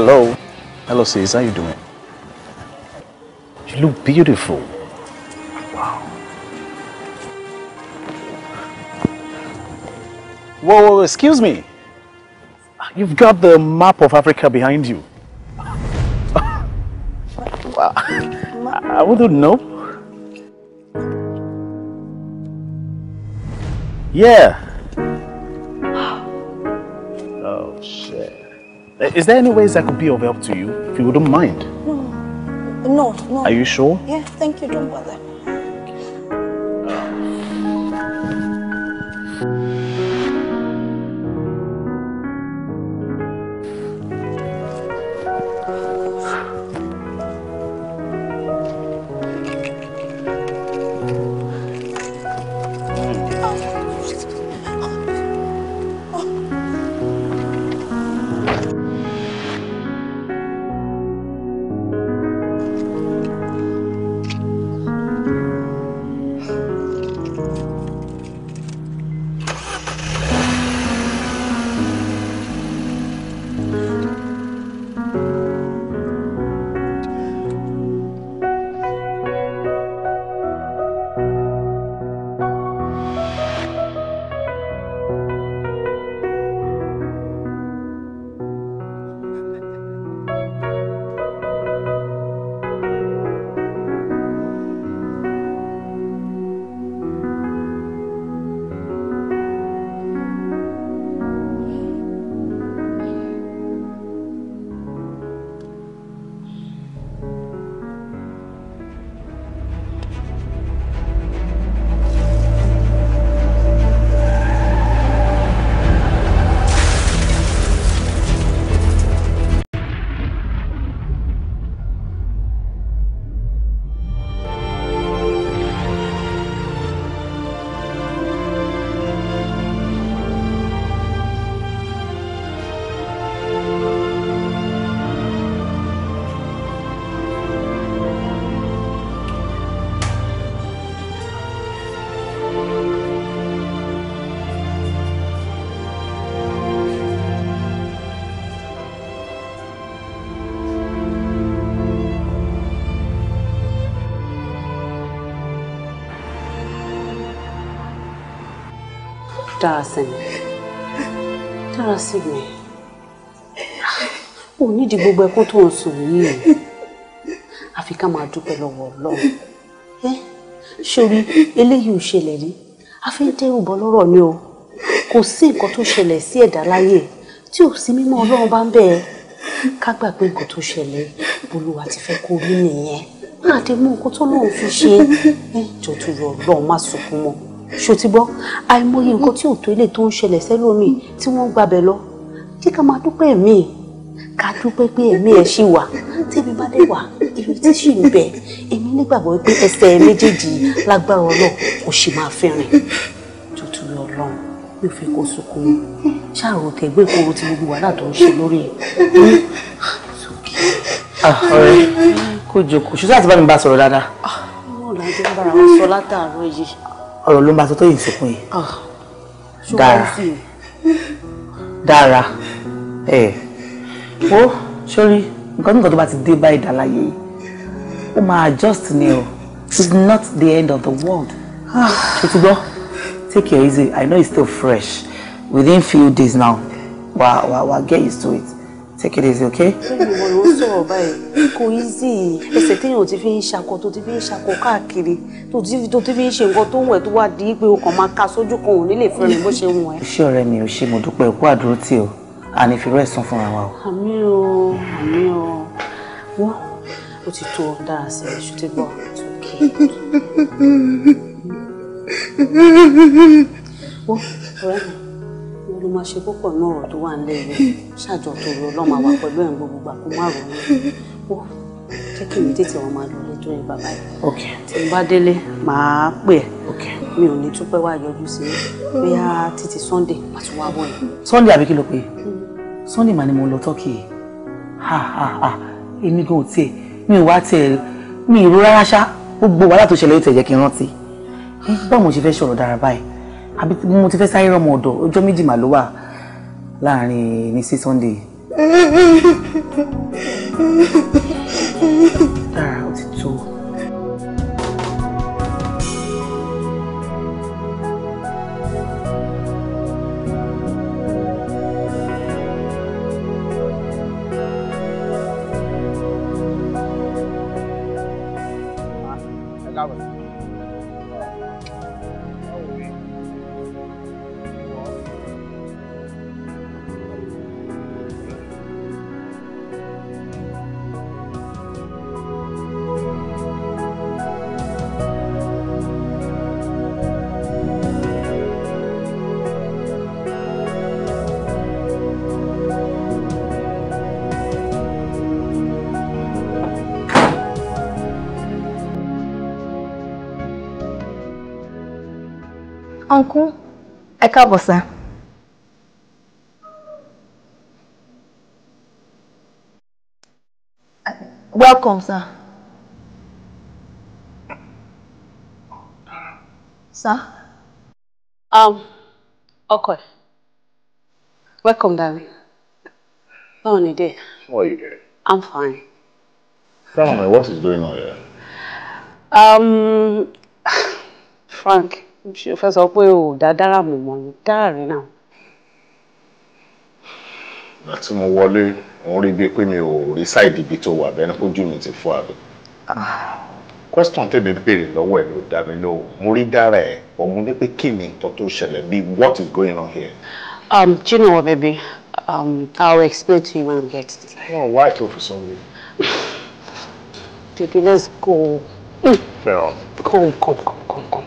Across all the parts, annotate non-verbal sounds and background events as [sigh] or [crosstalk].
Hello. Hello, sis. How you doing? You look beautiful. Wow. Whoa, whoa, excuse me. You've got the map of Africa behind you. [laughs] wow. I wouldn't know. Yeah. Uh, is there any ways I could be of help to you, if you wouldn't mind? No, no, no. Are you sure? Yeah, thank you, don't bother. Darasin Darasin mi ò nídìí gbogbo ẹkún tó ń sùn yìí àfi ká máa dúpẹ́ lọ́wọ́ Ọlọ́run ẹ sórí eléyìí ò ṣẹlẹ̀ rí a fi ń dẹ́rù bọ́ lọ́rọ̀ ni o kò sí nǹkan tó ṣẹlẹ̀ sí ẹ̀dá láyè tí ò sí mímọ́ Ọlọ́run bá ń bẹ̀ ẹ́ ká gbà pé nǹkan tó ṣẹlẹ̀ bolúwa ti fẹ́ kó rí nìyẹn máa dé mú nǹkan tó lóun fi ṣe ẹ tó yọ Ọlọ́run má sunkún mọ́ ṣòtíbọ́ àìmọye nǹkan tí ò tó ilé tó ń ṣẹlẹ̀ sẹ́lómìn tí wọ́n ń gbabẹ̀ lọ jẹ́ ká máa dúpẹ́ ẹ̀mí ẹ̀ ká dúpẹ́ pé ẹ̀mí ẹ̀ ṣì wà tẹ́mi bá dé wà ìrètí ṣì ń bẹ èmi nígbàgbọ́ pé ẹsẹ̀ méjèèjì lágbára ọlọ́ọ̀ kò sì máa fẹ́ràn tuntun ọlọ́run mi ò fẹ́ kó sunkún ṣáàrò tẹ̀gbẹ́ ìkoro ti gbogbo wàhálà tó ń ṣe lórí ẹ̀ ah, ọ̀rẹ́ kó jókòó ṣùgbọ́n àti bá mi bá sọ̀rọ̀ dáadáa. náà ah, lájọ́ ń bára wọn sọ látàárọ̀ yìí ọ̀rọ̀ ló ń bá sọ tó yìí sọkún yìí ah, dára dára ẹ ó sórí nǹkan nǹkan tó bá ti dé bá ìdàláyé yìí ó máa adjust ni o it's not the end of the world ah. ṣe ti take it easy i know it's still fresh within few days now wa wa wa get used to it take it easy okay. ìwọ ló sọ̀rọ̀ báyìí kò easy ẹsẹ̀ téèyàn ti fi ń ṣakọ tó ti fi ń ṣakọ káàkiri tó ti fi ń ṣe nǹkan tó ń wẹ̀ tó wá di pé o kàn máa ka sójú kan ò ní lè fẹ́ mi bó ṣe wù ẹ́. iṣẹ́ ọ̀rẹ́ mi ò ṣe mo dúpẹ́ òkú àdúró tì ọ́ àní fi rẹ̀ sàn fúnra wa o. àmì o àmì o wọ́n ó ti tó dára sí i ṣùtẹ́ gbọ́ ọ̀rẹ́ mi ló máa ṣe púpọ̀ ní ọ̀rọ̀ tó wà ń lẹ́yìn ṣàjọ tó rọ ọlọ́mọ àwa pẹ̀lú ẹ̀ ń gbogbo gbà kó má rò ó jẹ́ kí mi tètè wọn máa lọ lé tó yẹ bàbá yìí tí mo bá délé màá pè ẹ́ mi ò ní túpẹ́ wá yọjú sí i bóyá títí Sunday màá tún wá bọ̀ yìí. Sunday àbí kí ló pé hmm. Sunday mà ni mo lọ tọ́kì ha ha ha èmi gan ò tiẹ̀ mi ò wá tiẹ̀ mi ìrora rárá ṣá gbogbo wàhálà tó ṣẹlẹ̀ yóò tẹ̀ jẹ́ kí n rántí báwo mo ṣe fẹ́ sọ̀rọ̀ dára báyìí àbí mo ti fẹ́ sáré rọmọ ọ̀dọ̀ ọjọ́ méjì mà ló wà láàrin ní sí Sunday. uncle ẹ káàbọ̀ sá. welcome sir. sir. Um, Okay. welcome darling báwo ni dé. how are you doing. i'm fine. tell me what is going on here. Um, [sighs] Frank ṣe o fẹ́ sọ pé o dá dára mọ̀ mọ́ ní dáàrin náà. ìgbà tí mo wọlé mo rí bíi pé mi ò rí sáìdì ibi tó wà bẹ́ẹ̀ ni kójú mi ti fọ́ àbí. Ah. question tèmi béèrè lọ́wọ́ ẹ̀ ló dá mi lóhùn mo rí dára ẹ̀ ọ̀mú ní pé kí ni nǹkan tó ṣẹlẹ̀ bíi what is going on here. Um, do you know what, baby? Um, I'll explain to you when I get to No, why go for something? Baby, let's go. Mm. Fair on. Come, come, come, come, come.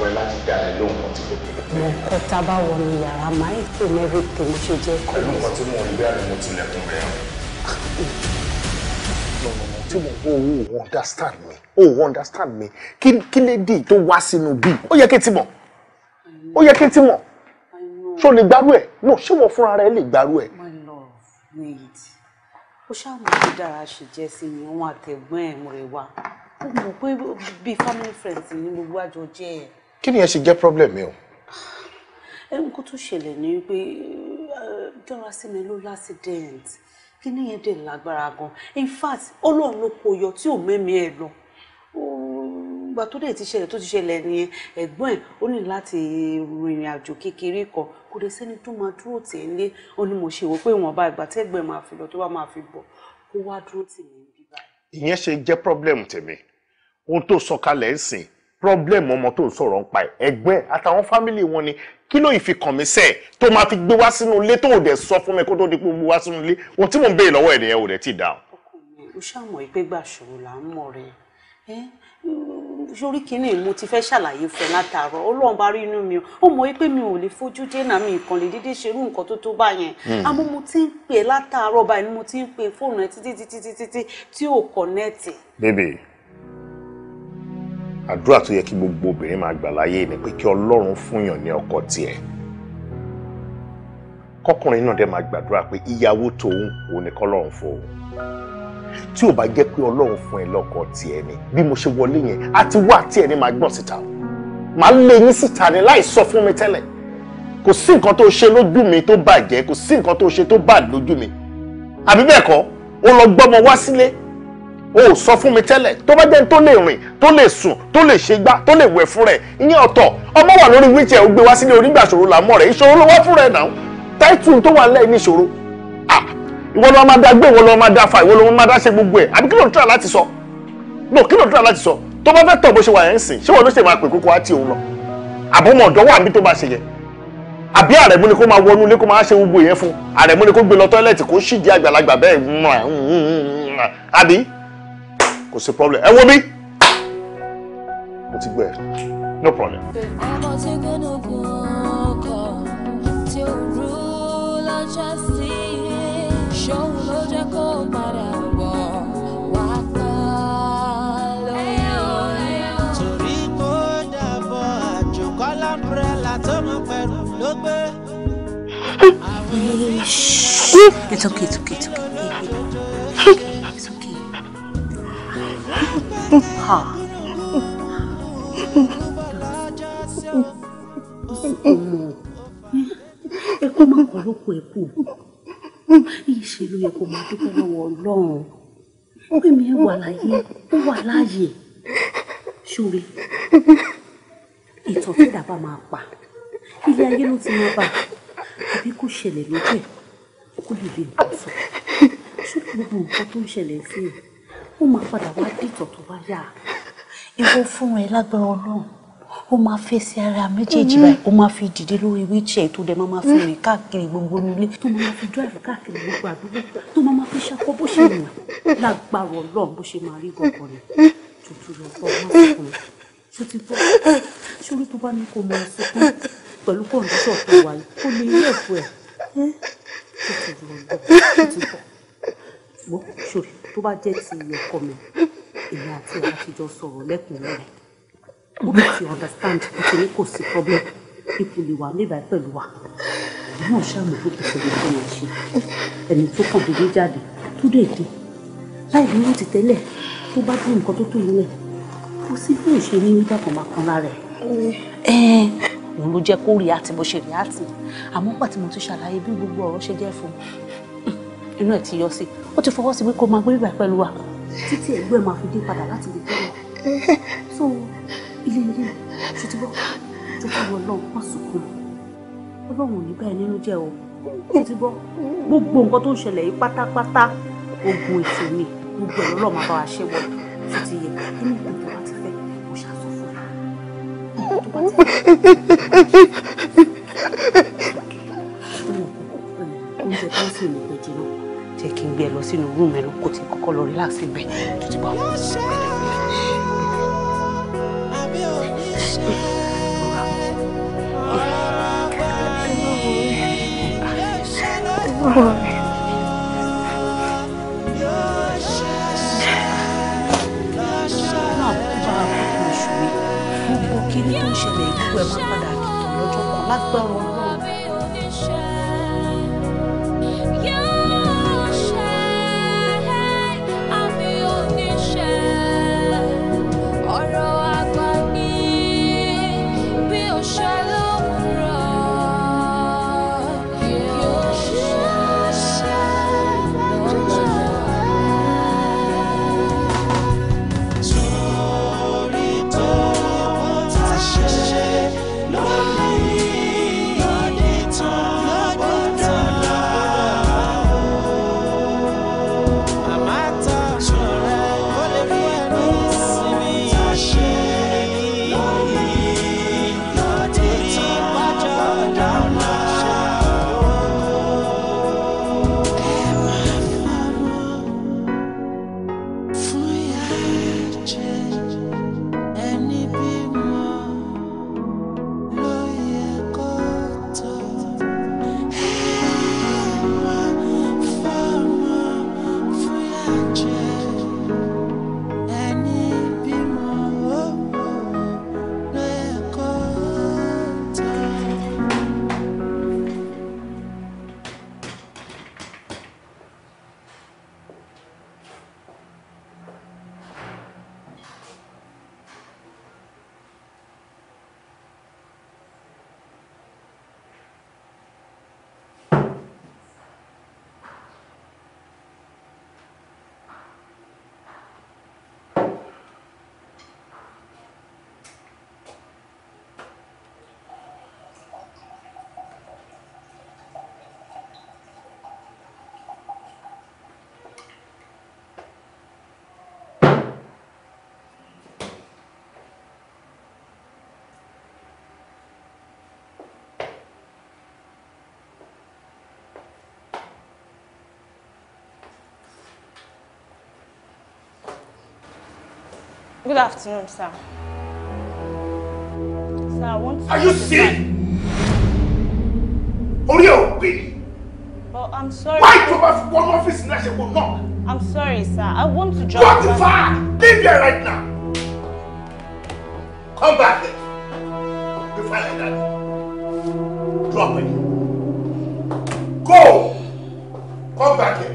fún láti dá ẹ kan tí kò tó. mo kọ tábà wọ ní yàrá máa ń pè ní ṣe jẹ kọ. pẹ̀lú nǹkan tí mo rí bí àná mo tilẹ̀kùn rẹ̀ hàn. tí mo kó owó o understand me o understand me kí lè dì tó wá sínú bí ó yẹ kí n ti mọ̀ ó yẹ kí n ti mọ̀ ṣé o lè gbárù ẹ̀ no ṣé wọ́n fúnra rẹ̀ lè gbárù ẹ̀. my love wait ó ṣàmùlò tó dára ṣe jẹ́ sí ni òun àtẹ̀gbọ́n ẹ̀ mọ̀ rẹ̀ wá mo mọ̀ pé bíi family friends ni gbogbo àjọ jẹ́ ẹ̀ kí ni ẹ ṣe jẹ́ problem mi o. [sighs] ẹnu kó tó ṣẹlẹ̀ ni pé Dárasími eh, ló lásìdẹ́ǹt kí ni yẹn dẹ̀ lágbára gan in fact ọlọ́run ló kó yọ tí ò mẹ́mí ẹ lọ ìgbà tó dẹ̀ ti ṣẹlẹ̀ tó ti ṣẹlẹ̀ ni ẹ̀gbọ́n ẹ̀ ó ní láti rìnrìn àjò kékeré kan kò dé sẹ́ni tó máa dúró tì í lé ó ní mo ṣe wò pé ìwọ̀nba ìgbà tẹ́gbẹ̀ẹ́ máa fi lọ tó bá máa fi bọ̀ kó wá dúró tì mí bíbá. ìyẹn ṣe jẹ́ problem tèmi ohun tó sọ kalẹ̀ ń sìn problem ọmọ tó ń sọ̀rọ̀ ń pa ẹ̀ ẹgbẹ́ àtàwọn fámìlì wọn ni kí ló ìfikàn mi sẹ́ẹ̀ tó máa fi gbé wá sínú ilé tó ò dẹ̀ sọ fún mi kó tó di pé mo wá sínú ilé wọn tí mò ń béèrè lọ́wọ́ ẹ̀ nìyẹn ò dẹ̀ tí ì dáhùn. ọkùnrin o ṣàmọ̀ ìpè gbà ṣòro là ń mọ̀ rẹ̀ sórí kínní mo ti fẹ́ ṣàlàyé fún ẹ látàárọ̀ ọlọ́run bá rí inú mi ó mọ̀ pé mi ò lè fojú dénà mi nǹkan lè dédé ṣerú nǹkan tó tó báyẹn hmm. àmọ́ mo ti ń pè látàárọ̀ báyìí mo ti ń pè fóònù ẹ títí títí títí tí ò kọ̀nẹ́ẹ̀tì. bébè àdúrà tó yẹ kí gbogbo obìnrin máa gbà láyé ni pé kí ọlọ́run fúnyàn ní ọkọ tiẹ̀ kọkùnrin náà dẹ̀ máa gbàdúrà pé ìyàwó tòun òun ni kọ́lọ́run fún òun tí ò bá jẹ́ pé ọlọ́run fún ẹ lọ́kọ tiẹ̀ ni bí mo ṣe wọlé yẹn àti wá tiẹ̀ ni máa gbọ̀n síta máa lé yín síta ni láì sọ fún mi tẹ́lẹ̀ kò sí nǹkan tó ṣe lójú mi tó bàjẹ́ kò sí nǹkan tó ṣe tó bà lójú mi àbí bẹ́ẹ̀ kọ́ ó lọ gbọ́mọ wá sílé o ò sọ fún mi tẹ́lẹ̀ tó bá jẹ́ tó lè rìn tó lè sùn tó lè ṣe gbá tó lè wẹ̀ fún rẹ̀ ìyẹn ọ̀tọ̀ ọmọ wà lórí wíjẹ́ ò gbé wá sílé onígbà ṣòro làmọ́ rẹ̀ ìṣòro ló wá fún rẹ̀ náà táìtù tó wà lẹ́yìn ìṣòro ah ìwọ ló máa da gbé ìwọ ló máa da fa ìwọ ló máa da ṣe gbogbo ẹ̀ àbí kí ló ń tura láti sọ no kí ló ń tura láti sọ tó bá fẹ́ tọ̀ bó ṣe wà yẹn sìn ṣé wọn ló ṣe máa pè kókó àti òun lọ àbọ̀mọ̀ ọ̀dọ́ wà níbi tó bá ṣe yẹ àbí àrẹ̀mú ni kó máa wọnú ilé kó máa ṣe gbogbo yẹn fún àrẹ̀mú ni kó gbé lọ tọ́ílẹ̀tì kó ṣídìí àgbàlagbà bẹ́ẹ̀ àbí kò sí problem ẹ wo bí mo ti gbẹ no problem. It's okay, it's okay, it's okay ẹkún máa ń kọ́ lóko ẹ̀kú ìṣe ló yẹ kó máa dúpẹ́ lọ́wọ́ ọlọ́run pé mi ẹ wà láyé ó wà láàyè ṣúre ìtàn tí dàbá máa pa ilé ayé ló ti máa bà àbí kò ṣẹlẹ̀ lójú ẹ̀ kó lè lè bọ̀ sọ ṣé gbogbo nǹkan tó ń ṣẹlẹ̀ sí i ó máa padà wá dìtọ̀ tó bá yà ìwọ fún ẹ lágbára ọlọ́run ó máa fẹsẹ̀ ara méjèèjì mm-hmm. báyìí ó máa fi dìde lórí wheelchair tó dẹ̀ máa fi rìn mm. káàkiri gbogbo nílé tó máa fi drive káàkiri gbogbo àdúgbò tó máa fi ṣakọ bó ṣe rìn lágbára ọlọ́run bó ṣe máa rí gọ̀gọ̀ rẹ̀ tuntun lọ bọ́ máa fún un ṣó ti bọ́ ṣórí tó bá ní kó máa sunkún pẹ̀lú kọ̀ǹdíṣọ̀ tó wà yìí kó lè rí ẹ̀fọ́ ẹ̀ tuntun lọ bọ́ ṣó ti bọ́ ṣórí tó bá jẹ́ ti ọkọ mi èmi àti ẹ̀ láti jọ sọ̀rọ̀ lẹ́kùnrin rẹ̀ ó ti understand pé ní kò sí problem ipò lè wà níbà pẹ̀lú wa èmi náà ṣàmùtò kò sọ̀rọ̀ tó yẹ ṣe ẹni tó kàn dédé jáde tó dé dé láì dúró ti tẹ́lẹ̀ tó bá dúró nǹkan tó tó yìí lẹ̀ kò sí bí òṣè ní nígbà kan máa kan lára ẹ̀ òun ló jẹ́ kó rí àti bó ṣe rí àti àmọ́ pàtí mo tún ṣàlàyé bí gbogbo ọ̀rọ̀ ṣe jẹ́ fún un inú ẹ̀ ti yọ sí ó ti fọwọ́ sí pé kó máa gbé bíbà pẹ̀lú wa títí ẹ̀gbọ́n ẹ̀ máa fi dé padà láti lè dúró so ilé ilé ṣùtúbọ̀ tó bá wọ ọlọ́run má sunkún ọlọ́run ò ní báyìí nínú jẹ́ o ṣùtúbọ̀ gbogbo nǹkan tó ń ṣẹlẹ̀ yìí pátápátá ogun ètò ni gbogbo ẹ̀rọ ọlọ́run máa bá wa ṣe wọ̀ títí yẹ inú ìgbà tó bá ti fẹ́ kó ṣàṣọ fún mi oúnjẹ tó ń sìn ní ìgbẹ́jẹ náà jẹ́ kí n gbé ẹ lọ sínú rúùmù ẹ lọ kó tí kọ́kọ́ lọ relax ibẹ̀ tó ti bá wọn. Oh. kí ni tó ń ṣẹlẹ̀ ìlú ẹ̀ máa padà kìtọ̀ lọ́jọ́ kan lágbára ọlọ́run Good afternoon, sir. Sir, I want to... Are you sick? Orí ẹ̀ ò pè But I'm sorry. Why tó bá one office and náà ṣe kò náà? I'm sorry, sir. I want to just... What the fuck? Leave here right now. Come back here. You find like that. Drop it. Go. Come back here.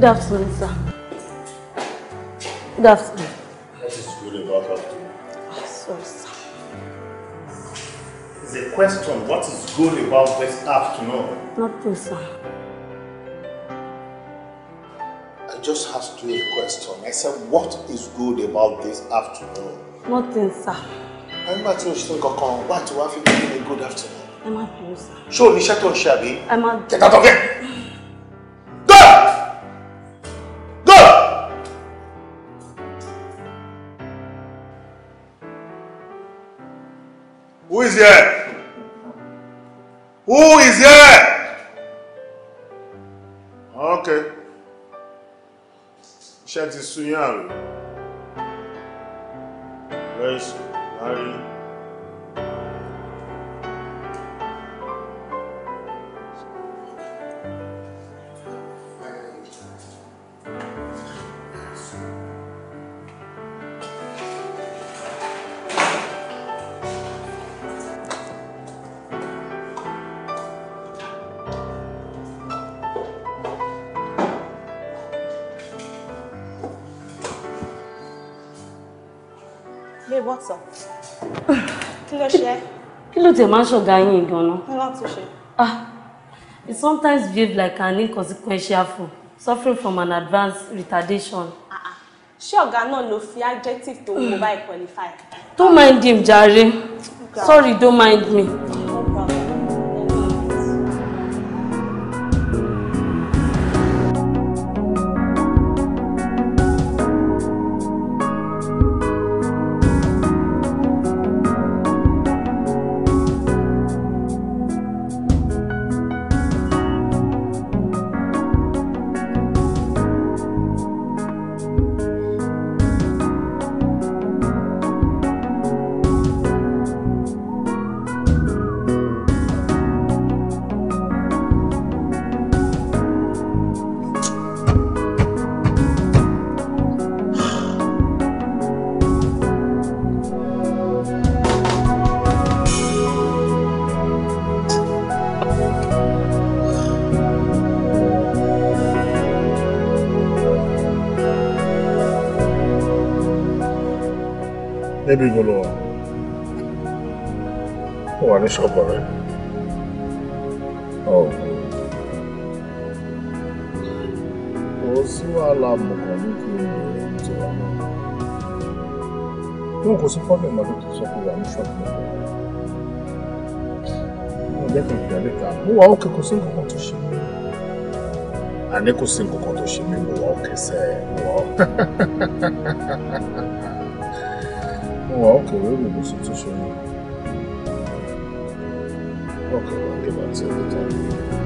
Good afternoon, sir. Good afternoon. What is good about afternoon? Oh, sorry, sir. It's a question. What is good about this afternoon? Nothing, sir. I just asked you a question. I said, what is good about this afternoon? Nothing, sir. I'm not tí o ṣe kankan, wá tí wàá fi gbé a good afternoon. I'm not bínú, sir. Ṣé o shut iṣẹ́ tó I'm not. Get out of here! here? Who is here? Okay. Ṣé ti sun yín àrùn? Rẹ́sì, láyé. babe, what's up? Kí ló ṣe? Kí ló tiẹ̀ máa ń ṣọ̀gá yín gan-an? Kí ṣe? Ah, he sometimes behave like an inconsequential fool, suffering from an advanced retardation. Ah, ah. Ṣé ọ̀gá náà ló fi adjective tó wù qualify? Don't mind him, jàre. Sorry, don't mind me. níbìgbò ló wà ó wà ní ṣọ́ọ̀bù rẹ̀ ọ̀hún. kò sí kí n bèrè ètò wa wà náà. mo wà òkè kò sí nǹkan tó ṣe mí. àní kò sí nǹkan tó ṣe mí mo wà òkè sẹ́ẹ̀ mo wà òkè. Well, okay, we'll be able to show you. Okay, I'll get back to you later.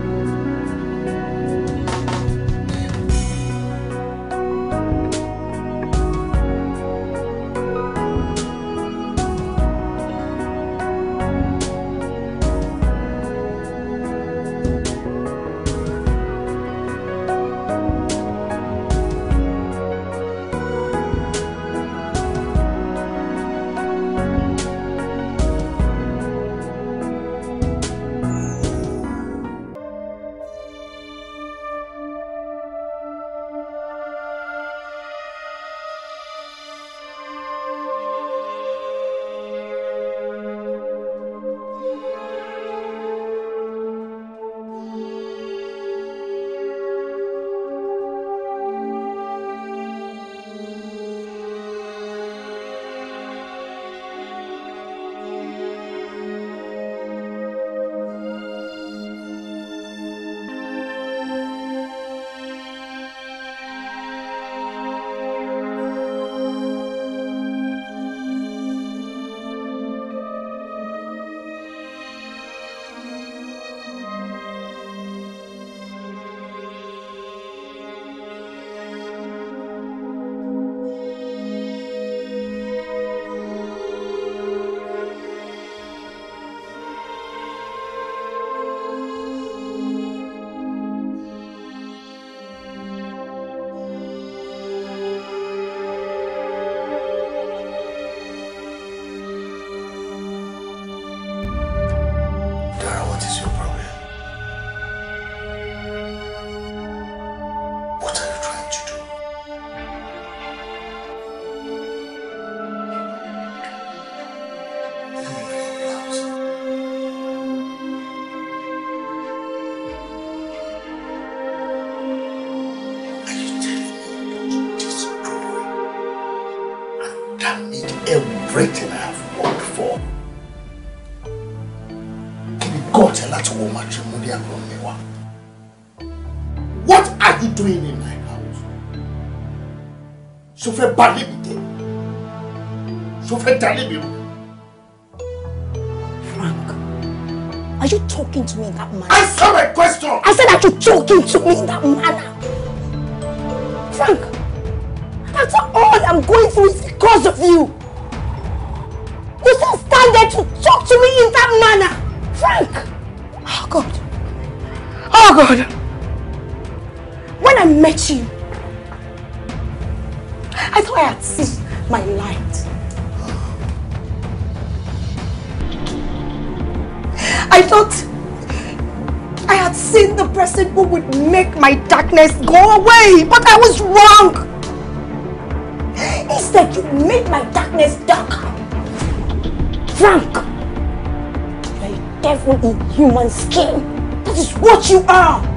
you doing in my house? Ṣó fẹ́ bà lébi jẹ́? Ṣó fẹ́ dà Frank, are you talking to me in that manner? Answer my question! I said that you're talking to me in that manner. Frank, that's all I'm going through is because of you. You still stand there to talk to me in that manner. Frank! Oh God. Oh God. When I met you, I thought I had seen my light. I thought I had seen the person who would make my darkness go away, but I was wrong. Instead, you made my darkness darker. Frank, you're a devil in human skin. That is what you are.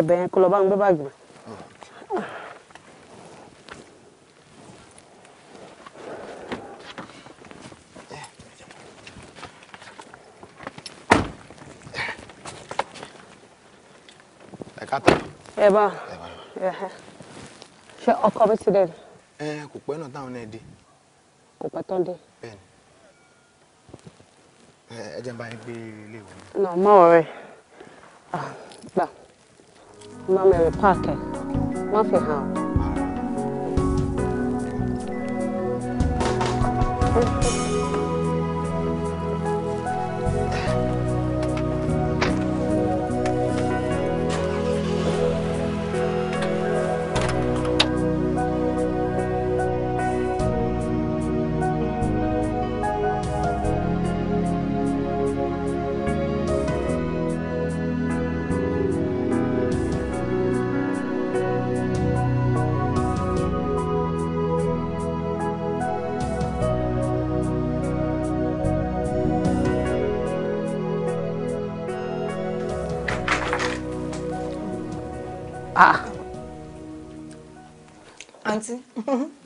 ibẹ̀ yẹn kó lọ bá ń gbé báàgì rẹ̀. kátà. ẹ bá ṣe ọkọ mi ti dé ni. ẹ kò pẹ́ náà táwọn náà dé. kò pẹ́ tán dé. ẹ jẹ́ bá yín gbé ilé ìwé. nà má ọ̀rẹ́ má mẹ́rin páàkì má fi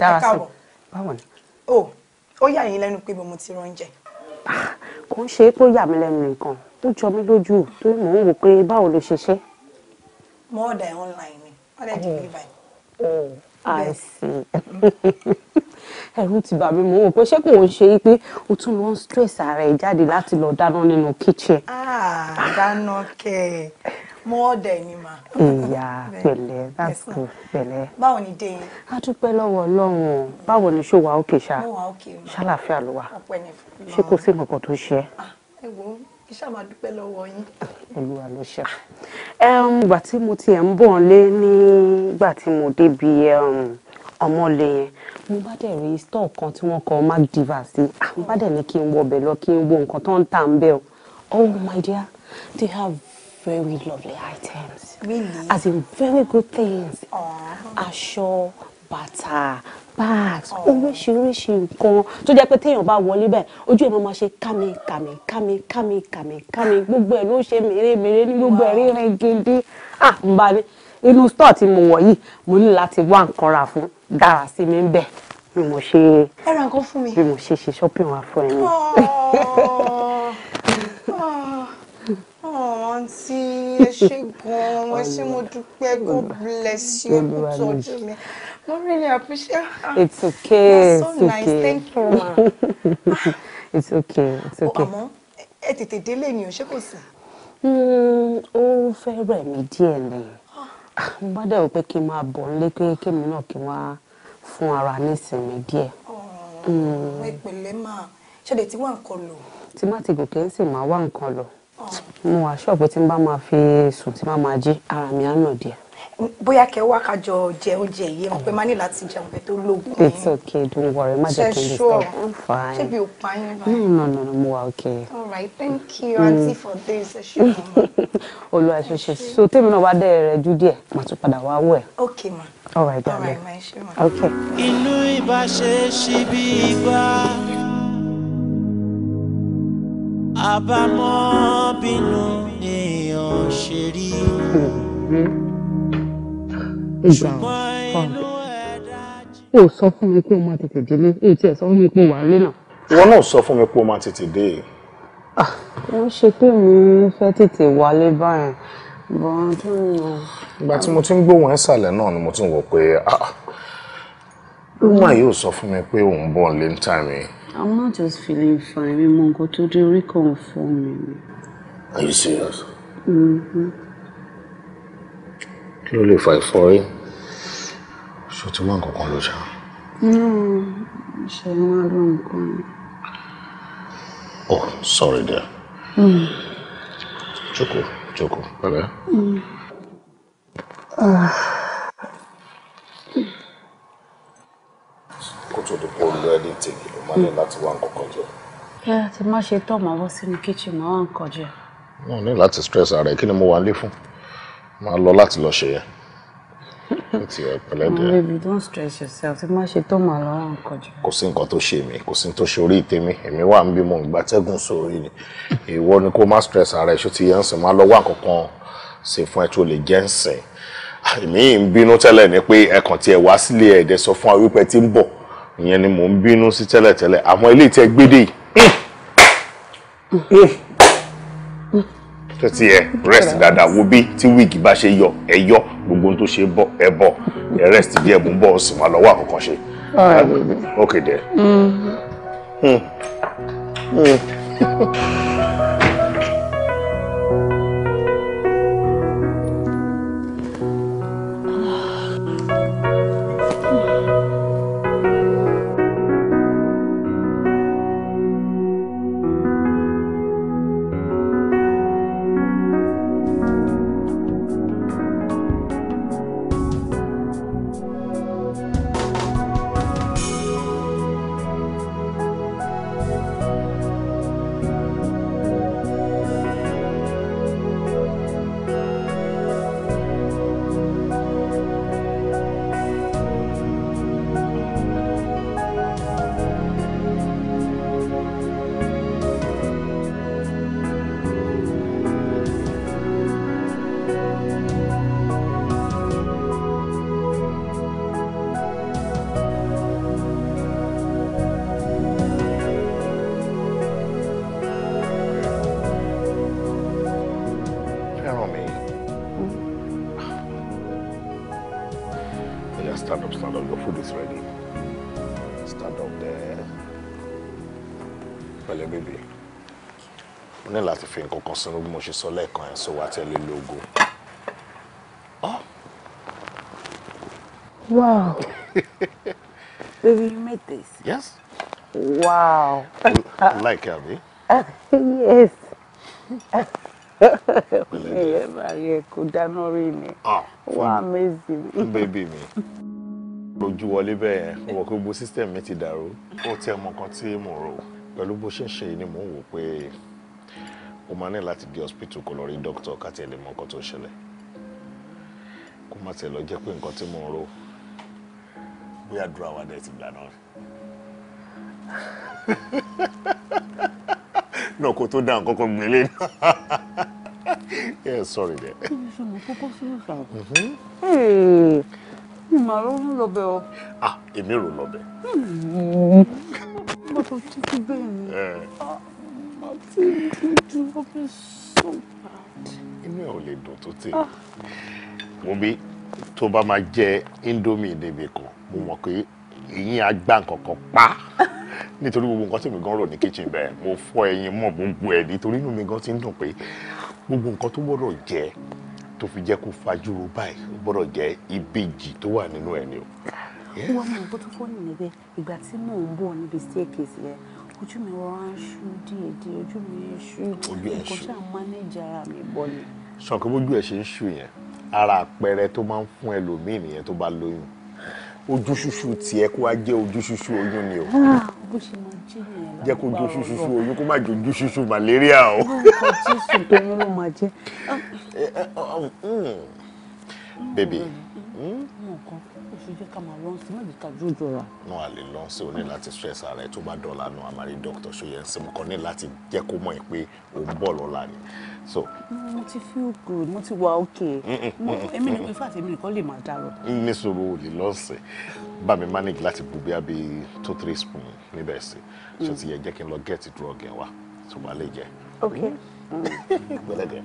dára sí báwo ni. o ó yà yín lẹ́nu pé mo ti rán ah, kò ń ṣe é pé ó yà mí lẹ́nu nìkan ó jọ mí lójú torí mò ń wò pé báwo ló ṣe ṣe. mo ọ̀dà ẹ̀ online ni ọ̀dà ẹ̀ dìbò ibà yìí. I [laughs] ti bà mí mò ń wò pé ṣé kò ń ṣe é pé o tún lọ ń stress ara ẹ̀ jáde láti lọ dáná nínú kitchen. ah dáná kẹ mo ọ̀dà ẹ̀ ni mà. ìyá [laughs] pẹ̀lẹ́ that's good pẹ̀lẹ́. báwo ni dé. a dúpẹ́ lọ́wọ́ ọlọ́run báwo ni ṣó wà òkè ṣá ṣàlàfíà ló wà ṣé kò sí nǹkan tó ṣe. Ah, ẹ wo iṣẹ́ máa dúpẹ́ lọ́wọ́ yín. olúwa ló ṣe. ìgbà tí mo tiẹ̀ ń bọ̀ lé nígbà tí mo débi ọmọlé yẹn mo bá dẹ̀ rí stọ̀ kan tí wọ́n kọ mark diva sí ah, mo bá dẹ̀ ní kí n wọbẹ̀ lọ kí n wo nǹkan tó ń tà ń bẹ̀ o oh my dear they have very lovely items. Really? As in very good things. Oh, Aṣọ, bàtà, bags, oríṣiríṣi nǹkan tó jẹ́ pé téèyàn bá wọlé bẹ́ẹ̀ ojú ẹ̀ máa ma ṣe kámi kámi kámi kámi kámi kámi gbogbo ẹ̀ ló ṣe mèremère ní gbogbo ẹ̀ rírin gidi. Ah n bá ní inú store tí mo wọ̀ yìí mo ní láti wá nǹkan rà fún dára sí mi ń bẹ̀ bí mo ṣe. ẹ ra nǹkan fún mi. bí mo ṣe ṣe shopping wa fún ẹ ní. [laughs] àǹtí ẹ ṣé gan-an god bless you kú really appreciate ah it's okay it's so okay nice thank you ma [laughs] it's okay it's okay. Oh, àmọ́ ẹ tètè délé ni o ṣé kò sí. Hmm, ó fẹ́ rẹ̀ mí díẹ̀ ni ah. mo bá dẹ̀ wò pé kí n máa bọ̀ nílé pé kémi náà kí n wá fún ara nísìnyí díẹ̀. ọ̀rọ̀ oh, hmm. ìpìlẹ̀ máa ṣe lè ti wá nǹkan lò. tí má ti gòkè ń sì máa wá nǹkan mo wà ṣọ́ọ̀bù tí n bá máa fi sùn tí n bá máa jí ara mi á nà díẹ̀. bóyá kẹ wá kájọ jẹ oúnjẹ yìí mo pé má ní láti jẹun pé tó lóògùn it's okay don't worry má jẹ́ kí n disturb i'm fine. ṣé bí o pa yín bá. no no no mo wà okay. all right thank you aunty for this ẹ ṣe kàn olú àṣẹ so tèmi náà wá dẹ́rẹ̀ rẹ jù díẹ̀ màá tún padà wá wẹ̀. okay ma all right darling all right ma ṣe ma. okay. inú ìbáṣe ṣí igbá àbámọ̀ bínú èèyàn ṣe rí. ṣùgbọ́n inú ẹ̀dá jì. o sọ fún mi pé o máa tètè délé èyí tí ẹ sọ fún mi pé o wà nílé náà. ìwọ náà sọ fún mi pé o máa tètè dé. wọ́n ah, ṣe pé mi fẹ́ tètè wálé báyẹn bọ́n tó ń lọ. ìgbà tí mo ti ń gbóhùn ẹ̀sàlẹ̀ náà ni mo ti ń wò pé ó ah, máa yóò sọ fún mi pé òun bọ̀ lé ń tà mí. I'm not just feeling fine. Mi mọ nǹkan to dé orí kan Are you serious? Mm-hmm. Kí ló lè fa ìfọ́rí? Ṣé o ti wá nǹkan kan ló ṣá? Ṣé wọ́n ló nǹkan ni? Oh, sorry there. Mm. Jókòó, jókòó, pẹ̀lẹ́. Mm. Uh. Go to the pole, ready, take it wálé láti wá nǹkan kan jẹ. ẹ ti má ṣe tọ́ màá wọ́ sínú kíchìn màá wá nǹkan jẹ. mo ní láti stress ara ẹ kí ni mo wà ń lé fún máa lọ láti lọ ṣe yẹn ti ẹ pẹ̀lẹ́ díẹ̀. ọmọ baby don't stress yourself tí má ṣe tó mà lọ́wọ́ nǹkan jù. kò sí nǹkan tó ṣe mí kò sí tó ṣe orí tèmi èmi wà ń bí mo ìgbà tẹ́gùn sórí ni ìwọ ni kó má stress ara ẹ ṣó ti yẹn sìn má lọ́wọ́ àkọ́kàn ṣe fún ẹ tó lè jẹ́ ń sìn. èmi ń bínú tẹ́lẹ̀ ni pé ẹ̀kan tiẹ̀ wá sílé ẹ̀dẹ̀ sọ fún wa wípé tí ń bọ̀ ìyẹn ni mò ń bínú sí tẹ́lẹ̀tẹ́lẹ̀ àmọ́ ilé tẹ gbédè tó ti ẹ rest dáadáa wo bí tí wíìgì bá ṣe yọ ẹ yọ gbogbo ohun tó ṣe bọ ẹ bọ ẹ rest díẹ̀ mú bọ sí wọn lọ́wọ́ àkọ́kọ́ ṣe ok dẹ. Mm. Mm. [laughs] ṣe sọ lẹ́ẹ̀kan ẹ̀ sọ wá tẹ́lẹ̀ lógo. Ah! Wow. [laughs] Baby, you made this? Yes. Wow. like Abby? yes. ah, wow, amazing. Baby mi. Lójú wọlé bẹ́ẹ̀ yẹn, mo mọ̀ pé gbogbo system mi ti dàrú. Ó tẹ́ ọmọ kan tí mò ń rò. Pẹ̀lú bó ṣe ń ṣe ni mò wò pé máa ní láti di hospital kó lọ rí doctor káti ẹ lè mọ nǹkan tó ṣẹlẹ̀ kó má tiẹ̀ lọ jẹ́ pé nǹkan tí mo ń ro bóyá dúró àwọn adé ti gbà náà rí [laughs] náà kó tó dá nǹkan kan gbélé náà [laughs] eh, sorry dẹ. ṣe mo kókó sínú ìṣàkóso màá ló ń lọbẹ o. ah èmi rò lọbẹ. Hmm. mo tó títí bẹ́ẹ̀ ni. Eh. Ah àti so bad. inú ẹ ò lè dùn tó tè ah. mo bí tó bá máa jẹ indomie débi kan mo mọ̀ pé ìyín agbá nǹkankan pa nítorí gbogbo nǹkan tí mi gan rò ní kitchen bẹ́ẹ̀ mo fọ ẹyin mọ́ gbogbo ẹ̀ nítorí inú mi gan ti ń dùn pé gbogbo nǹkan tó gbọ́dọ̀ jẹ tó fi jẹ́ kó fajúro báyìí gbọ́dọ̀ jẹ́ ìbejì tó wà nínú ẹ̀ ni o. wọ́n mọ̀ nǹkan tó fọ́ nìyẹn bẹ́ẹ̀ ìgbà tí mò ń bọ̀ níbi staircase yẹn ojú mi rọra ń ṣú díẹ̀ díẹ̀ ojú mi ń ṣú nǹkan tí à ń mánéjì ara mi bọ̀ ni. sọ̀kè bójú ẹ̀ ṣe ń ṣú yẹn ara àpẹẹrẹ tó máa ń fún ẹlòmíì nìyẹn tó bá lóyún ojú ṣuṣu tiẹ̀ kó wá jẹ́ ojú ṣuṣu oyún ni o. Ah, bó ṣe máa jẹ́ nìyẹn lágbára jẹ́ kó ojú ṣuṣu oyún kó má jẹ́ ojú ṣuṣu malaria o. nǹkan tí sùn tó yún ló máa jẹ́. Eh, eh, um, hmm. bèbè ṣe jẹ́ ká máa lọ sí má jẹ́ ká dúró jọra. nù a lè lọ sí o ní láti stress ara ẹ tó bá dọ̀la nù a máa rí dókítà ṣóyẹnsì mo kàn ní láti jẹ́ kó mọ̀ ẹ́ pé o ń bọ̀ lọ́la ni. so. Mm, mo ti feel good mo ti wà okay. èmi ni in fact nìkan lè máa dá lọ. ní sọ̀rọ̀ o lè lọ́sẹ̀ bá mi manage láti bu bí abẹ́ two three spoon níbẹ̀ sí mm. ṣe ti yẹ jẹ́ kí n lọ get drug yẹn wá tó bá lè jẹ. okay. gbọ́dọ̀ dẹ̀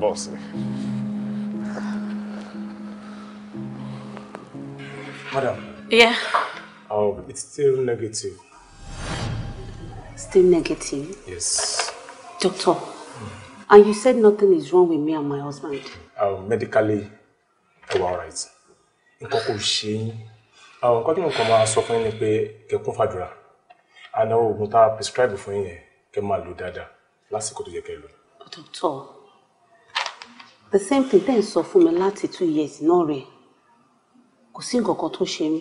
bọ́ọ̀sì. Madam. Yeah. Oh, it's still negative. Still negative? Yes. Doctor, mm. and you said nothing is wrong with me and my husband? Oh, medically, we are alright. Nǹkan kò ṣe yín. Àwọn nǹkan tí mo kàn máa sọ fún yín prescribe for yín yẹn kẹ́ máa lò dáadáa lásìkò tó yẹ kẹ́ Doctor, the same thing Then ń sọ fún two years náà rèé kò sí nǹkan kan tó ṣe mí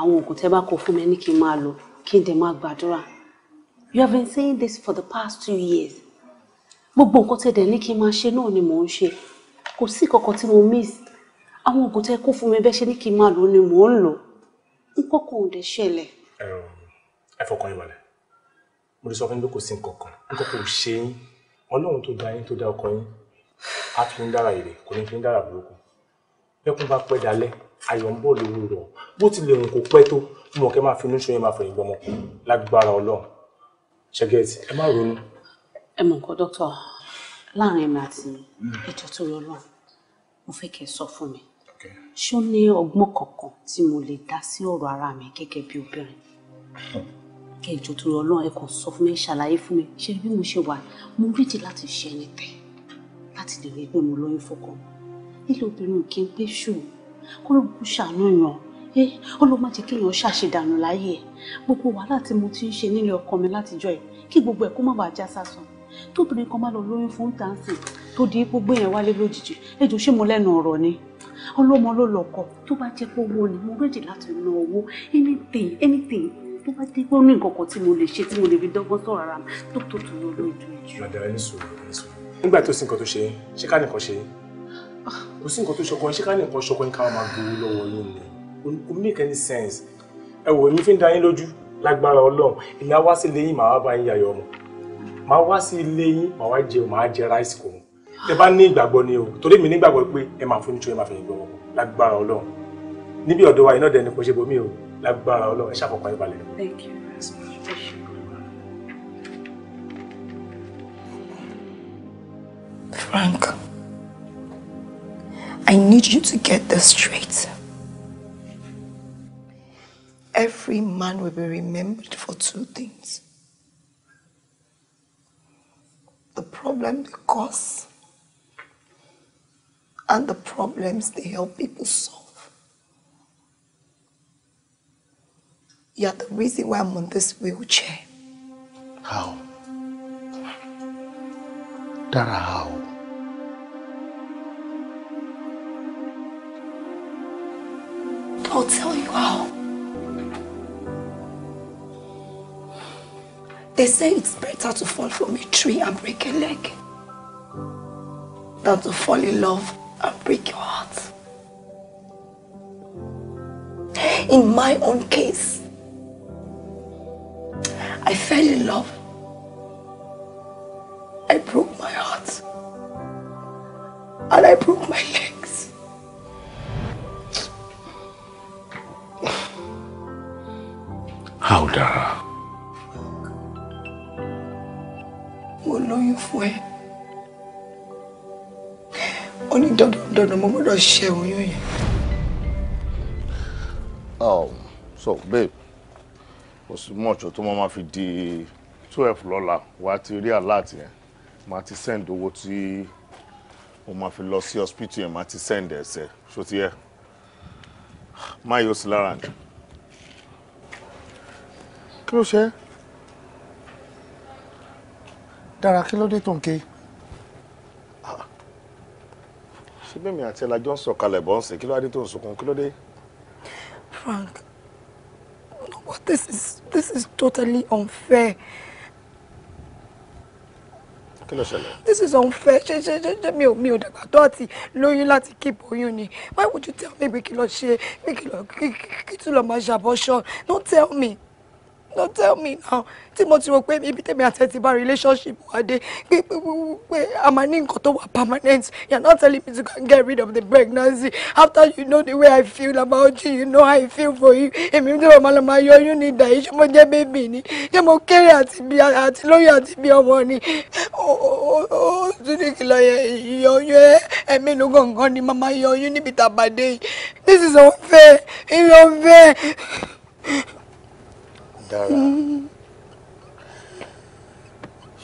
àwọn oògùn tẹ́ bá kọ fún mi ní kí n máa lò kí n dẹ̀ máa gbàdúrà you have been saying this for the past two years gbogbo nǹkan tẹ́ dẹ̀ ní kí n máa ṣe náà ni mò ń ṣe kò sí kankan tí mo miss àwọn oògùn tẹ́ kó fún mi bẹ́ẹ̀ ṣe ní kí n máa lò ni mò ń lò nǹkan kan ò dẹ̀ ṣẹlẹ̀. ẹ fọkàn yín balẹ̀ mo lè sọ fún yín pé kò sí nǹkan kan nǹkan kan ò ṣe yín ọlọ́run tó dá yín tó dá ọkọ yín á fi ń dára èrè kò ní fi ń dára burúkú bẹ́ẹ̀ kún bá pẹ́ dalẹ́ ayọ̀ ń bọ̀ lórí rẹ̀ bó tilẹ̀ òun kò pẹ́ tó fún ọkẹ́ máa finú ṣoyún máa fẹ̀yìn gbọmọ lágbára ọlọ́run ṣẹgẹ́tì ẹ má ronú. ẹ mọ̀ nǹkan dókítà láàrin èmi àti mm. ìjọ tó yọ lọ́run mo fẹ́ kẹ́ ẹ sọ fún mi ṣé ó ní ọgbọ́n kankan tí mo lè dá sí ọ̀rọ̀ ara mi gẹ́gẹ́ bí obìnrin kẹ́ ìjọ tó yọ lọ́run ẹ kàn sọ fún mi ṣàlàyé fún mi ṣé bí mo ṣe wà mo rídìí láti ṣe ẹni tẹ̀ láti lè rí pé mo lóyún fọkàn nílò obìnrin kì í pé ṣùgbọ́n kó ló kú ṣàánú yàn ẹ ó ló má jẹ́ kéèyàn ṣàṣedànù láyé ẹ gbogbo wàhálà tí mo ti ń ṣe nílé ọkọ mi látijọ́ ẹ kí gbogbo ẹ kó má bàa já sásán tóbìnrin kan má lọ lóyún fún tàǹsì tó di gbogbo yẹn wálé lójijì ẹjọ ṣé mo lẹ́nu ọ̀rọ̀ ni ọlọ́mọ ló lọ́kọ tó bá jẹ́ pé owó ni mo rẹjì láti ná owó anything anything tó bá dé pé ó ní nǹkan kan tí mo lè ṣe tí mo lè fi dọ́gbọ́n sọ̀rọ̀ ara tó tó tó lọ lójú ìjù. madam ẹni sùn ẹni nígbà tó sì nǹkan tó ṣe ṣé ká nìkan ṣe kò sí nǹkan tó ṣọkan ṣé ká ní nǹkan ṣọkan ká máa gbowó lọ́wọ́ yín ni kò make any sense ẹ wò èmi fi ń da yín lójú lágbára Ọlọ́run èmi á wá sí ilé yín màá bá yín yàyọ̀ ọmọ màá wá sí ilé yín màá wá jẹun màá jẹ ráìsì kò mọ ẹ bá ní ìgbàgbọ́ ni o torí mi nígbàgbọ́ pé ẹ máa fún nítorí ẹ máa fẹ̀yìn gbọ́ lágbára Ọlọ́run níbi ọ̀dọ̀ wa iná dẹni kò ṣe bomi o lágbára Ọlọ́run ẹ ṣàfọ̀kàn Thank you. Frank. I need you to get this straight. Every man will be remembered for two things. The problem they cause and the problems they help people solve. You're the reason why I'm on this wheelchair. How? Dara, how? I'll tell you how. They say it's better to fall from a tree and break a leg than to fall in love and break your heart. In my own case, I fell in love. I broke my heart. And I broke my leg. How dára. Mo lóyún fún ẹ. Ó ní dandandandan mo gbọ́dọ̀ ṣe oyún yẹn. Oh, so babe, kò sí mọ̀ọ́ṣọ́ tó máa fi di twelve lọ́la wá ti rí alert yẹn. Màá ti send owó tí mo máa fi lọ sí hospital yẹn, màá ti send ẹ̀sẹ̀. Ṣó ti yẹ? Máa yóò sí lára ni kí ló ṣe dára kí ló dé tó ń ké ṣé bẹ́ẹ̀ mi àti ẹlajọ́ ń sọ̀kalẹ̀ bọ́ ń kí ló dé tó ń sunkún kí ló dé. Frank no this is this is totally unfair. kí ló ṣẹlẹ̀. this is unfair ṣe ṣe ṣe ṣe mi ò mi ò dàgbà tó àti lóyún láti keep oyún ni why would you tell me pé kí ló ṣe pé kí ló kí tún lọ máa ṣe abortion no tell me. Don't tell me now tí mo ti rò pé ibi tèmi àti ẹ ti bá relationship wa dé pé pé pé a máa ní nǹkan tó permanent you are not telling me to go and get rid of the pregnancy after you know the way I feel about you you know how I feel for you èmi tí mo máa lọ máa yọyún ní ìdá yìí ṣé mo jẹ́ bébì ni ṣé mo kéré àti bí àti lóyún àti bí ọmọ ni ó ó tún ní kìlọ̀ yọyún ẹ ẹ̀mí ló gàngán ni màmá yọyún níbi tàbádé yìí this is unfair it's unfair dára ṣé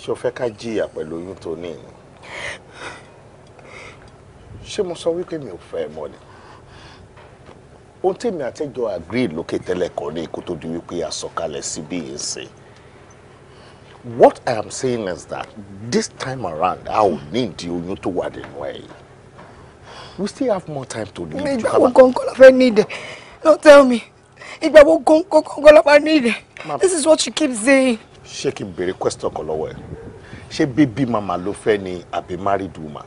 o fẹ́ ká jìyà pẹ̀lú oyún tó ní ìyẹn ṣé mo sọ wípé mi ò fẹ́ mọ́ ni ohun tèmi àtẹ́jọ́ agree lókè tẹ́lẹ̀ kan ní ikú tó di wípé a sọ̀kalẹ̀ síbí yìí ń what i am saying is that this time around a ò ní ìdí oyún tó wà nínú ẹ̀ yìí we still have more time to live. ìgbà wo gan-an kọ́ la fẹ́ ní ìdẹ̀ no tell me ìgbà wo gan gangan lọ́pàá this is what she keeps saying. ṣé kí n béèrè question kan lọ́wọ́ ẹ ṣé bébí màmá ló fẹ́ ni àbí married woman.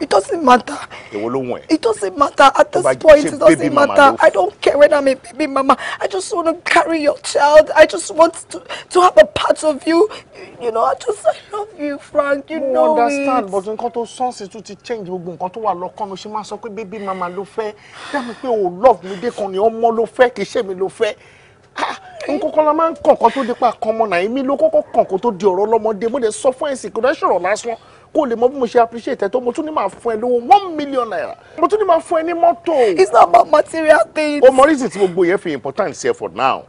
It doesn't matter. It doesn't matter. At this point, it doesn't matter. I don't care whether I'm a baby mama. I just want to carry your child. I just want to, to have a part of you. You know, I just I love you, Frank. You know understand, it. but nǹkan tó sọ́ọ̀sì tún ti change gbogbo nǹkan tó wà lọ́kàn mi ṣe máa sọ pé baby mama ló fẹ́. Dámi pé o love mi de kan ni ọmọ ló fẹ́ kì í ṣe mi ló fẹ́ ah, nkókó la máa ń kàn kó tó dé pa kan ọmọ náà èmi ló kọ́kọ́ kàn kó di ọ̀rọ̀ ọlọ́mọdé mo de sọ fún ẹ̀sìn kò dá ṣòro lásán kó lè mọ bí mo ṣe appreciate ẹ tó mo tún ní máa fún ẹ lówó one million naira mo tún ní máa fún ẹ ní mọ́tò. it's not about material things. o mọ reason tí gbogbo yẹn fi important sí for now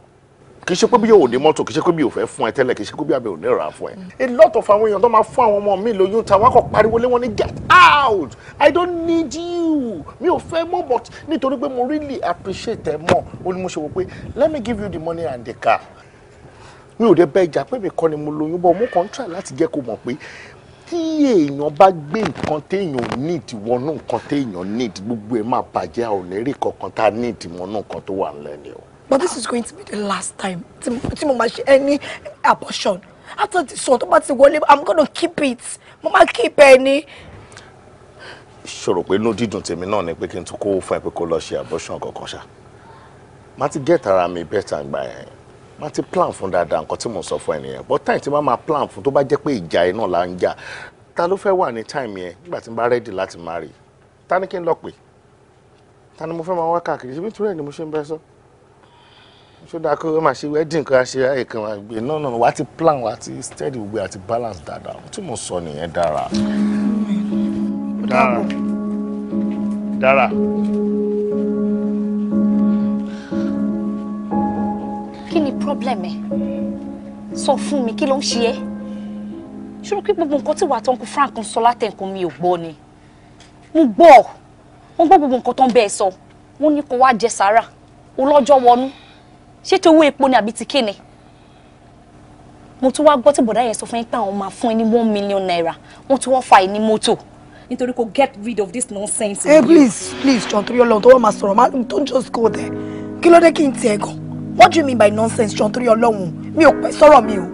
kì í ṣe pé bí yóò ní mọ́tò kì í ṣe pé bí yóò fẹ́ fún ẹ tẹ́lẹ̀ kì í ṣe pé bí àbẹ̀ ní ra fún ẹ. a lot of àwọn èèyàn tó máa fún àwọn ọmọ mi lóyún ta wákọ̀ pariwo lé wọn ní get out i don't need you mi ò fẹ́ mọ́ but nítorí pé mo really appreciate ẹ mọ́ o ní mo ṣe wò pé let me give you the money and the car mi ò dé bẹ́ẹ̀ jà pé mi kọ́ ni mo lóyún bọ́ mo kàn ń try láti jẹ́ kó mọ̀ pé tí èèyàn bá gbé nǹkan téèyàn need wọnú nǹkan téèyàn need gbogbo ẹ̀ máa bàjẹ́ àwọn kankan tá a need wọnú nǹkan tó wà nílẹ̀ ni o. but this is going to be the last time tí mo máa ṣe any abortion after this one tó bá ti wọlé i'm gonna keep it mo máa keep ẹ ni. ṣòro pé inú dídùn tèmi náà ni pé kí n tún kó fún ẹ pé kó lọ ṣe abortion kankan ṣá má ti gẹ́tara mi better tàgbà yẹn má ti plan fún dáadáa nǹkan tí mò ń sọ fún ẹ nìyẹn but time tí má máa plan fún tó bá jẹ́ pé ìjà yẹn náà là ń jà ta ló fẹ́ wà ní time yẹn nígbà tí n bá ready láti marry ta ni kí n lọ pè ta ni mo fẹ́ máa wá káàkiri ṣe bí túrẹ̀ ni mo ṣe ń bẹ́ sọ ṣó dáa kó o máa ṣe wedding kan ṣe ayé kan wá gbé no no wà á ti plan wà á ti steady gbé àti balance dáadáa tí mo sọ nìyẹn dára dára dára. kí ni problem ẹ sọ fún mi kí ló ń ṣe ẹ́ ṣòro pé gbogbo nǹkan tí wàá tó ń kú Frank ń sọ látẹ̀kùn mi ò gbọ́ ni mo gbọ́ mo gbọ́ gbogbo nǹkan tó ń bẹ́ẹ̀ sọ wọ́n ní kó wá jẹ sára olọ́jọ́ wọnú ṣé ti owó epo ni àbí ti kéne mo tún wá gbọ́ tí bọ̀dá yẹn sọ fún yín pé àwọn máa fún ẹ ní one million naira wọ́n tún wọ́n fa ẹ ní mọ́tò nítorí kò get rid of this nonsense. ẹ eh, hey, please please jọ̀ọ́ torí ọlọ́run tó wọ́n máa sọ̀rọ̀ máa don't just go there kí ló dé kí n tiẹ̀ gan what do you mean by nonsense ṣan torí ọlọ́run mi ò pẹ́ sọ̀rọ̀ mi o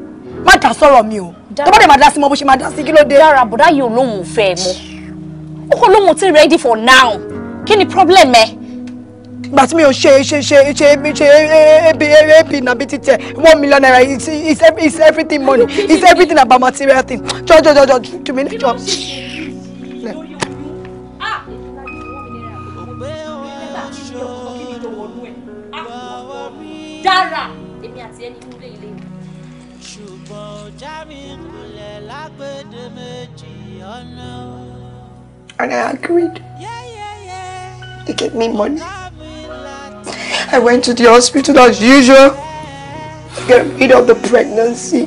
má dá sọ̀rọ̀ mi o tó bá dẹ̀ máa dá sí mọ bó ṣe máa dá sí kí ló dé. dára bùdá yìí olóhùn fẹ́ ẹ mọ́ ó kọ́ lóhùn tí ready for now kí ni problem ẹ. ìgbà tí mi ò ṣe ṣe ṣe ṣe ebi ṣe ebi ebi nàbí títẹ one million naira it's it's everything money it's everything about material thing jọjọjọjọ tùmí ní jọ. dára èmi àti ẹni inú ilé ilé lágbède méjì ọ̀nà. And I agreed. They gave me money. I went to the hospital as usual to get rid of the pregnancy.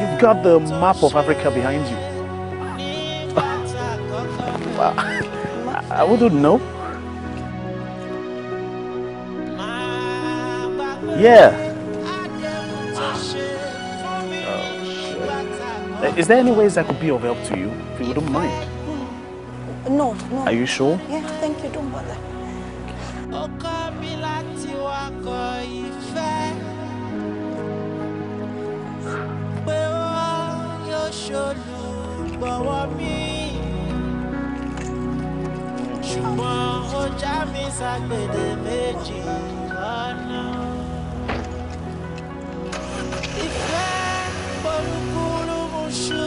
You've got the map of Africa behind you. [laughs] I wouldn't know. Yeah. Oh, Is there any ways I could be of help to you, if you wouldn't mind? No, no. Are you sure? Yeah, thank you. Don't bother. gbọ́wọ́ mi ṣùgbọ́n ó já mi ságbèdè méjì lọ́nà. ìfẹ́ polúkúrú mu ṣú.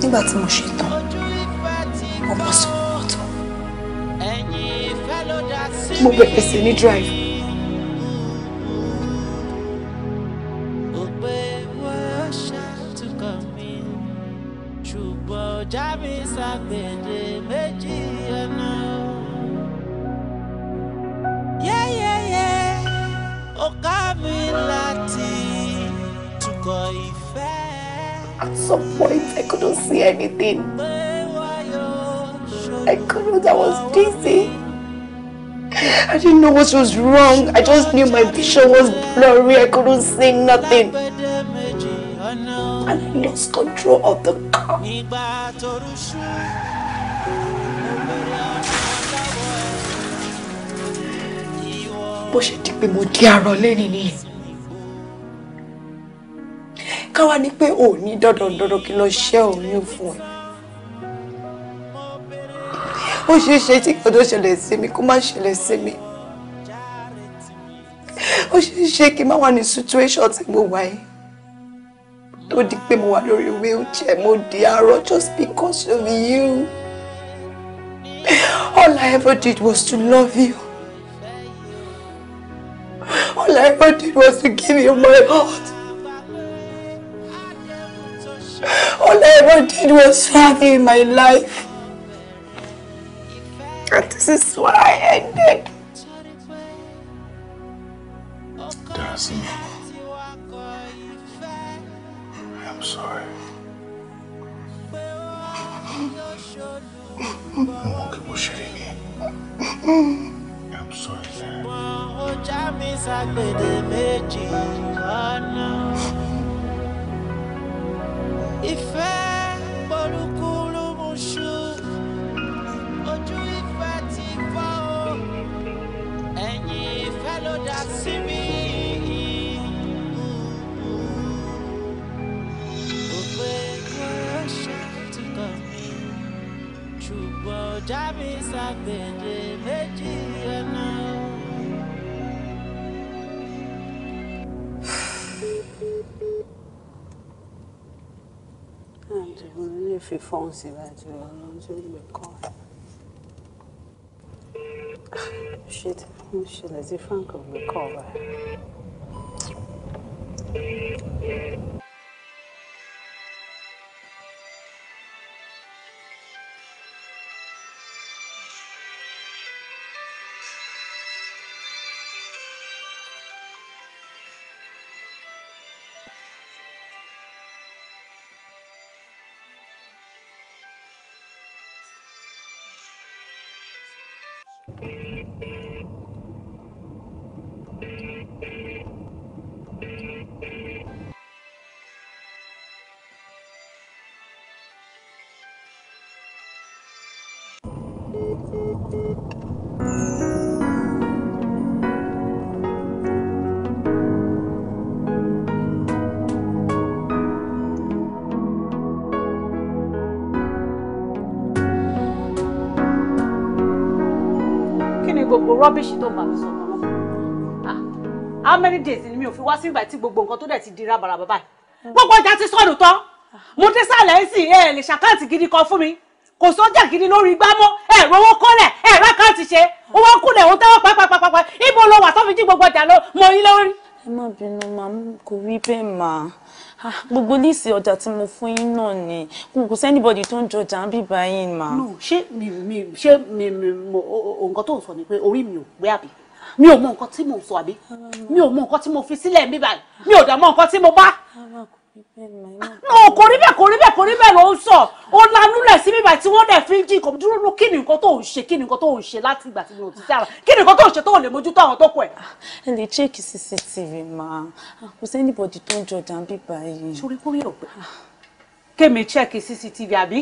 nígbà tí mo ṣe tán mo bọ́ sọ́kòtò mo bẹ̀rẹ̀ sí ní drive. some point I couldn't see anything. I couldn't, I was dizzy. I didn't know what was wrong. I just knew my vision was blurry. I couldn't see nothing. And I lost control of the car. bó ṣe di pé mo di arọ lẹ́ni káwa ni pé ò ní dandan kí lọ ṣẹ́ oyún fún ẹ ó ṣeé ṣe tí kò tó ṣẹlẹ̀ sí mi kó má ṣẹlẹ̀ sí mi ó ṣeé ṣe kí n má wà ní situation tí mo wà yìí tó di pé mo wà lórí wheelchair mo di arọ just because of you all I ever did was to love you all I ever did was to give you my heart. All I ever did was serve you in my life. And this is where I ended. Darcy, I'm sorry. Mo kí mo ṣe ní. I'm sorry, man. ìfẹ́ polúkú ló mú ṣú ojú ìfẹ́ ti fọ́ o ẹ̀yìn ìfẹ́ ló dá sí mi. ṣùgbọ́n ọjà mi ṣàgbèdè méjì. Mo lè fi fọ́ọ̀n sí láti lọ lọ́wọ́ tó lè kọ́. Ṣé tí mo gbogbo tó bá mi sọ mọ́ ah, how many days ni mi ò fi wá sí ìgbà tí gbogbo nǹkan tó dẹ̀ ti di rábàràbà báyìí gbogbo ọjà ti sọ̀rọ̀ tán mo dé sàlẹ̀ ẹ̀ sì ẹ̀ lè ṣàkáǹtì gidi kan fún mi kò sọ́jà gidi lórí igbá mọ́ ẹ̀rọ owó kọ́lẹ̀ ẹ̀rọ àkáǹtì ṣe owó kúlẹ̀ òun tẹ́wọ́ pàápàá ibo lo wà sọ́fíjì gbogbo ọjà lọ mọ yín lórí. ẹ má bínú màá kò rí bẹ́ẹ̀ máa. Ah, gbogbo líìsì ọjà tí mo fún yín náà ni kò sẹ́nibọ́dì tó ń jọjà ń bíbá yín mà. no ṣé mi mi ṣé mi mi mo nǹkan tó ń sọ ni pé orí mi ò gbé àbí mi ò mọ nǹkan tí mo sọ àbí mi ò mọ nǹkan tí mo fi sílẹ̀ ń bíbá mi ò dá mọ nǹkan tí mo bá no kò rí bẹ́ẹ̀ kò rí bẹ́ẹ̀ kò rí bẹ́ẹ̀ ló ń sọ ó lanú lẹ̀ sí bíbá tí wọ́n dẹ̀ fi ń jí kò dúró ló kí ni nǹkan tó ń ṣe kí ni nǹkan tó ń ṣe láti ìgbà tí mo ti dára kí ni nǹkan tó ń ṣe tó lè mójútó àwọn tó kọ ẹ̀. ẹ check cctv ma kò sí anybody tó ń jọjà bí báyìí. sori kórè ọ̀pẹ kémi check cctv àbí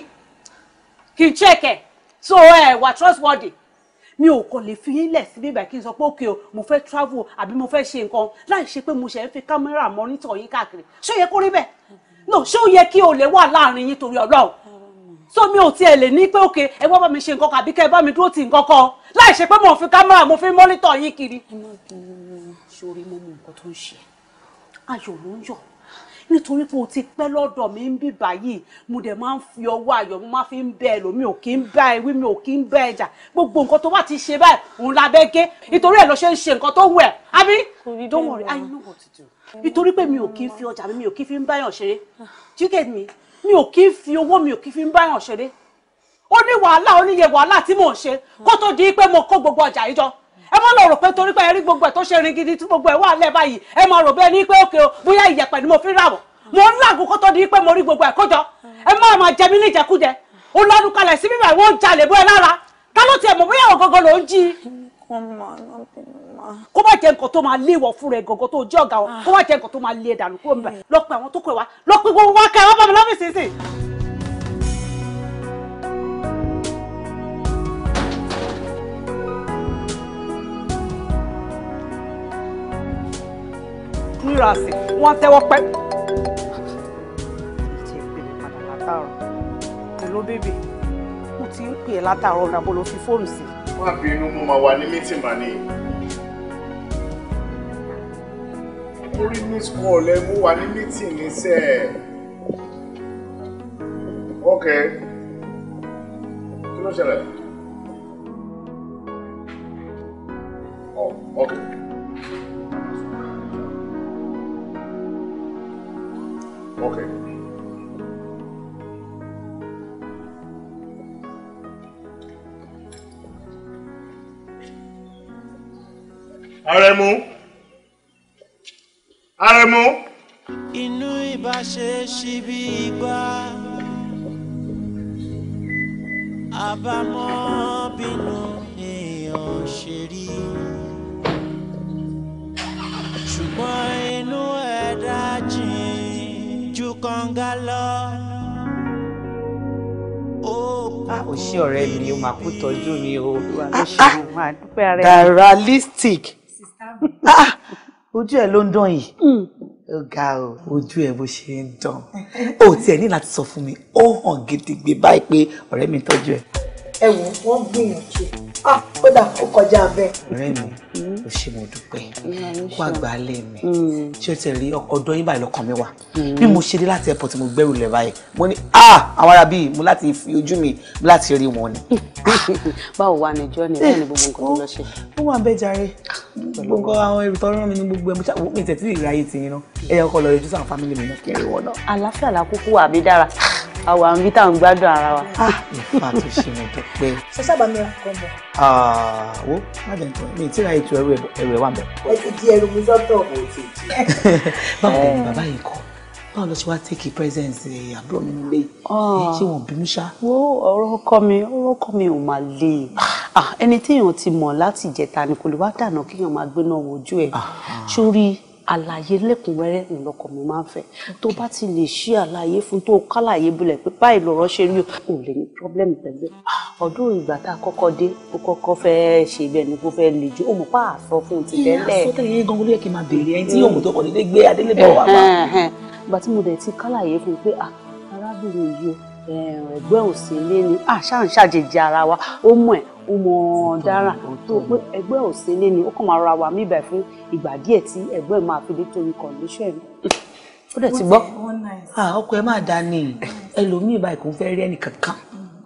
kí check ẹ̀ so eh, wà trustworthy mi ò kàn lè fi yín lẹ̀ síbí ìgbà kí n sọ pé òkè o mo fẹ́ travel àbí mo fẹ́ ṣe nǹkan láì ṣe pé mo ṣe ń fi kámẹ́rà mọ́nítọ̀ yín káàkiri ṣé ó yẹ kó rí bẹ́ẹ̀ no ṣé ó yẹ kí o lè wà láàrin yín torí Ọlọ́run so mi ò tiẹ̀ lè ní pé òkè ẹ wá bá mi ṣe nǹkan kan àbí kẹ́ ẹ bá mi dúró ti nǹkan kan láì ṣe pé mo fi kámẹ́rà mo fi mọ́nítọ̀ yín kiri. ẹ mo mọ nǹkan tó ń ṣe ayọ̀ ló ń yọ̀ nítorí pé o ti pẹ́ lọ́dọ̀ mi ń bì báyìí mo dẹ̀ máa ń fi ọwọ́ ayọ̀ mo máa fi ń bẹ ẹlòmíì ò kí ń bá ẹ wí mi ò kí ń bá ẹ jà gbogbo nǹkan tó wà ti ṣe báyìí òun la bẹ́ gé nítorí ẹ̀ lọ ṣe ń ṣe nǹkan tó wù ẹ́ àbí don't worry I know what to do nítorí pé mi ò kí ń fi ọjà mi mi ò kí fi ń báyàn ṣeré do you get me mi ò kí ń fi owó mi ò kí fi ń báyàn ṣeré ó ní wàhálà ó níye wàhálà tí mò ń ṣe kó tó di pé mo kó gbogbo ọjà yìí jọ ẹ mọ́ lọ rò pé torí pé ẹ rí gbogbo ẹ̀ tó ṣe rin gidi tí gbogbo ẹ̀ wà lẹ́ báyìí ẹ mọ̀ rò bẹ́ẹ̀ ní pé òkè o bóyá ìyẹ̀pẹ̀ ni mo fi rà wọ̀ mo ń làgùn kó tó di pé mo rí gbogbo ẹ̀ kójọ ẹ má máa jẹ mí ní ìjẹkújẹ ó lọ́dún kalẹ̀ síbí báyìí wọ́n ń jalè bó ẹ lára ká ló tiẹ̀ mọ̀ bóyá ògógó ló ń jí kó má jẹ nǹkan tó máa léwọ fún rẹ gọgọ tó jẹ ọgá wọn kó má jẹ nǹkan tó máa lé e dànù kó ń bẹ lọ pé àwọn tó kọ wá lọ pé wọn wá kẹ wọn bá mi lọ́fíìsì sí i. ríra sí wọ́n tẹ́wọ́ pẹ́. ìtì ń pè mí padà látàárọ̀ pẹ̀lú bèbè mo ti ń pè é látàárọ̀ ọ̀nà bó ló fi fóònù sí. má bínú mo máa wà ní mítì mà ní. orí miss call ẹ mo wà ní mítì ní sẹ́ẹ̀. ok kí ló ṣẹlẹ̀? Oh, okay. Okay. Aremu. Aremu. Inú ìbáṣe ṣí bí igbá. Àbámọ̀ bínú èèyàn ṣe rí. Ṣùgbọ́n inú ẹ̀dá jìn ó ṣé ah, ọ̀rẹ́ mi ó máa kú tọ́jú mi o ah, ah. daralistic ojú ẹ ló ń dán yìí hmm. ó ga o ojú ẹ bó ṣe ń dán o tiẹ̀ ní láti sọ fún mi ó hàn gidigbe báyìí pé ọ̀rẹ́ mi tọ́jú ẹ ẹ wò wọ́n gbìyànjú ah kódà ó kọjá abẹ́. ọ̀rẹ́ mi ò ṣe mo dúpẹ́ kó àgbà alẹ́ mi mm. ṣé o ti rí ọ̀dọ̀ yín báyìí lọ́kàn mi wà mm. bí mo ṣe dé láti airport mo gbẹ́rù lẹ̀ báyìí mo ní ah àwọn ará bíi mo láti fi ojú mi láti rí wọn ni. [laughs] báwo wà ní jọ́ni báwo ni gbogbo nǹkan tó lọ ṣe. ó wà bẹ́ẹ̀ jàre gbogbo àwọn èrò tó rán mi ní gbogbo ẹ̀ mo ṣàwọ́ pé ìtẹ̀tí ìráyè ti yín náà ẹ̀yà ọkọ̀ lọ́ọ́ rẹ̀ jù sáà fámìlì mi náà kẹrin àwa ń bí tá à ń gbádùn ara wa. ìfà ah. tó ṣe mí dúpẹ́. ṣe sábà mi ọkọ mọ. Ah, wo má jẹ́ nítorí mi tíra ètò ẹrù ẹ̀rẹ̀ wà bẹ̀. ẹ ti di ẹrù mi sọ́tọ̀. báwo ni bàbá yìí kọ́ báwo ló ṣe wá tẹ́kì presence eh, àbúrò mi nílé ṣé ah. wọn bínú ṣá. wo ọ̀rọ̀ ọkọ mi ọ̀rọ̀ ọkọ mi ò máa le ẹni téèyàn ti mọ̀ láti jẹta ni kò lè wá dànù kéèyàn máa gbéná wojú ẹ̀ sórí àlàyé lẹ́kùnrẹ́rẹ́ ìlọ́kọ̀ mi máa ń fẹ́ tó bá ti lè ṣí àlàyé fún tó kálàyé bulẹ̀ pé báyìí lọ́rọ̀ ṣe rí o lè ní pírọ́blẹ́mù pẹ̀lú ah, ọdún ìgbà tá a kọ́kọ́ dé ó kọ́kọ́ fẹ́ẹ́ ṣe ibẹ̀ ni kò fẹ́ẹ́ lè ju òmùpá àsọ fún ti tẹ́lẹ̀. ìyá sọ́tẹ̀ yẹn gan-an ló yẹ kí n máa béèrè ẹni tí yóò mú tó kọ̀ nílé gbé adélébọ̀ wà bá. ìgbà tí mo dẹ̀ ti kálàyé fún pé ah, arábìnrin yìí ẹgbẹ́ òsèlé ni àṣà ah, ń ṣàjèjì ara wa ó mọ̀ ẹ́ ó mọ dára tó pé ẹgbẹ́ òsèlé ni ó kàn máa ra wà míbẹ̀ fún ìgbà díẹ̀ tí ẹgbẹ́ máa fi dé torí condition ó dẹ̀ ti gbọ́ ah, ọkọ ẹ máa dá ní ẹlòmíì báyìí kò fẹ́ rí ẹnì kankan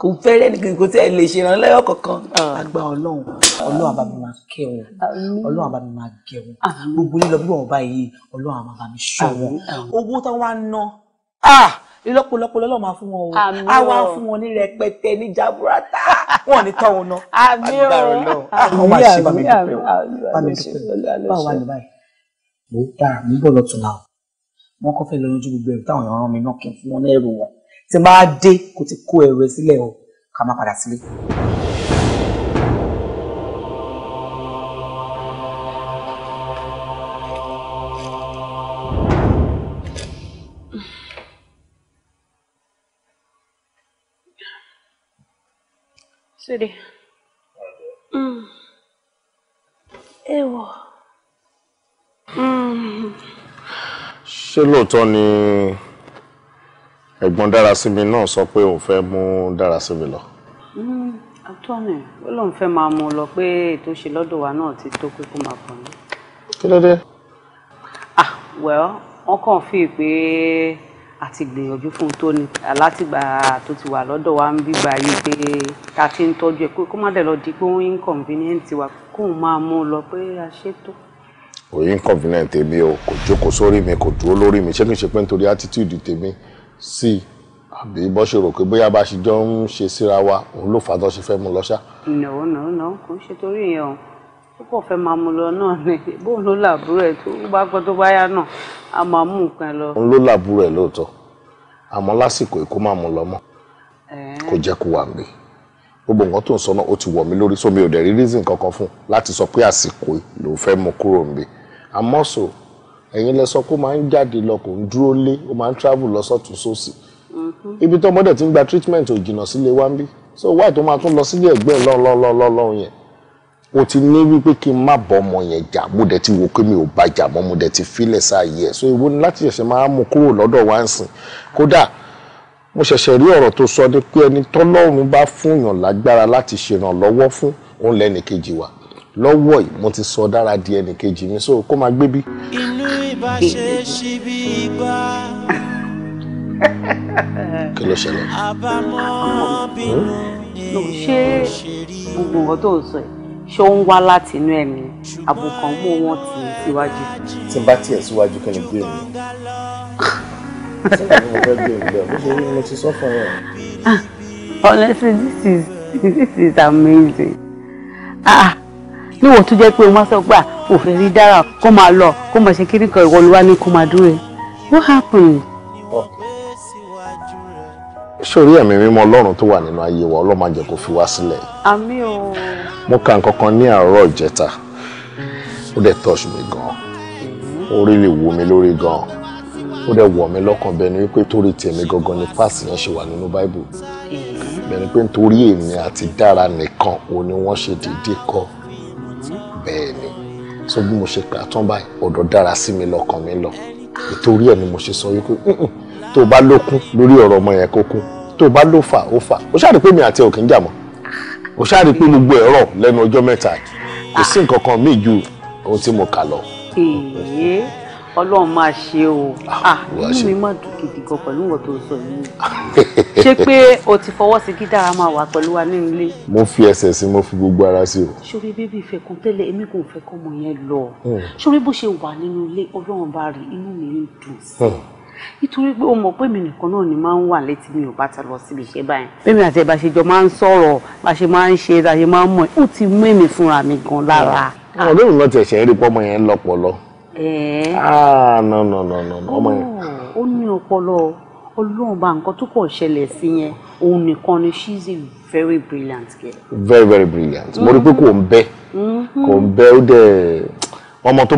kò fẹ́ rí ẹnì kankan tí ẹ lè ṣe ìrànlọ́wọ́ kankan àgbà ah. ọlọ́run ọlọ́run àbá mi máa kẹ́ wọn ọlọ́run àbá mi máa gẹ̀ wọn gbogbo yín bí wọn bá yìí ọlọ́run àbá mi ṣọ́ wọn owó táwọn wá ná ah! lọ́pọ̀lọpọ̀ lọ́lọ́ máa fún wọn o á wá fún wọn ní rẹpẹtẹ ní jaburata wọn ní tọ́ wọn náà agbára Ọlọ́run àwọn máa ṣe bàmí dúpẹ́ o bàmí dúpẹ́ báwo wà ní báyìí mo gbà mo bọ̀ lọ́tún náà wọn kọ́ fẹ́ lọ yanjú gbogbo ẹ̀rù táwọn èèyàn rán mi náà kí n fún wọn ní ẹrù wọn tí n bá dé kò ti kó ẹrù ẹ sílẹ̀ o ká má padà sílé. Sweetie. Mm. Ewo. Mm. Ṣé lóòótọ́ ni ẹ̀gbọ́n Dárasími náà sọ pé òun fẹ́ mú Dárasími lọ? Mm, Àtọ́nì ó lóun fẹ́ máa mú un lọ pé ètò ṣe lọ́dọ̀ wa náà ti tó pé kó máa pọ̀ ní. Kí ló dé? Ah, well, wọ́n kàn fi pé àti gbìyànjú fún un tó ní alátìgbà tó ti wà lọ́dọ̀ wa ń bíbá yìí pé ká ti ń tọ́jú ẹ̀ pé kó má dẹ̀ lọ di pé ó ń inconvenient wa kóun máa mú un lọ pé a ṣètò òye inconvenient tèmi o kò jókòó sórí mi kò dúró lórí mi ṣé kí n ṣe pé nítorí attitude tèmi sí àbí bó ṣe rò pé bóyá bá ṣe jọ ń ṣe síra wa òun ló fà á tó ṣe fẹ́ mú lọ ṣá. no no no kò ń ṣe torí ìyẹn o ó kàn fẹ́ máa mú lọ náà ni bóun ló làbúrò ẹ̀ tó bá gbọ́ tó bá yá náà a máa mú nǹkan lọ. òun ló làbúrò ẹ̀ lóòótọ́ àmọ́ lásìkò yìí kó má mú lọ mọ́ kó jẹ́ kó wà mí gbogbo nǹkan tó ń sọ náà ó ti wọ̀ mí lórí sómi ò dẹ̀ rí reason kankan fún láti sọ pé àsìkò ló fẹ́ mú kúrò mí àmọ́ so ẹ̀yin lẹ sọ pé ó máa ń jáde lọ kò ń dúró lé ó máa ń travel lọ sọ́tún sósì mm-hmm. ibi tó ọmọdé ti ń gba treatment ò sílé wa ń bí so why tó máa tún lọ sílé ẹ̀gbẹ́ lọ́lọ́lọ́lọ́ yẹn o ti ní wípé kí n má bọ ọmọ yẹn jà mo dẹ̀ ti wò pé mi ò bá jà mọ́ mo dẹ̀ ti filẹ̀ sáàyè ẹ̀ so ìwọ ni láti ṣẹ̀ṣẹ̀ máa mú kúrò lọ́dọ̀ wá ń sìn kódà mo ṣẹ̀ṣẹ̀ rí ọ̀rọ̀ tó sọ ni pé ẹni tọ́lọ́run bá fúnyàn lágbára láti ṣèrànlọ́wọ́ fún òun lẹ́nì wa lọ́wọ́ yìí mo ti sọ dára di ẹnì mi so kó máa gbé bí. ìlú ìbáṣe ṣì bí igbá. kí ló ṣẹlẹ̀. àbámọ́ bínú èèyàn ṣe rí. ṣé gbogbo nǹkan tó ṣó ń wá láti inú ẹ̀mí àbùkàn wọn tì síwájú. tí n bá tiẹ̀ síwájú kí ni mi ah, honestly this is this is amazing. Ah níwọ̀n tó jẹ́ pé wọ́n sọ gbà kò ah, fẹ́ rí dára kó máa lọ kó máa ṣe kiri kan ìwọ olúwa ní kó máa dúró what happened. sórí oh. ẹ̀mí mímọ́ ọlọ́run tó wà nínú ayé wa ọlọ́run má jẹ́ kó fi wá sílẹ̀. àmín o mo ka nǹkan kan ní àárọ̀ ìjẹta ó dẹ̀ touch mi gan ó rí lè wò mí lórí gan ó dẹ̀ wọ̀ mí lọ́kàn bẹ́ẹ̀ ni wípé torí tèmi gangan ni páàsì yẹn ṣe wà nínú báìbù mm-hmm. bẹ́ẹ̀ ni pé nítorí èmi àti dára nìkan òun ni wọ́n ṣe dédé kọ bẹ́ẹ̀ ni so bí mo ṣe kà tán báyìí ọ̀dọ̀ dára sí mi lọ́kàn mi lọ nítorí ẹ̀ ni mo ṣe sọ wípé tó o bá lókun lórí ọ̀rọ̀ ọmọ yẹn kó kún tó o bá lófà ó fà ó ṣáà pé mi àti òkè ń jà mọ́ o ṣáà rí i pé gbogbo ẹ̀rọ lẹ́nu ọjọ́ mẹ́ta kò sí ah. nǹkan kan míì ju ohun tí mo kà lọ. èyí ọlọ́run máa ṣe o ah, ah, inú mi má dùn gidi gan pẹ̀lú nǹkan tó sọ yìí ṣé pé o ti fọwọ́ sí kí dára máa wà pẹ̀lú wa ní ilé. mo fi ẹsẹ̀ sí mo fi gbogbo ara sí o. sori bébí ìfẹ́ kan tẹ́lẹ̀ èmi kò fẹ́ kọ́ ọmọ yẹn lọ hmm. sori bó ṣe wà nínú ilé ọlọ́run bá rí inú mi ń dùn sí i hmm nítorí pé o mọ̀ pé mi nìkan náà ni máa ń wà létí mi ò bá ta lọ síbi iṣẹ́ báyìí bẹ́ẹ̀ mi àti ẹ̀ bá ṣe jọ máa ń sọ̀rọ̀ bá ṣe máa ń ṣe bá ṣe máa ń mọ̀ ó ti mú èmi fúnra mi gan lára. àwọn olóòrùn náà ti ẹ̀ṣẹ̀ rí pọ́mọ yẹn lọ́pọlọ. Ah, no no no no ọmọ yẹn. Oh, ó ní ọpọlọ ọlọ́run bá nǹkan tó pọ̀ ṣẹlẹ̀ sí yẹn òun nìkan ni she is a very brilliant girl. very very brilliant mo rí pé kò ń bẹ mm-hmm. kò ń bẹ ó dẹ̀ ọmọ tó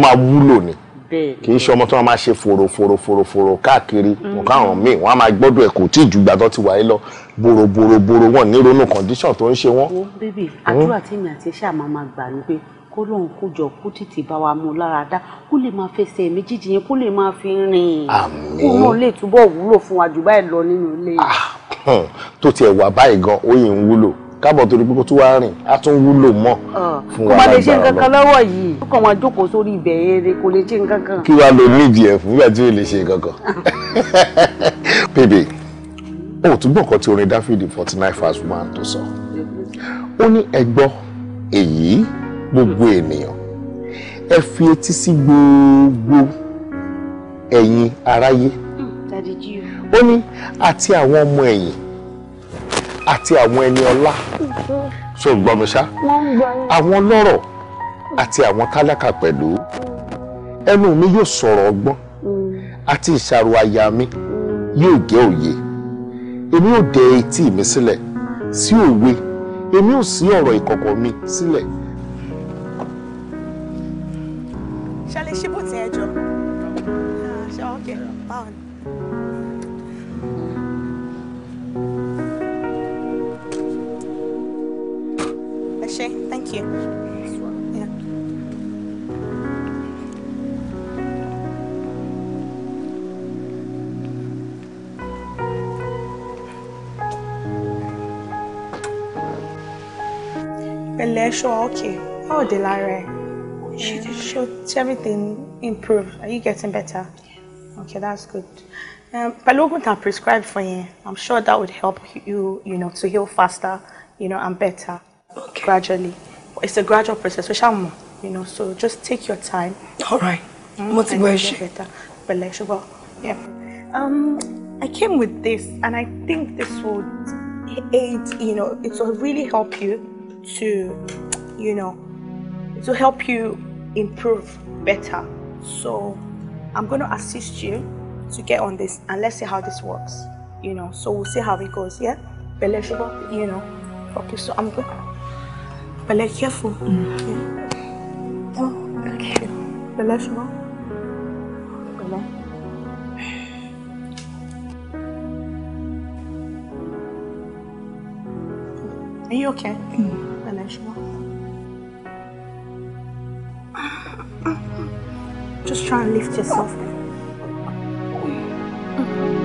kì í ṣe ọmọ tí wọ́n máa ṣe fòrò fòrò fòrò fòrò káàkiri nǹkan mm. míì wọ́n á máa gbọ́dọ̀ ẹ̀ kò tí ì jùgbà tó ti wáyé lọ bòrò bòrò bòrò wọn ní ronú condition tó ń ṣe wọn. wo bébì mm. àdúrà tí mi àti ṣáà máa máa gbà ni pé kó lóun kó jọ kó tètè bá wa mú lára dá kó lè máa fẹsẹ̀ méjìjì yẹn kó lè máa fi rìn kó náà lè túbọ̀ wúlò fún wa jù báyìí lọ nínú ilé. Ah, hmm. tó tiẹ̀ wà báyìí gan-an ń wúlò káàbọ̀ torí pé kó tún wá rìn á tún wúlò mọ́ ah, fún wa lágbára lọ. kò má lè ṣe nǹkan kan lọ́wọ́ yìí ó kàn wọ́n jókòó sórí ibẹ̀ eré kò lè ṣe nǹkan kan. kí wàá lo nídìí ẹ̀ fún nígbà tí ò lè ṣe nǹkan kan. [laughs] bèbè ó tún gbọ́ nǹkan tí orin Dáfídì forty nine verse one tó sọ ó ní ẹ gbọ́ èyí gbogbo ènìyàn ẹ fi etí sí gbogbo ẹ̀yin aráyé hmm, ó ní àti àwọn ọmọ ẹ̀yìn àti àwọn ẹni ọlá so gbọ́ mi ṣá àwọn ọlọ́rọ̀ àti àwọn tálákà pẹ̀lú ẹnu mi yóò sọ̀rọ̀ ọgbọ́n àti ìṣàrò àyà mi yóò jẹ́ òye èmi ò dẹ etí mi sílẹ̀ sí òwe èmi ò sí ọ̀rọ̀ ìkọ̀kọ̀ mi sílẹ̀. Thank you. Yeah. Pẹ̀lẹ́, sure, okay. How did Larry? She did. Sure, everything improved. Are you getting better? Yes. Okay, that's good. Um, what can prescribe for you. I'm sure that would help you, you know, to heal faster, you know, and better okay. gradually. It's a gradual process, which i you know, so just take your time. All right. Mm, What's the Better. sugar. Yeah. Um, I came with this, and I think this would aid, you know, it will really help you to, you know, to help you improve better. So I'm going to assist you to get on this, and let's see how this works, you know. So we'll see how it goes, yeah? Belle you know. Okay, so I'm going Balash careful. Yeah. Oh, okay. Balash Are you okay? Mm. Balash Just try and lift yourself. Mm.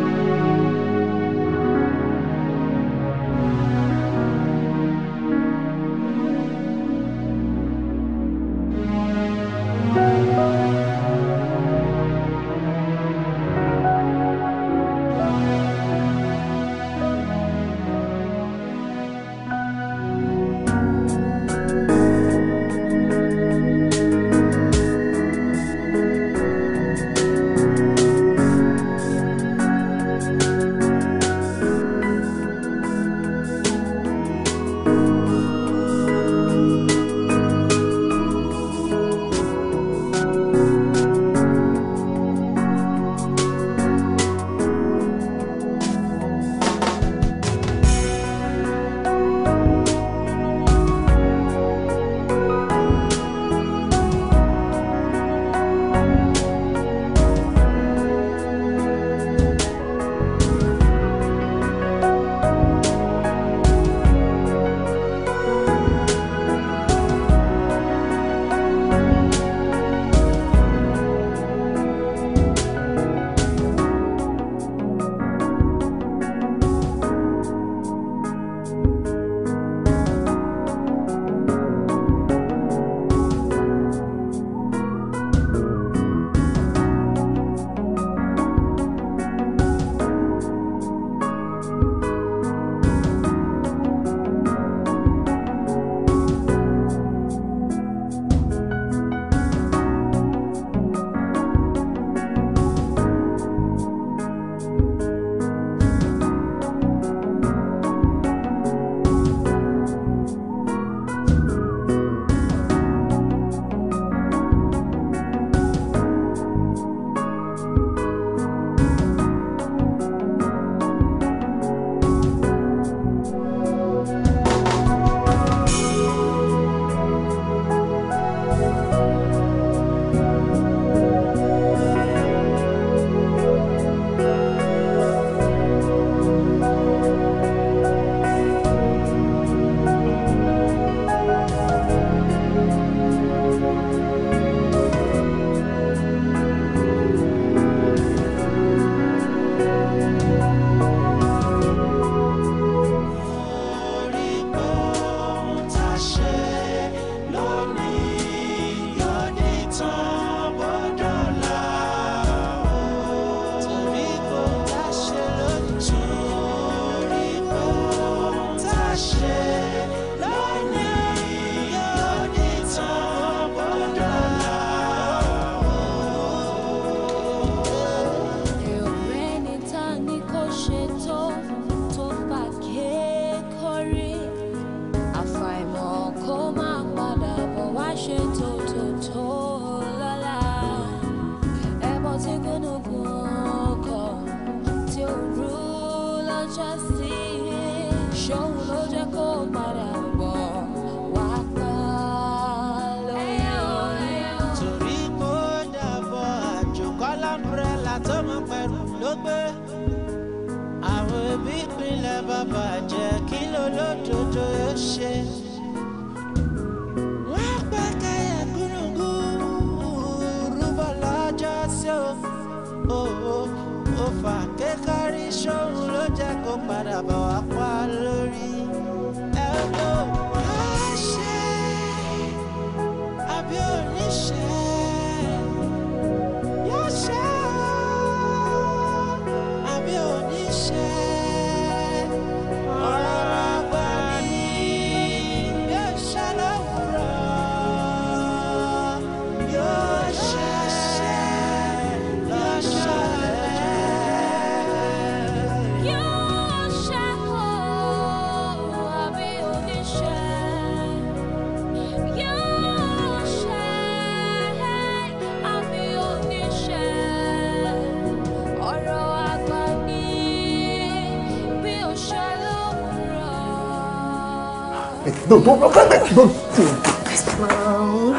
No, don't, don't, don't, don't do this, Clown.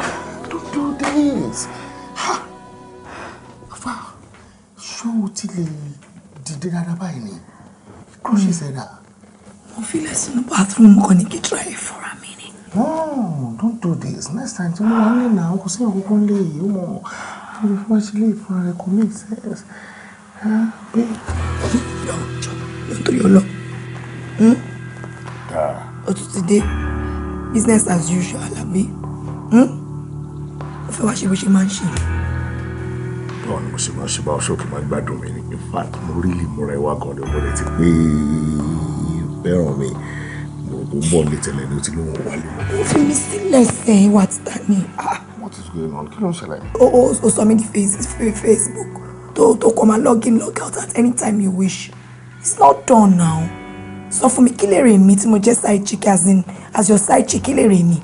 Don't do this. Afa, ṣé o ti lè dìde dáadáa báyìí ni? Kúrò ṣe sẹ́dá. Mo fi lẹ̀ sínú bathroom kan ní kí try it for a minute. No, don't do this. Next time tí mo wá lè nà án kò sí ọ̀kọ́kọ́ lè yìí mọ̀. Mo fi wá ṣe lè fún ara rẹ̀ kò make sense. Huh? business as usual àbí hmm? ó fẹ́ wá ṣe bó ṣe máa ń ṣe. báwo ni mo ṣe máa ṣe báwo ṣókè máa gbádùn mi ni in fact mo rí lè múra ẹwà gan ni mo lè ti pé fẹ́ràn mi mo tó bọ̀ lè tẹ̀lé ní ti lóun wà lóun. fi mi sílẹ̀ sẹ́ ìwà títa ni. Ah. what is going on kí ló ń ṣẹlẹ̀. o o sọ mi ní Facebook tó tó kọ́ máa log in log out at any time you wish it's not done now sọ fún mi kí lèrè mi tí mo jẹ́ side chick as in as your side chick kí lèrè mi.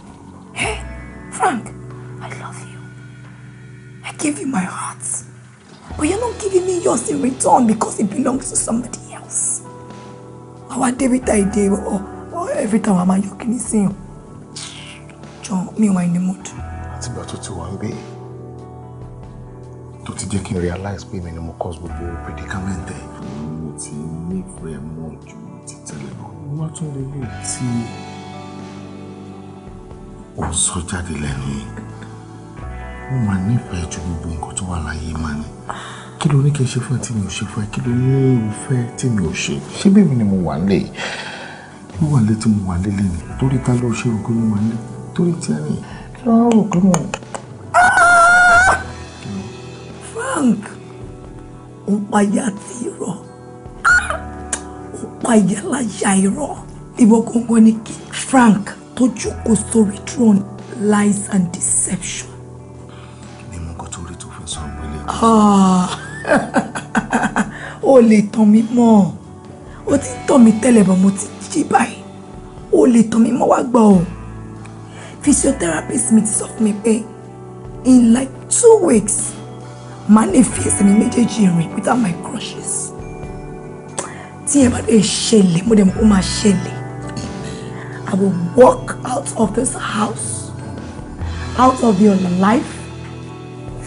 Hey, Frank, I love you. I gave you my heart. But you're not giving me yours in return because it belongs to somebody else. Àwa débi tá ìdè ọ̀ every time wàá máa yọ kí ni sí yàn. Jọ mi wà ní mood. Àtìgbà tó ti wà ń gbé tó ti jẹ́ kí n realize pé mi ni mo cause gbogbo predicament ẹ̀. Mo ti ní ìfẹ́ mọ́ ju wá tún lélẹ̀ tí ó sọ jáde lẹ́nu yìí mo máa nífẹ̀ẹ́ ju gbogbo nǹkan tó wà láyé máa ní kí ló ní kí n ṣe fún ẹ tí mi ò ṣe fún ẹ kí ló ní ìfẹ́ tí mi ò ṣe ṣé bẹ́ẹ̀ ni mo wà ń lè mo wà lé mo wà lé lẹ́nu torí ta ló ṣe ògùn mo wà lé torí tí ẹni kí wọ́n rò pé mo. Frank ń payá tí rọ ayáláyà irọ́ ìwọ gangan ni kí Frank tó jókòó sórí throne lies and deception. mi mọ nǹkan tó rí tó fẹ́ sọ ọmọ ilé ẹ̀kọ́. o lè tàn mí mọ́ o ti tàn mí tẹ́lẹ̀ bọ̀ mo ti jí báyìí o lè tàn mí mọ́ wá gbọ́ o physiotherapist mi ti sọ fún mi pé in like two weeks màá lè fi ẹsẹ̀ mi méjèèjì rìn without my crushes tí ẹ bá lè ṣẹlẹ̀ mo dẹ̀ mọ̀ kó máa ṣẹlẹ̀ I will walk out of this house out of your life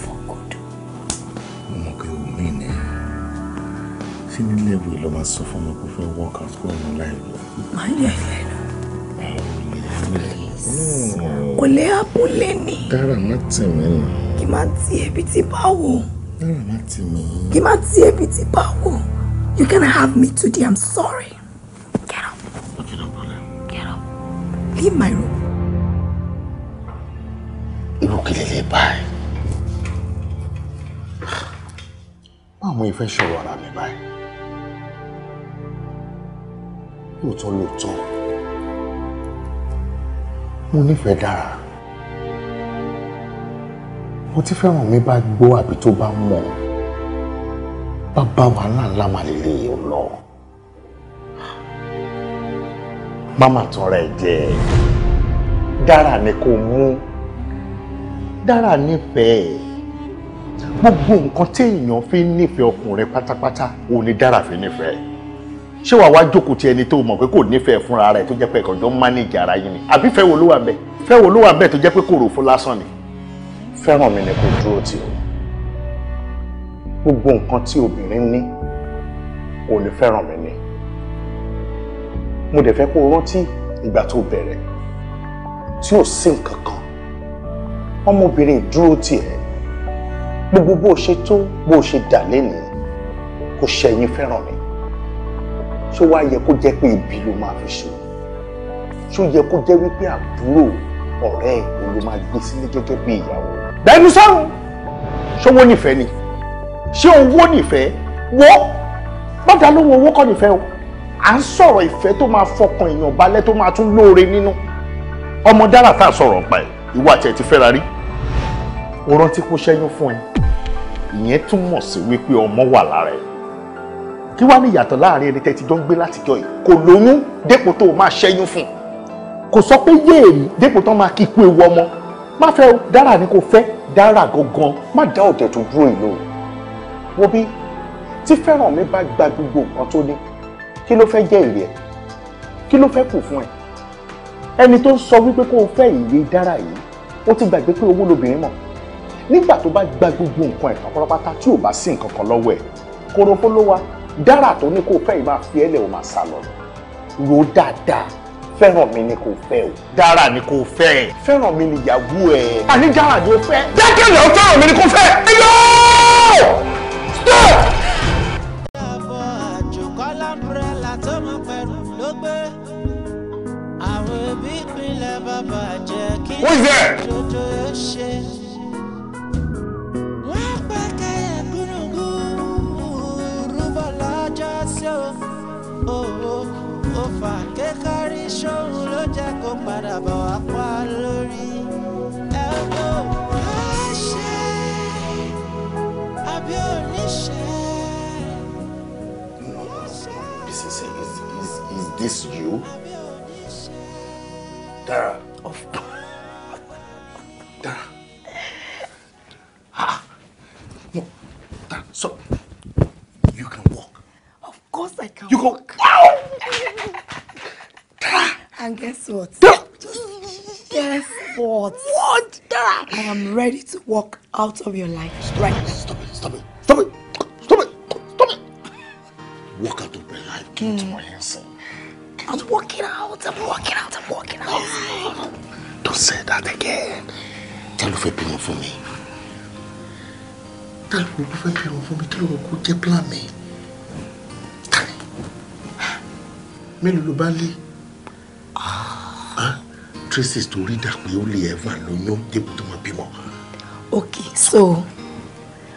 for good. mo kẹ́ o mí ni ṣé nílé ìwé ló máa sọ fún mi kó fẹ́ walk out kúrò nínú láìpẹ́. máa yẹ ilé lọ. kò lè abúlé ni. dára má tì mí nù. kì má ti ẹbí tí bá wò. dára má tì mí. kì má ti ẹbí tí bá wò. You can have me today. I'm sorry. Get up. Okay, no problem. Get up. Leave my room. Look, Lily, bye. Báwo ìfẹ́ ṣọ̀rọ̀ ara mi báyìí? Lóòótọ́ lóòótọ́, mo nífẹ̀ẹ́ dára. Mo ti fẹ́ràn mi bá gbọ́ àbí tó bá mọ̀ ọ́ bàbá wàhálà ńlá mà lè lè lọ mama tọrọ ẹ jẹ dára ni kò mú dára nífẹ̀ẹ́ gbogbo nǹkan téèyàn fi ń nífẹ̀ẹ́ ọkùnrin pátápátá ò ní dára fi nífẹ̀ẹ́ ṣé wàá wá jókòó ti ẹni tó mọ̀ pé kò nífẹ̀ẹ́ fúnra rẹ̀ tó jẹ́ pé ẹ̀kọ́jọ́ ń mánéjì ara yín ni àbí fẹ́ wo ló wà bẹ́ẹ̀ fẹ́ wo ló wà bẹ́ẹ̀ tó jẹ́ pé kò rò fún lásán ni fẹ́ràn mi ni kò dúró tì ó gbogbo nǹkan tí obìnrin ní ò ní fẹ́ràn mi ni mo dẹ̀ fẹ́ kó o rántí ìgbà tó bẹ̀rẹ̀ tí ò sí nǹkan kan ọmọbìnrin dúró tiẹ̀ gbogbo bó o ṣe tó bó o ṣe dà lẹ́nu kò ṣẹ̀yìn fẹ́ràn mi ṣó wá yẹ kó jẹ́ pé ibi ló máa fi ṣe ṣó yẹ kó jẹ́ wípé àbúrò ọ̀rẹ́ ẹ̀ ló máa gbé sílé gẹ́gẹ́ bí ìyàwó. bẹ́ẹ̀ sọ́run ṣówó nífẹ̀ẹ́ ni. Feni ṣé owó nìfẹ́ wọ́ bàdá ló wo owó kọ́ nìfẹ́ o à ń sọ̀rọ̀ ìfẹ́ tó máa fọkàn èèyàn balẹ̀ tó máa tún lóore nínú. ọmọ dára tá a sọ̀rọ̀ pa ẹ̀ ìwọ àti ẹ̀ ti fẹ́ra rí o rántí kó ṣẹ́yún fún ẹ ìyẹn túmọ̀ sí wípé ọmọ wà lára ẹ̀ kí wàá ní ìyàtọ̀ láàrin ẹni tẹ́tí jọ ń gbé látijọ́ yìí kò lóyún dépò tó máa ṣẹ́yún fún kò sọ pé yéè e dépò tó máa kíkú ewu ọmọ má fẹ́ dára ni kò fẹ́ dára gangan má dá ọ̀dẹ̀ tó dúró ìlú wo bí tí fẹ́ràn mi bá gba gbogbo nǹkan tó ní kí ló fẹ́ jẹ́ èrè ẹ̀ kí ló fẹ́ kù fún ẹ̀ ẹni tó ń sọ wípé kó o fẹ́ ìyè dára yìí ó ti gbàgbé pé owó lobìnrin mọ̀ nígbà tó bá gba gbogbo nǹkan ẹ̀ pátápátá tí ò bá sí nǹkan kan lọ́wọ́ ẹ̀ korofo ló wa dára tó ní kó o fẹ́ yìí fi ẹlẹ́ o máa sá lọ ro dáadáa fẹ́ràn mi ni kò fẹ́ o. dára ni kò fẹ́. fẹ́ràn mi ni ìyàwó ẹ̀. àní dára ni ó fẹ́. jẹ́ kí èèyàn fẹ́ràn mi ni kò fẹ́. ẹ yọ. Who is there? this is, is, is, this you? Dara. Of course. Dara. Ah. No. Ah. Dara, so you can walk. Of course I can. You walk. Dara. And guess what? Dara. Guess what? What? Dara. I am ready to walk out of your life stop right now. Stop it, stop it, stop it, stop it, stop it. Walk out of my life, Kate mm. Moyensen. I'm walking out, I'm walking out, I'm walking out. Don't say that again ta ló fẹ́ bímọ fún mi ta ló fẹ́ bímọ fún mi kí ló kọ́kọ́ jẹ́ plan mi ta ni mélòó ló bá lé ah, ah, traces tó rí dà pé ó lè ẹ̀fà lóyún débò tó máa okay so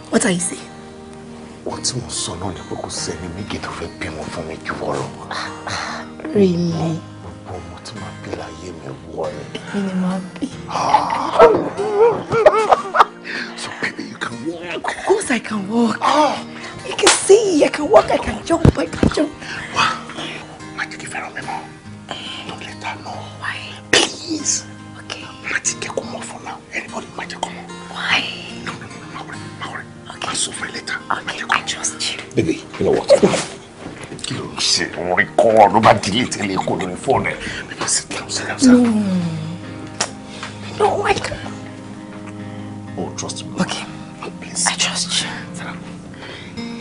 what are you saying. ohun tí mo sọ náà ni pé kò sẹ́ni méjì tó fẹ́ bímọ fún mi jù wọ́n lọ. really. gbogbo ọmọ tí màá bí láyé mi wọ ni. èmi ni màá bí. Ah. least I can walk. Oh. You can see, I can walk, I can jump, I can jump. Wow. Má jẹ́ kí fẹ́ràn mi mọ́. Don't let her know. Why? Please. Okay. Má ti kẹ́kọ̀ọ́ mọ́ for now. Anybody má jẹ́ come mọ́. Why? No, no, no, má worry, má worry. Okay. I'll suffer fún ẹ later. Okay, I trust you. Baby, you know what? Kí ló ń ṣe orin kọ́ ọ ló bá dìlé tẹ́lẹ̀ kó lórí fóònù ẹ̀? Baby, sit down, sit down, sit down. No. No, I can't. Oh, trust me. Okay.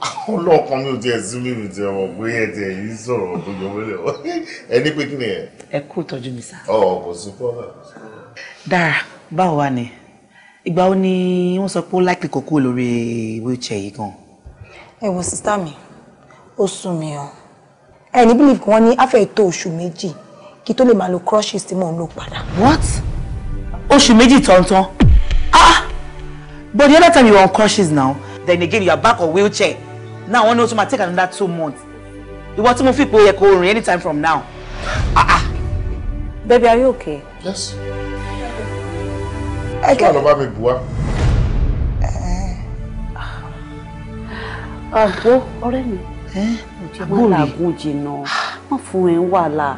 àwọn ọlọ́ọ̀kan mi ò tiẹ̀ sún mi mi ti ọmọ pé ẹ tiẹ̀ yìí sọ̀rọ̀ tó jọ wọlé ọ ẹni pé kí ni ẹ. ẹ kú ìtọ́jú mi sá. ọ kò sí fọ́nà. dára báwo wà ní ìgbà wo ni wọ́n sọ pé ó láìpẹ́ kó kúrò lórí wheelchair yìí gan. ẹ wo sísá mi ó sún mi o ẹ ní bílíf wọn ní afẹ́ tó oṣù méjì kí tó lè máa lo crushes tí mò ń lò padà. what oṣù méjì tọ̀ntọ̀n ah but the other time you were crushes now then again you are back on wheelchair now wọ́n ní o tún take another two months ìwọ tí mo fi pé ó yẹ kó o anytime from now. Ah, ah. baby are you okay. yes. ẹ kẹ́ ṣé àlọ́ bá mi bù wá. Eh. àgbo ọ̀rẹ́ mi eh? àgbo làgùn jìnnà wọn fún ẹ ń wàhálà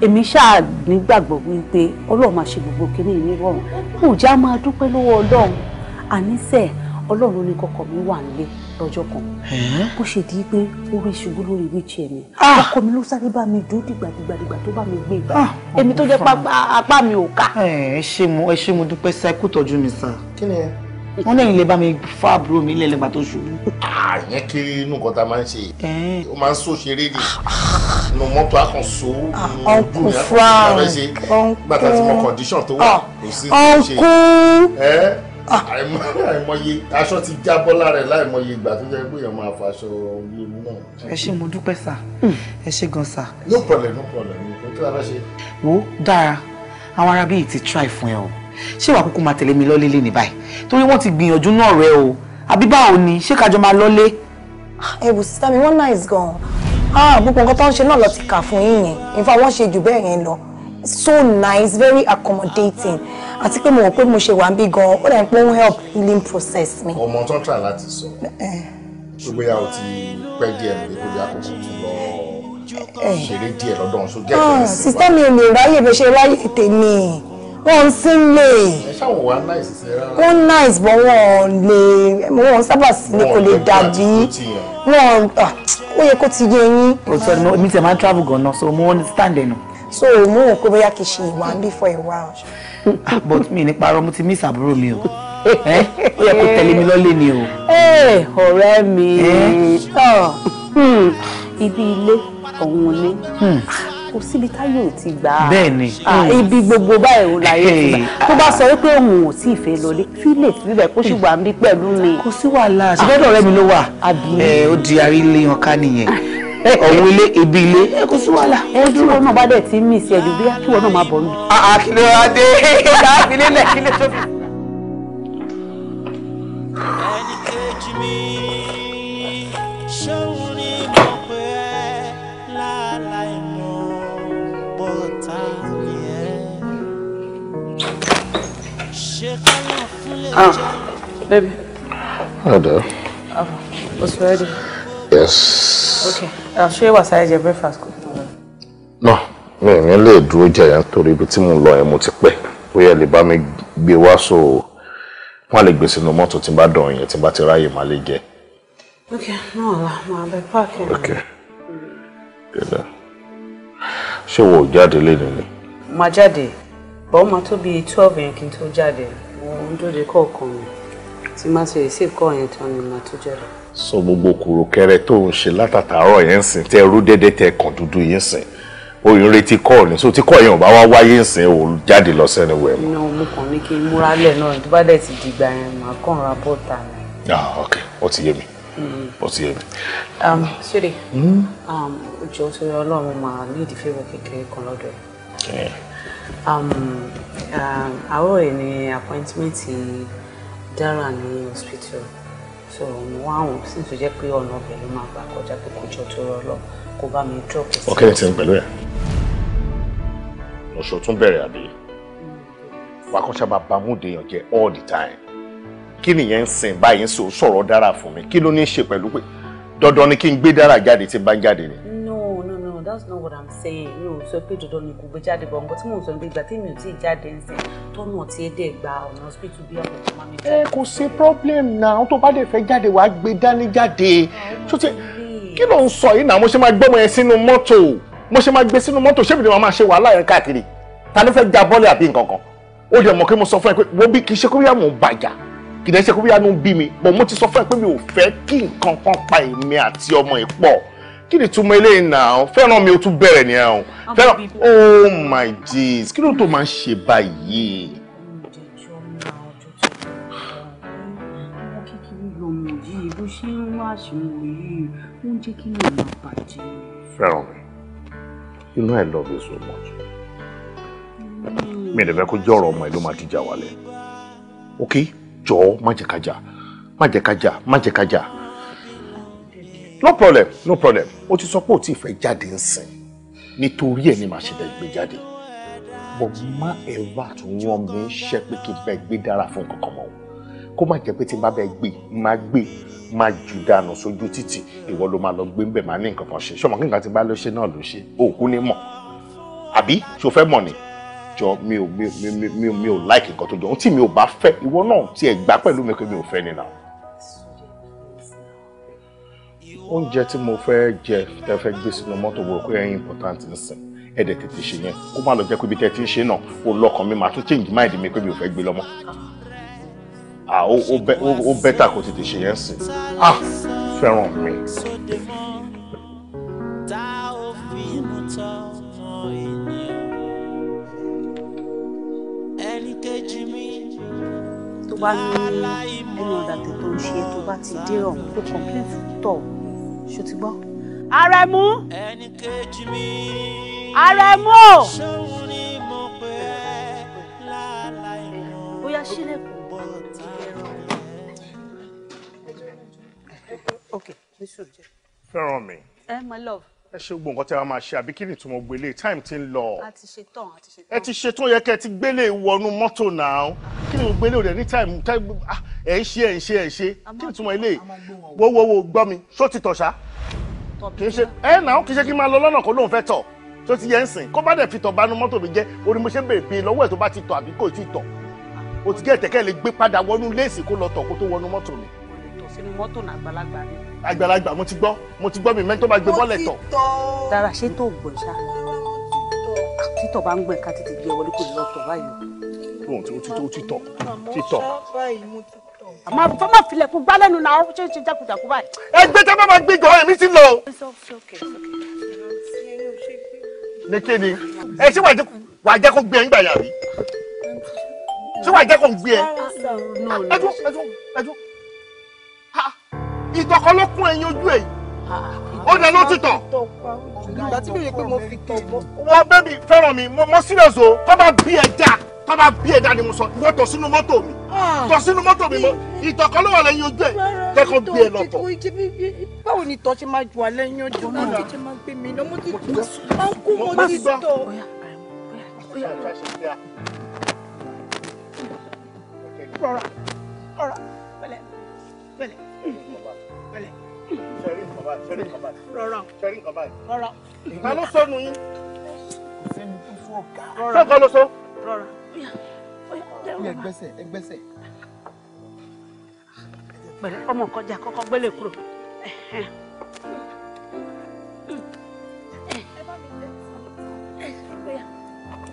èmi ṣáà nígbàgbọ́ wípé ọlọ́run máa ṣe gbogbo kínní ìnírọ̀rùn kò já máa dúpẹ́ lọ́wọ́ ọlọ́run àníṣe ọlọ́run ní kọ́kọ́ mi wà nílé lọ́jọ́ kan bó ṣe di pé orí ṣubú lórí wheelchair mi ah! ọkọ mi ló sáré bá mi dúró dìgbàdìgbàdìgbà tó bá mi gbé ìgbà ah! èmi tó jẹ́ apá mi ò ká. ẹ ṣé mo ẹ ṣé mo dúpẹ́ sá kú tọ́jú mi sá wọ́n lẹ́yìn lè bá mi fá àbúrò mi lẹ́lẹ́gbà tó ṣubú. àyẹn ah, kiri inú nǹkan tá a máa ń ṣe ó máa ń sọ ṣeré ni inú mọ́tò àkànṣó ojú ni àkànṣó bá fẹ́ ṣe gbàtà tí mo condition tó wà kò sí ṣe àìmọye aṣọ ti jábọ́ lára ẹ̀ láìmọye ìgbà tó jẹ́ pé èèyàn máa fa aṣọ olóoru náà. ẹ ṣé mo dúpẹ́ sà hmm. ẹ ṣé gan sà. no problem no problem kò tí wàá ṣe. wo dára àwọn arábí yìí ti try fún ẹ o ṣé wàá kúkú máa tẹ̀lé mi lọ́lé ní báyìí torí wọ́n ti gbìyànjú náà rẹ o àbí báwo ni ṣé kájọ máa lọ́lé. Ah, ẹ wò wọ́n náà is gone ah gbogbo nǹkan tó ń ṣe náà lọ ti kà fún yín yẹn in ṣe jù bẹ́ẹ̀ yẹn lọ so nice very accommodating àti pé mo rò pé mo ṣe wà ń bí gan ó dàbí pé ó ń help healing process mi. ọmọ tó ń try láti sọ tó bóyá o ti pẹ́ díẹ̀ lórí kó bí àkókò tó lọ eh. ṣeré díẹ̀ lọ́dọ̀ ọ̀ṣun díẹ̀ tó ah, lè sí wa. sísẹ́ mi ò lè ráyè bó ṣe ráyè tèmi wọ́n ń sílé. ẹ ṣáwọ̀ wá nice sí rárá. wọ́n nice bọ́ wọ́n lè wọ́n sábà sílé kò lè dàbí wọ́n ah, ó yẹ kó ti yé yín. òtítọ́ ni mi tẹ̀ máa ń travel gan-an so mo understand ẹ̀ nù so mú òun pé bóyá kì í ṣe ìwà ń bí for a while. but mi ní parọ́ mo ti miss àbúrò mi o [laughs] eh? ó yẹ kó tẹ̀lé mi lọ́lé ni o. Eh, ọ̀rẹ́ mi eh? ah, hmm, ibi ilé ọ̀hún ni hmm. ah, kò síbi táyọ̀ ò ti gbà á bẹ́ẹ̀ni ah, hmm. ibi gbogbo báyìí ò láyé ti gbà tó bá sọ pé òun ò tí ì fẹ́ lọlé fílẹ̀ fílẹ̀ kó ṣùgbọ́n à ń bí pẹ̀lú ni. kò sí wàhálà ṣùgbọ́n ọ̀rẹ́ mi ló wà ó di arílé ọ̀ká nìyẹn. [laughs] ọ̀hún ilé ibi ilé ẹ sí wàhálà. ẹ tí náà bá dẹ̀ ti mí sí ẹ̀dùn bíyà kí wọn náà máa bọ̀ mí. àkìlẹ̀ adé káàkiri lẹ̀ kí lè sọ́fì. ẹnì kejì mi ṣóun ni mo pè é láàláì mọ bọ́tà mi ẹ́. ṣé káyọ̀ fún lè ah, jẹ́. baby. hello. Oh, what's ready? yes. okay I'll ṣé wàsáyé jẹ breakfast kù. no mi ò ní lè dúró jẹ yẹn nítorí ibi tí mo lọ mo ti pẹ́ bóyá lè bá mi gbé wá so wọn lè gbé sínú mọ́tò tí n bá dàn yẹn tí n bá ti ráyè má lè jẹ. ok no wàhálà mo àbẹ páàkì. ok gbẹdà ṣé wo jáde lẹ́nu ni. màá jáde bọ́ọ̀ máa tó bíi twelve yẹn kí n tó jáde mo ń dóde kọ̀ọ̀kan mi tí má ṣe receive call yẹn tán ni màá tó jáde so gbogbo kòrò kẹrẹ tó ń ṣe látàtàárọ̀ yẹn ń sìn tẹ rú dédé tẹ kàn dúdú yẹn ń sìn o yìí ń retí kọ́ ni so tí kọ́ yẹn ò bá wá wáyé ń sìn ò jáde lọ sẹ́ni wẹ̀ mọ́. iná mo kàn ní kí n múra lẹ̀ náà tó bá dẹ̀ ti dìgbà yẹn màá kàn ra bọ́ta ni. ah ok ó ti yé mi mm-hmm. ó ti yé mi. ṣeré ojú ọtún yọ máa ní ìdí fẹ́rẹ̀ kékeré kan lọ́dọ̀ ẹ̀. Eh. Um, um, àárọ̀ ẹ̀ appointment dára ní hospital so mo wá àwọn sì tó jẹ́ pé ọ̀nà ọbẹ̀ ló máa gbà kọjá pé kò jọ tó rọlọ kó bá mi drop sí. ọkẹ́ni ti ń pẹ̀lú ẹ̀ ọ̀ṣọ́ tún bẹ̀rẹ̀ àbí wàá kọ́ sábà bámúdé yàn jẹ́ all the time kí nìyẹn ń sìn báyìí ń sọ̀rọ̀ dára fún mi kí ló ní í ṣe pẹ̀lú pé dandan ni kí n gbé dára jáde tí n bá ń jáde ni that's not what i'm saying mi ò sọ pé dandan ni kò gbé jáde bọ̀ nǹkan tí mo ń sọ ní ìgbà tí mi ò tí ì jáde ń sìn tọ́nà tí ẹ dẹ̀ gba ọ̀nà hospital bí ọ̀pọ̀ tó máa mi jáde. Eh, ẹ kò sí problem náà tó bá dẹ̀ fẹ́ jáde wàá gbé dání jáde kí ló ń sọ yìí náà mo ṣe máa gbọ́mọ yẹn sínú mọ́tò mo ṣe máa gbé sínú mọ́tò ṣé ìdíwọ̀n máa ṣe wàhálà yẹn káàkiri ta ló fẹ́ ja bọ́ọ̀lì àbí nǹkan kan ó dẹ̀ mọ̀ kí mo sọ fún ẹ pé wo bí kì í ṣe kó bí àmọ̀ bàjá kì í ṣe kó bí àánú bí mi bọ̀ mo ti sọ fún ẹ pé mi ò fẹ́ kí nǹkan kan pa èmi àti ọmọ ẹ̀ pọ̀ kí ni túmọ̀ eléyìí náà fẹ́ràn mi ó tún bẹ̀rẹ̀ ní ẹ̀hún fẹ́ràn oh my days kí ló tó máa ń ṣe báyìí. fẹ́ràn mi you know I love you so much. mi ìdẹ̀fẹ́ kó jẹ́ ọ̀rọ̀ ọmọ ẹ̀ ló máa dìjà wálẹ̀ ok jọ̀ọ́ má jẹ́ kájà má jẹ́ kájà má jẹ́ kájà no problem no problem o ti sọ pé o ti fẹ́ jáde ń nítorí ẹ̀ ni màá ṣe bẹ́ẹ̀ gbé jáde but má ẹ̀rọ àtúnyàn mi ṣẹ́ pé kí n bẹ́ẹ̀ gbé dára fún kankan mọ́ kó má jẹ́ pé tí n bá bẹ́ẹ̀ gbé má gbé má jù dànù sójú títì ìwọ ló máa lọ gbé ń bẹ̀ má ní nǹkan kan ṣe ṣọmọ kí nǹkan ti bá lọ ṣe náà ló ṣe òkú ni mọ̀ àbí ṣo fẹ́ mọ̀ ni jọ mi ò mi ò mi ò mi ò like nǹkan tó jọ ohun tí mi ò bá fẹ́ ìwọ náà tiẹ̀ gbà pẹ̀lú mi pé mi ò fẹ́ ni náà. oúnjẹ tí mo fẹ́ jẹ tẹ́ fẹ́ gbé sínú mọ́tò wò pé ẹyin important nsìn ẹ dẹ̀ tètè ṣe yẹn kó má lọ jẹ́ pé ibi tẹ́ ti ń ṣe náà o lọ́kàn mi màá tún change mind mi pé mi ò fẹ́ gbé lọ́mọ. ó bẹ́tà kó tètè ṣe yẹn sìn ah fẹ́ràn mi. tó bá ní ẹni ọ̀dà tó ń ṣe tó bá ti dé ọ̀hún tó complete tọ̀ ṣòtìgbọ́. àrẹ̀mú. ẹni kejì mi. àrẹ̀mú. ṣòun ni mo pè é láláì mọ́. bóyá sílẹ̀kùn. ok ní sùúrù jẹ. fẹ́ràn mi. ẹ eh, my love ẹ ṣe gbogbo nǹkan tí a máa ṣe àbí kí ni tí mo gbélé time ti ń lọ. a ti ṣetán a ti ṣetán. ẹ ti ṣetán yẹ kẹ ti gbélé wọnú mọ́tò náà kí ni mo gbélé rẹ ní time ah, ẹ ń ṣe ẹ ń ṣe ẹ ń ṣe kí ni tí mo lè wo wo wo gbọ́ mi ṣó ti tọ̀ ṣá. kì í ṣe ẹ náà kì í ṣe kí n máa lọ lọ́nà kó lóun fẹ́ tọ̀ tó ti yẹ ń sìn kó bá dẹ̀ fi tọ̀ banú mọ́tò mi jẹ́ orí mo ṣe ń bèrè pé lọ́wọ́ ẹ̀ tó bá ti tọ̀ àbí kò tí ì tọ̀ o ti gé ẹ̀tẹ̀kẹ́ lè gbé padà wọnú léèsì kó lọ tọ̀ kó tó wọnú mọ́tò mi. kò lè tọ̀ sínú mọ́tò nàgbàlagbà ni àgbàlagbà mo ti gbọ́ mo ti gbọ́ mi mẹ́tọ́ bá gbé bọ́ọ̀lù ẹ̀tọ́. dára ṣé tó gbọ̀n ṣá ah, títọ̀ bá ń gbọ̀n ká tètè gbé wọlé kò lọ tọ̀ báyìí. ohun tí ó ti tó ti tọ̀ ti tọ̀. àmọ́ fọ́ máa filẹ̀ kú gbá lẹ́nu náà ṣé ṣe jákujàku báyìí. ẹgbẹ́ tá a bá máa gbé gan èmi ti lọ. ní kí ni ẹ ṣé wàá jẹ́ kó gbé ẹ ń gbà yàrá ṣé wàá jẹ́ kó gbé ẹ. ẹ tún ẹ tún ẹ tún ìtọ̀kọ ló kún ẹyin ojú ẹ̀ yìí ah, ó dẹ ló ti tọ̀. ìgbà tí mi rè pé mo fi tọ̀ bọ́. wọ́n bẹ́bí fẹ́ràn mi mo serious o tó bá bí ẹ dáa tó bá bí ẹ dáa ni mo sọ ìwọ tọ̀ sínú mọ́tò mi ah. tọ̀ sínú mọ́tò mi mọ́ ìtọ̀kọ ló wà lẹ́yìn ojú ẹ̀ kẹ́kọ̀ọ́ bí ẹ lọ tọ̀. báwo ni tọ́ ṣe máa jù alẹ́ yín ojú náà mo ti máa gbé mi lọ mo ti tọ̀ máa ń kú mo ti tọ̀. rọra rọra pẹ̀lẹ́ pẹ̀lẹ́ báyìí sẹ́rí nǹkan báyìí. rọra sẹ́rí nǹkan báyìí. rọra. ta ló sọnù yín. kò sẹ́ni tó fún ọ̀gá. rọra sọ́kọ́ ló sọ. rọra. ẹ gbẹ́sẹ̀ ẹ gbẹ́sẹ̀. pẹ̀lẹ́ ọmọ kọjá kọ́kọ́ gbélé kúrò.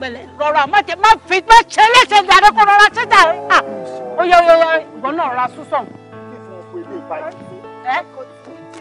pẹ̀lẹ́ rọra má jẹ má fi má ṣe léṣe jàre kó rọra ṣe jàre. ó yọ yọ yọ ìbọn náà ra súsàn. kí fún un pé ilé ìbáyìí.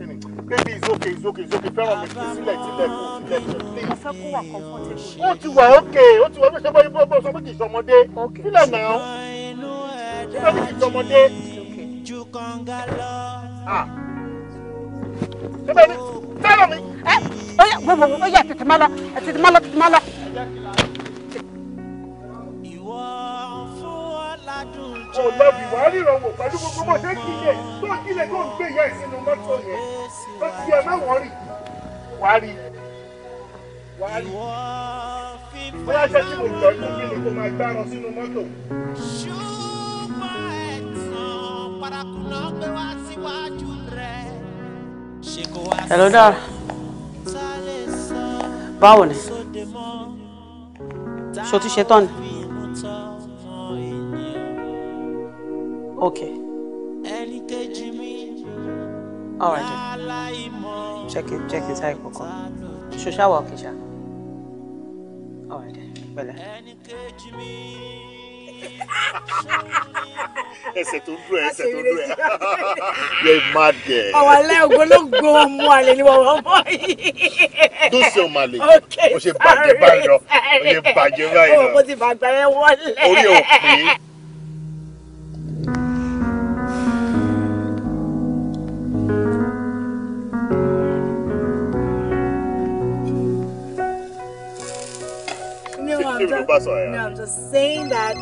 kíni baby it's okay it's okay it's okay fẹ́ràn mi kì í sílẹ̀ sílẹ̀ let's sílẹ̀ sílẹ̀. mo fẹ́ kó wà comfortable. ó okay ó ti wà bẹ́ẹ̀ sọ́kọ́ ibú ọgbọ́n sọ́kọ́ kì í sọmọdé sílẹ̀ náà sọ́kọ́ kì í sọmọdé. sọ́kọ́ ah. ni fẹ́ràn mi. ẹ ó yẹ wọ́n wọ́n ó yẹ tètè má lọ tètè má lọ tètè má lọ kò lọ́bì wàá rírọ̀wọ̀ pẹ̀lú gbogbo bó ṣe kílẹ̀ tó kílẹ̀ tó ń gbé ìyá ìsinmi mọ́tò yẹn tó ti yẹ mẹ́wọ̀n rì wàá rí wàá rí bóyá ṣe tí mo tọ́jú kí ni kò máa gbárùn sínú mọ́tò. ṣùgbọ́n ẹ̀sán báwo ni ṣo ti ni. Okay. All right then. Check it, check it, type kọ̀ọ̀kan. Ṣoṣá wà òkè All right then, pẹ̀lẹ́. Ẹni kejì mi. Ẹsẹ̀ tó ń dùn ẹ̀, ẹsẹ̀ tó ń dùn ẹ̀. [laughs] You're a mad girl. Ọ̀wọ̀ alẹ́ ògbólógbò ọmọ àlè ni wọ́n mọ̀ yìí. Dúsẹ̀ ọmọ àlè. O ṣe bàjẹ́ báyọ̀. O ṣe bàjẹ́ báyọ̀. O oh, mo ti bàgbà ẹ wọlé. Orí ẹ̀ ò pé. I'm just, no, I'm just saying that.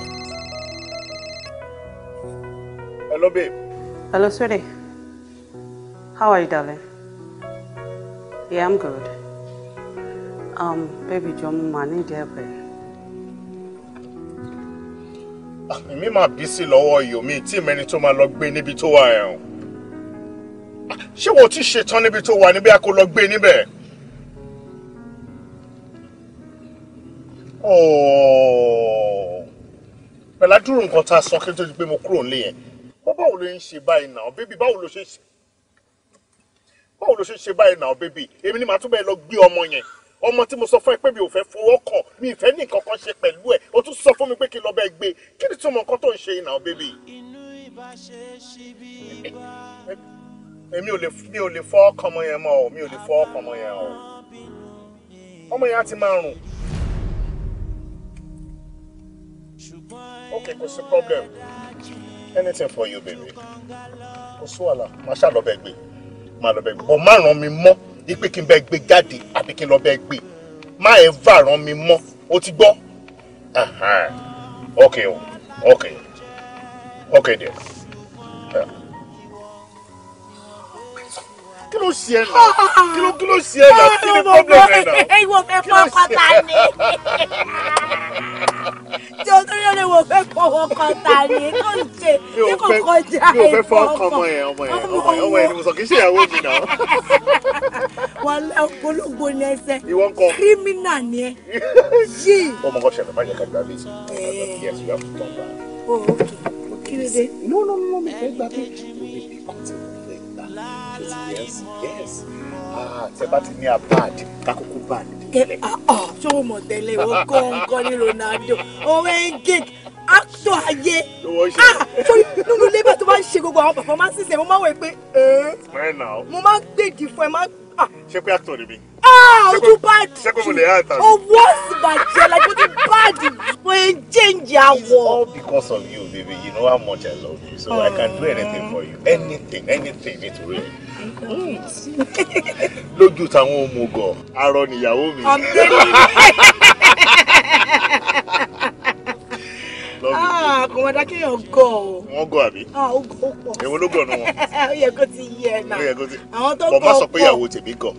Hello, babe. Hello, sweetie. How are you, darling? Yeah, I'm good. Um, baby, John, I need help. Ah, èmi máa busy lọ́wọ́ yìí mi tí mẹ́ni to máa lọ gbé níbi tó wà ẹ̀hún. Ah, ṣé wo ti ṣetán níbi tó wà níbi a kò lọ gbé níbẹ̀? Oh. pẹ̀lú àdúrò nǹkan tá a sọ kí n tó di pé mo kúrò nílé yẹn wọ́n báwo ló ń ṣe báyìí náà bébì báwo ló ṣe ṣe báwo ló ṣe ṣe báyìí náà bébì èmi ni màá tún bẹ́ẹ̀ lọ gbé ọmọ yẹn ọmọ tí mo sọ fún ẹ pé mi ò fẹ́ fọwọ́ kàn mi ìfẹ́ ní nǹkan kan ṣe pẹ̀lú ẹ o tún sọ fún mi pé kí n lọ bẹ́ẹ̀ gbé kí ni tí mo nǹkan tó ń ṣe náà bébì. èmi ò lè fọ́ ọkàn ọmọ yẹn mọ́ ọ okay what's the problem anything for you baby kò sí wàhálà máa ṣàlọ́bẹ̀ gbé máa lọ́bẹ̀ gbé but má ràn mí mọ́ ipe kí n bẹ gbé jáde àbí kí n lọ́bẹ̀ gbé má ẹ̀ fà ràn mí mọ́ o ti gbọ́ okay o okay okay dear. Yeah kí ló ṣe ẹ náà ah. kí ló kí ló ṣe ẹ ah, ni problem ẹ náà. ìwọ fẹ́ fọ ọkọta ni tí o tún lè wò fẹ́ ni kò ṣe kí kò kọjá ìfọkọ. mi ò fẹ́ fọ ọkọ ọmọ yẹn ọmọ yẹn ọmọ yẹn ọmọ yẹn ni mo sọ kì í ṣe ìyàwó mi náà. [laughs] wọn ni ẹ yìí. [laughs] ọmọ kan ṣẹlẹ̀ má jẹ ká gbàgbé sí i. ẹ o kí ló no no no mi fẹ́ gbàgbé yes yes ah, tẹ bá ti ní a bad kakoko ah, bad. Ah, ṣé o mọ̀ tẹ́lẹ̀ wọ́n kọ́ ń kọ́ ní Ronaldo ọwọ́ ẹ̀ ń gé actor ayé sori nínú labour tó bá ń ṣe gbogbo àwọn performances ẹ̀ mo máa wọ̀ pé mo máa ń gbèdì fún ẹ máa ń [laughs] ṣé pé actor ni mi. Ah, ojú báàdì ṣé pé mo lè yá àtàlù. owó sì bàjẹ́ like mo ti báàdì mo yẹn change àwọ̀. all because of you baby you know how much I love you so I can do ah. anything for you anything anything nítorí ẹ. Mm. [laughs] lójú táwọn òmùgọ̀ arọ nìyàwó mi. ọ̀gbẹ́ni. [laughs] kò máa dákẹ́ yàn gọ̀ o. wọ́n gọ̀ àbí. Ah, ó gọ̀ pọ̀. èwo ló gọ̀ nù wọn. [laughs] ó yẹ kó ti yẹ ẹ náà. ó yẹ kó ti àwọn tó gọ̀ pọ̀. bọ́bá sọ pé ìyàwó tèmi gọ̀.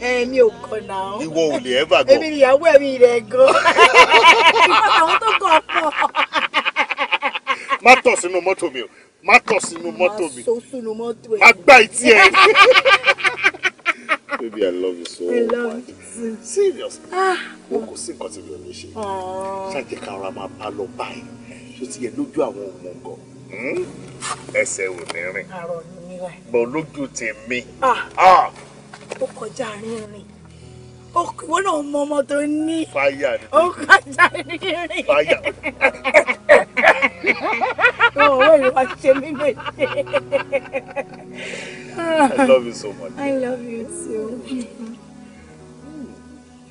èmi ah, ah, ò gọ̀ náà. ìwọ ò lè ẹ́bà gọ̀. èmi ìyàwó ẹ̀mí rẹ̀ gọ̀. [laughs] ìfọ̀tàwọn tó gọ̀ pọ̀. má tọ̀ sínú mọ́tò mi o má tọ̀ sínú mọ́tò mi má gbá etí ẹ. [laughs] Baby, I love you so I love much. You too. Seriously. Mo ah. kò sí nǹkan tí mi ò ní ṣe. Ṣáàjẹ́ ká máa bá lọ báyìí. Ṣé ti yẹ lójú àwọn ọmọ nǹkan? Hmm? Ẹsẹ̀ ò ní rìn. Bọ̀ lójú tèmi. Ah. Ah. Ó kọjá rínrin. Wọ́n náà mọ ọmọ tó ní. Fáyà ni. Ó kọjá rínrin. Fáyà. [laughs] Owó ìlú wa ṣe mí I love you so much. I love you too.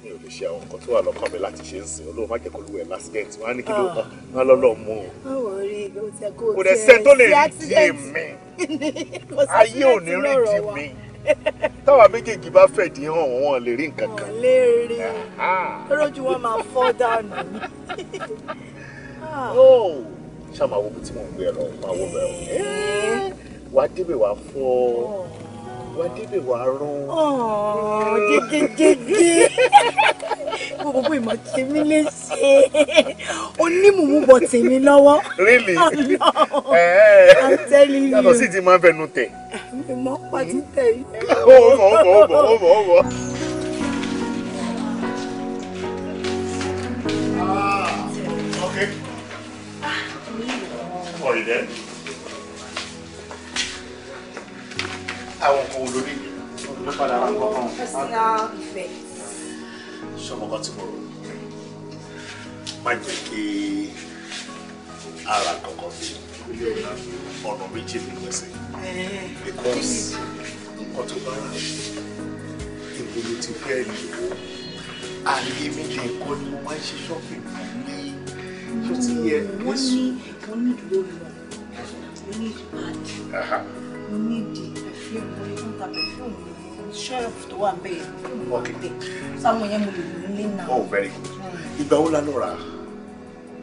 Mi ò lè ṣe àwọn nǹkan tó wà lọ́kàn mi láti ṣe ń sìn olóhùn má jẹ́ last lúwẹ̀ lásìkẹ́ǹt wọn á ní kí ló kàn ah. wọn lọ́lọ́ mú un. Báwo rí o ti kó o tẹ ẹ tó lè rídìí mi. [laughs] Ayé ò ní rídìí mi. Táwa méjèèjì bá fẹ̀dí hàn wọn lè rí nǹkan kan. Wọ́n lè rí. Lójú ah. wọn máa fọ́ dànù yóò ṣáà máa wo bí tí mò ń gbé ẹ lọ máa wo bẹ́ẹ̀ o eh. wà á débè wà á fọ́ wà á débè wà á rún. Oh, jẹjẹjẹjẹ [laughs] gbogbo ìmọ̀ tèmi lè ṣe onímùmú bọ̀ tèmi lọ́wọ́. Really? [laughs] Eh. I'm telling you. yàtọ̀ sí ti máa ń fẹnu tẹ̀. ìmọ̀ pa ti tẹ̀ yìí. [laughs] ó mọ̀ ó mọ̀ ó ah, Okay holiday? Àwọn kan wo lórí ló padà wá gbọ́kàn. Personal effects. Ṣọmọ kan ti mọ̀ má jẹ́ kí ara kankan fi ọ̀nà méjì ní pẹ̀sẹ̀. Eh, Because nǹkan tó bá rà ìwòye ti fẹ́ lò ó. Àyè mi lè kọ́ ni mo máa ń ṣe shopping ní ṣó ti yẹ ní sùn mo ní ìdúró mi wà mo ní need mo ní ìdí pẹfíùmù mo ní tó ń ta pẹfíùmù ṣẹ́ẹ̀fù tó wà bẹ́ẹ̀ mo lè tẹ̀ sáwọn yẹn mo lè lò nílé náà. oh very good hmm. ìgbà wo la lọ rà á.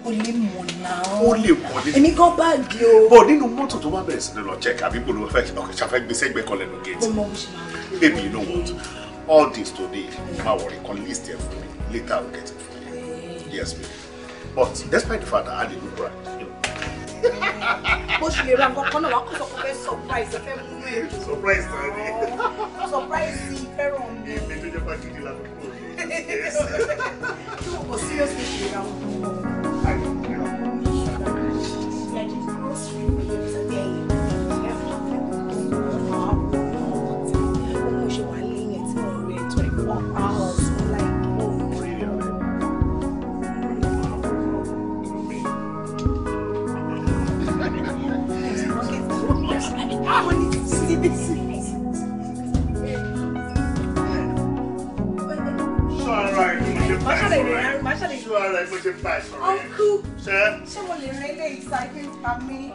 o lè mọ̀ náà. o lè mọ̀ nínú. èmi gan báàgì o. bọ̀ nínú mọ́tò tó bá bẹ̀rẹ̀ sí ni lọ check àbí bolo fẹ́ ṣàfẹ́ gbèsè gbẹ kọ́ lẹ́nu gate. bọ́mọ bó ṣe máa ń baby you know what all this to dey ma worry kan list ẹ fún mi later i will get it for you eh. yes baby but despite the fact that i dey look right bó ṣe lè ra nǹkan kan náà wà kó sọ pé fẹ́ surprise ẹ fẹ́ mú ẹ. surprise náà ni. surprise fẹ́ràn mi. èmi tó jẹ́ pàkíyì làkúkú rẹ̀. kí wọ́n kọ seriously ṣe ra wọn.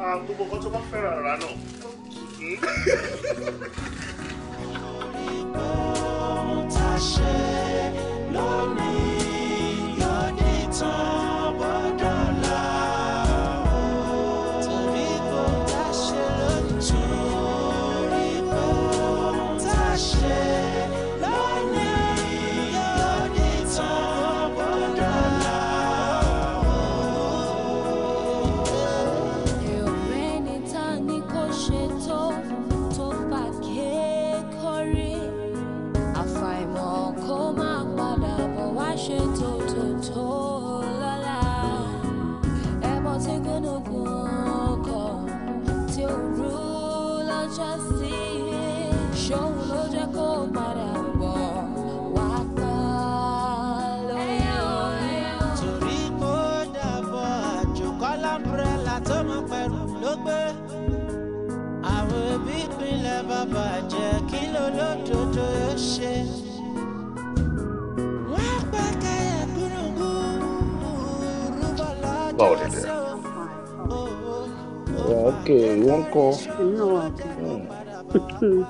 Ah, gbogbo nǹkan tó bá fẹ́ràn rà náà.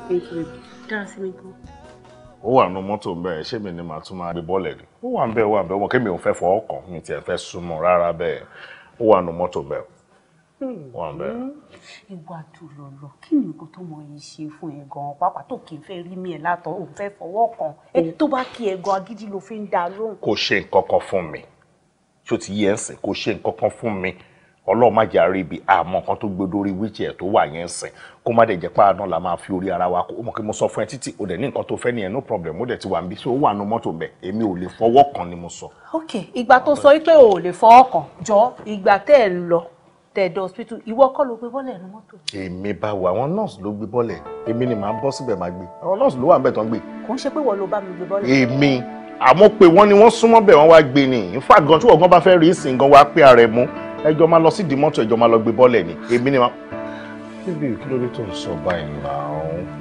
Thank you. Dára sí mi gan. Ó wà nínú mọ́tò ń bẹ̀rẹ̀, ṣé mi ni màá tún máa gbé bọ́ọ̀lù ẹ̀gbẹ́? Ó wà ń bẹ̀ wà ń bẹ̀ wọ́n kémi ò fẹ́ fọ ọkàn mi tiẹ̀ fẹ́ súnmọ́ rárá bẹ́ẹ̀. Ó wà nínú mọ́tò bẹ́ẹ̀. Hmm. Ó wà ń bẹ̀. Hmm. Ìwà àdùlọ̀lọ̀ kí ni nǹkan tó mọ yìí ṣe fún ẹ gan-an pàápàá tó kì í fẹ́ rí mi ẹ̀ látọ̀ òun fẹ́ fọwọ́ kan. Ẹ tó bá kí ẹ gan agídí ló fi ń da lóhùn. Kò ṣe nǹkan kan fún mi. Ṣó ti yẹ ẹ̀sìn kò ṣe nǹkan kan fún mi ọlọ́run má jẹ́ àárẹ̀ ibi àmọ́ nǹkan tó gbé dórí wíìchẹ̀ tó wà yẹn sìn kó má dẹ̀ jẹ́ pé la máa fi orí ara wa kó o mọ̀ kí mo sọ fún ẹ títí o dẹ̀ ní nǹkan tó fẹ́ nìyẹn no problem o dẹ̀ ti wà níbi tí o wà nù mọ́tò bẹ̀ èmi ò lè fọwọ́ kàn ni mo sọ. ok ìgbà tó sọ pé o ò lè fọwọ́ kàn jọ ìgbà tẹ́ ẹ lọ tẹ̀dọ̀ hospital ìwọ kọ́ ló gbé bọ́ọ̀lù ẹ̀nu mọ́tò. èmi bá wo àwọn nọ́ọ̀sì ló gbé bọ́ọ̀lù èmi ni màá bọ́ síbẹ̀ máa gbé àwọn nọ́ọ̀sì ló wà níbẹ̀ tán gbé. kò ń ṣe pé wọ́n ló bá mi gbé bọ́ọ̀lù. èmi àmọ́ pé wọ́n ni wọ́n súnmọ́ bẹ̀ wọ́n wá gbé ni ìfàgàn tí wọ́n gan bá fẹ́ rí ìsìn gan wá pé ara ẹ̀ mú ẹjọ́ máa lọ sí di mọ́tò ẹjọ́ máa lọ gbé bọ́ọ̀lù ẹ̀ ni èmi ni ma. bíbí kí ló dé tó ń sọ báyìí náà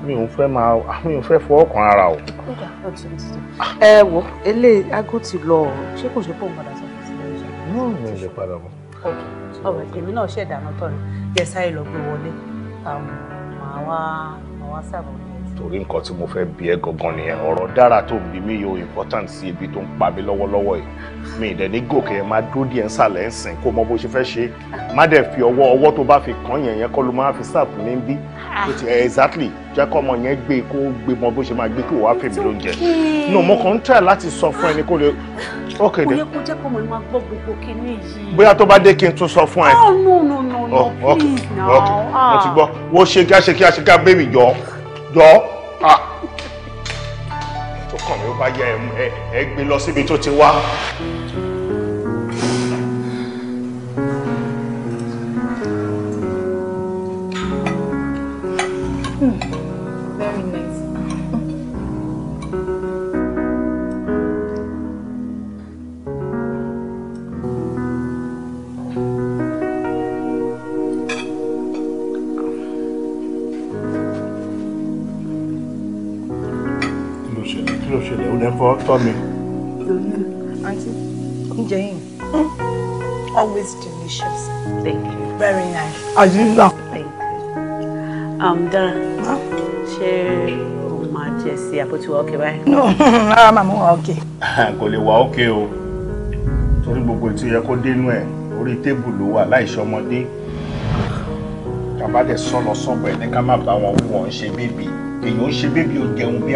mi ò fẹ́ máa mi ò fẹ́ fọwọ́ kan ara o. ẹ wo ilé aago ti lọ ṣé kò ṣe pò ń padà sọ fún mi. náà mi ò lè padà bọ̀. ọ̀rọ̀ èmi náà ṣẹ̀dá náà tọ̀ ni yẹ sáré lọ gbé wọlé um, màá wá màá wá sábà torí nǹkan tí mo fẹ́ bi ẹ́ gangan nìyẹn ọ̀rọ̀ dára tó bí mi yóò important sí ibi tó ń pa mí lọ́wọ́lọ́wọ́ yìí mi ìdẹ̀ ní gòkè ẹ̀ máa dúró díẹ̀ nsàlẹ̀ ńsìn kó mọ bó ṣe fẹ́ ṣe má dẹ̀ fi ọwọ́ ọwọ́ tó bá fi kàn yẹn yẹn kọ́ ló máa fi sáàpù ní bí exactly jẹ́ kọ́ ọmọ yẹn gbé kó gbé mọ bó ṣe máa gbé kí wàá fèmí lóúnjẹ no mo kàn ń tẹ̀ láti sọ fún ẹni kó lè ok de. kò yẹ kó jẹ́ kó mo máa gbọ́ gbogbo kinní yìí. bóyá tó bá dé kí n tún sọ fún ẹ. oh no no no no oh, please now. mo ti gbọ́ wo ṣe kí a ṣe kí a ṣe kí jọ ah. tó kàn mí ó bá yẹ ẹ gbé lọ síbi tó ti wá. tọ́ mi. Aunty, oúnjẹ mm. always delicious. Thank you. Very nice. Aziza. Thank you. Um, Dara, ṣé o máa jẹ sí àpótí wa ọ̀kẹ́ báyìí? No, [laughs] rárá màmú wa ọ̀kẹ́. Kò lè wà ọ̀kẹ́ o, go gbogbo ètò yẹ kó dénú ẹ̀ orí tébù ló wà láìṣe ọmọdé ká bá dẹ̀ sọ̀rọ̀ sọ̀bọ̀ ẹ̀ ní ká má bá wọn wí wọ́n ń ṣe bébì èyí ó ń ṣe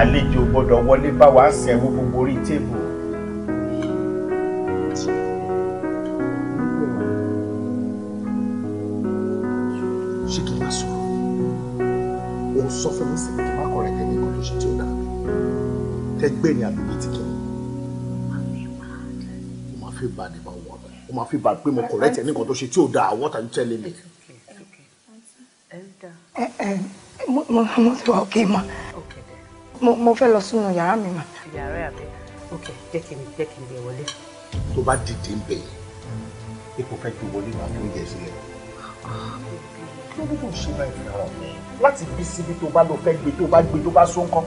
àlejò gbọ́dọ̀ wọlé bá wa ṣe ẹwọ gbogbo orí téèbù. ṣé kí n máa sọ̀rọ̀ o sọ fún mi sí kí n má kọrẹ kẹ ní nǹkan tó ṣe tí ó dà tẹgbẹ ni àbí bíi ti kẹ o máa fi bá ní bá wọn o máa fi bá pé mo kọrẹ tẹ ní nǹkan tó ṣe tí ó dà what are you telling ẹ ẹ mo mo ti wà ókè mọ mo fẹ́ lọ sínú yàrá mi mà. yàrá ẹ̀ abẹ́ ok jẹ́ kí n jẹ́ kí n bẹ̀ wọlé. tó bá dìde ń bẹ̀ yẹn ipò fẹ́ gbé wọlé wà fún yẹn sílẹ̀. kí ló dé tó ń ṣe báyìí fún ara mi láti bí síbi tó bá lọ fẹ́ gbé tó bá gbé tó bá só nǹkan.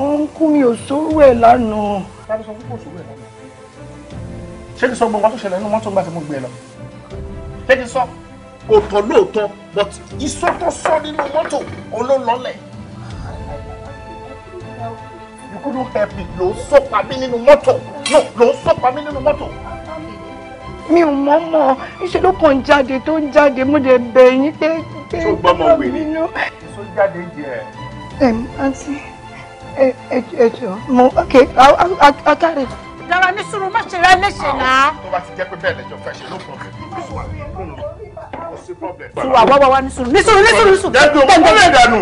ọ̀nkú mi ò sówó ẹ̀ lánàá. láti sọ pé kò sówó ẹ̀ lánàá. ṣé kí n sọ gbogbo wọn tó ṣẹlẹ̀ nínú mọ́tò ńgbà tí mo gbé e lọ. ṣé kí n sọ òótọ́ lóòótọ́ but ìsọtọ́sọ nínú mọ́tò òun couldn't help me ló ń sọ̀pá mi nínú mọ́tò no ló ń sọ̀pá mi nínú mọ́tò. mi ò mọ̀ mọ̀ ṣe ló kàn jáde tó ń jáde mo dẹ̀ bẹ̀ yín pé pé tó mi nú. tó jáde jẹ. ẹ àǹtí ẹ ẹ jọ mo ok àtàrẹ. dára ní sùúrù má ṣe rẹ léṣe náà. tó bá ti jẹ́ pé bẹ́ẹ̀ lẹ́jọ́ fẹ́ ṣe ló pọ̀ fún mi tiwa wọ́wọ́ wa ní sùúrù ní sùúrù ní sùúrù ní sùúrù gbẹgbẹ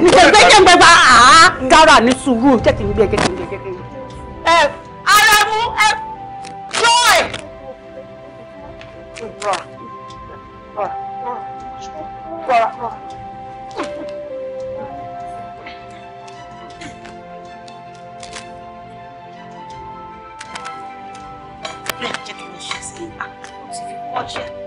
gbẹgbẹ gba àá gara ní sùúrù jẹ́ kí n gbé jẹ́ kí n gbé jẹ́ kí n gbé. ẹ ara mú ẹ yọ ẹ. Jẹ́ kí n ṣe sí àkókò ah, tí fi wọ́n ṣe.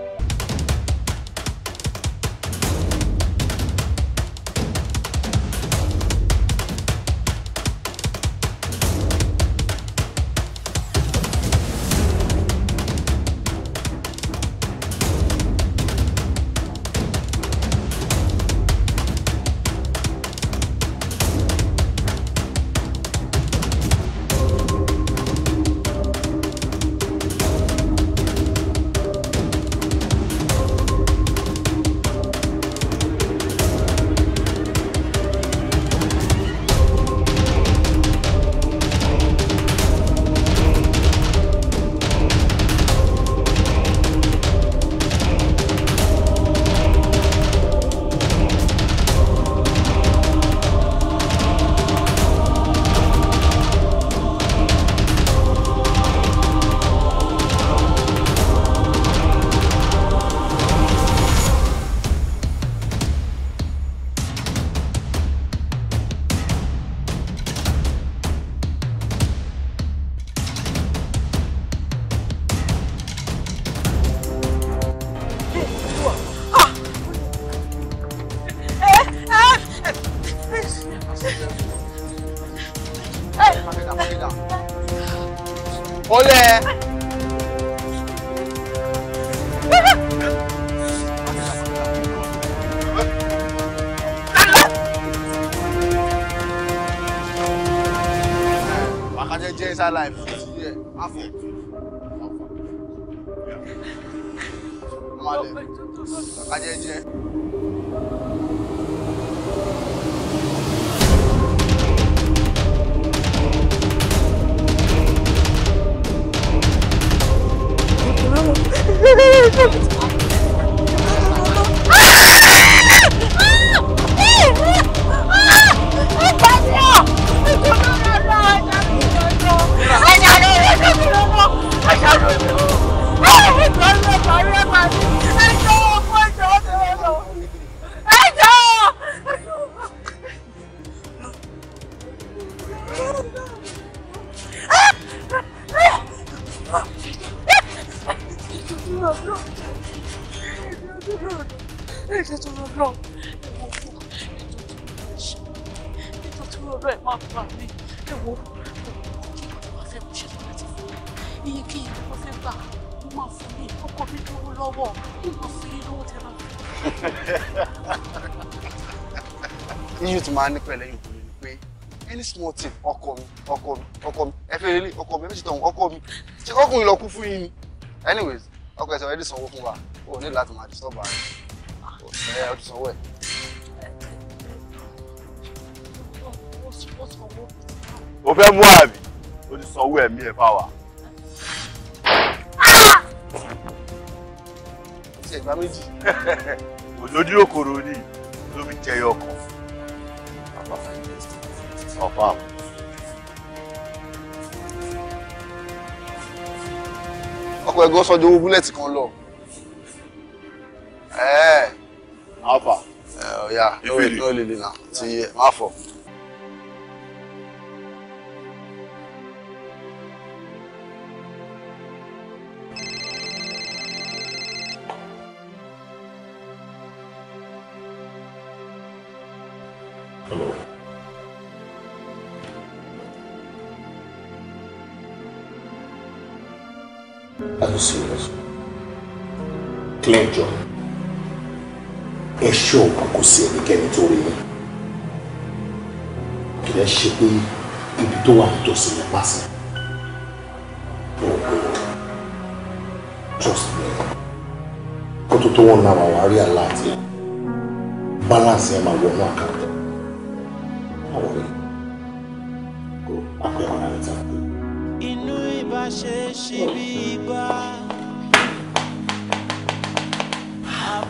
iye kí iye tó fẹ́ gbà mo máa fún mi ọkọ mi dúró lọ́wọ́ mo máa fún yín lọ́wọ́ tẹ́lá. yíyún ti máa ní pẹ̀lẹ́ yòókù ni pé any small thing ọkọ mi ọkọ mi ọkọ mi ẹ fẹ́ lélẹ̀ ọkọ mi ẹ fi ṣe tọ̀hún ọkọ mi ṣe ọkùnrin lọ kú fún yín ni anyways ọkọ ẹ̀sẹ̀ ọ̀rẹ́dì sanwó fún wa o ní láti máa disturb ara ẹ̀ ẹ̀ ọ̀dì sanwó ẹ̀. o fẹ́ mú àmì o ti sanwó ẹ̀mí ẹ̀ fáwa. ẹsẹ̀ ìgbà méjì. òdòdó òkòrò ni lómi jẹyọ ọkàn ọ̀pá. ọkọ̀ ẹ̀gọ́ sọ́jọ́ owó búlẹ̀tì kan lọ. ẹ̀ẹ́ alfa. ẹ̀ ọ̀ya no lè dènà ti máa fọ̀. mẹ́jọ ẹ ṣọ́ òkú kò sí ẹnikẹ́ni tó rí yín kì í ṣe pé ibi tó wà nítòsí ní pàṣẹ ó pé trust me kó tó tó wọn náà wà wá aláàtì balance ẹ máa wọnú àkàtà àwọn rẹ ṣe bí ibà.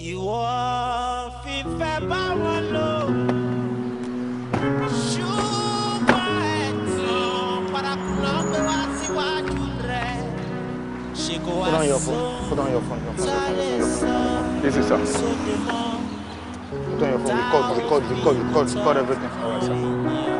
ìwọ fífẹ́ bá wọn lò ṣùgbọ́n ẹ̀tàn parakùnà pé wá síwájú rẹ̀ ṣe kó wá sọ sáré sọ sódì mọ́. Put on your phone, record, record, record, record, record everything. All right, sir.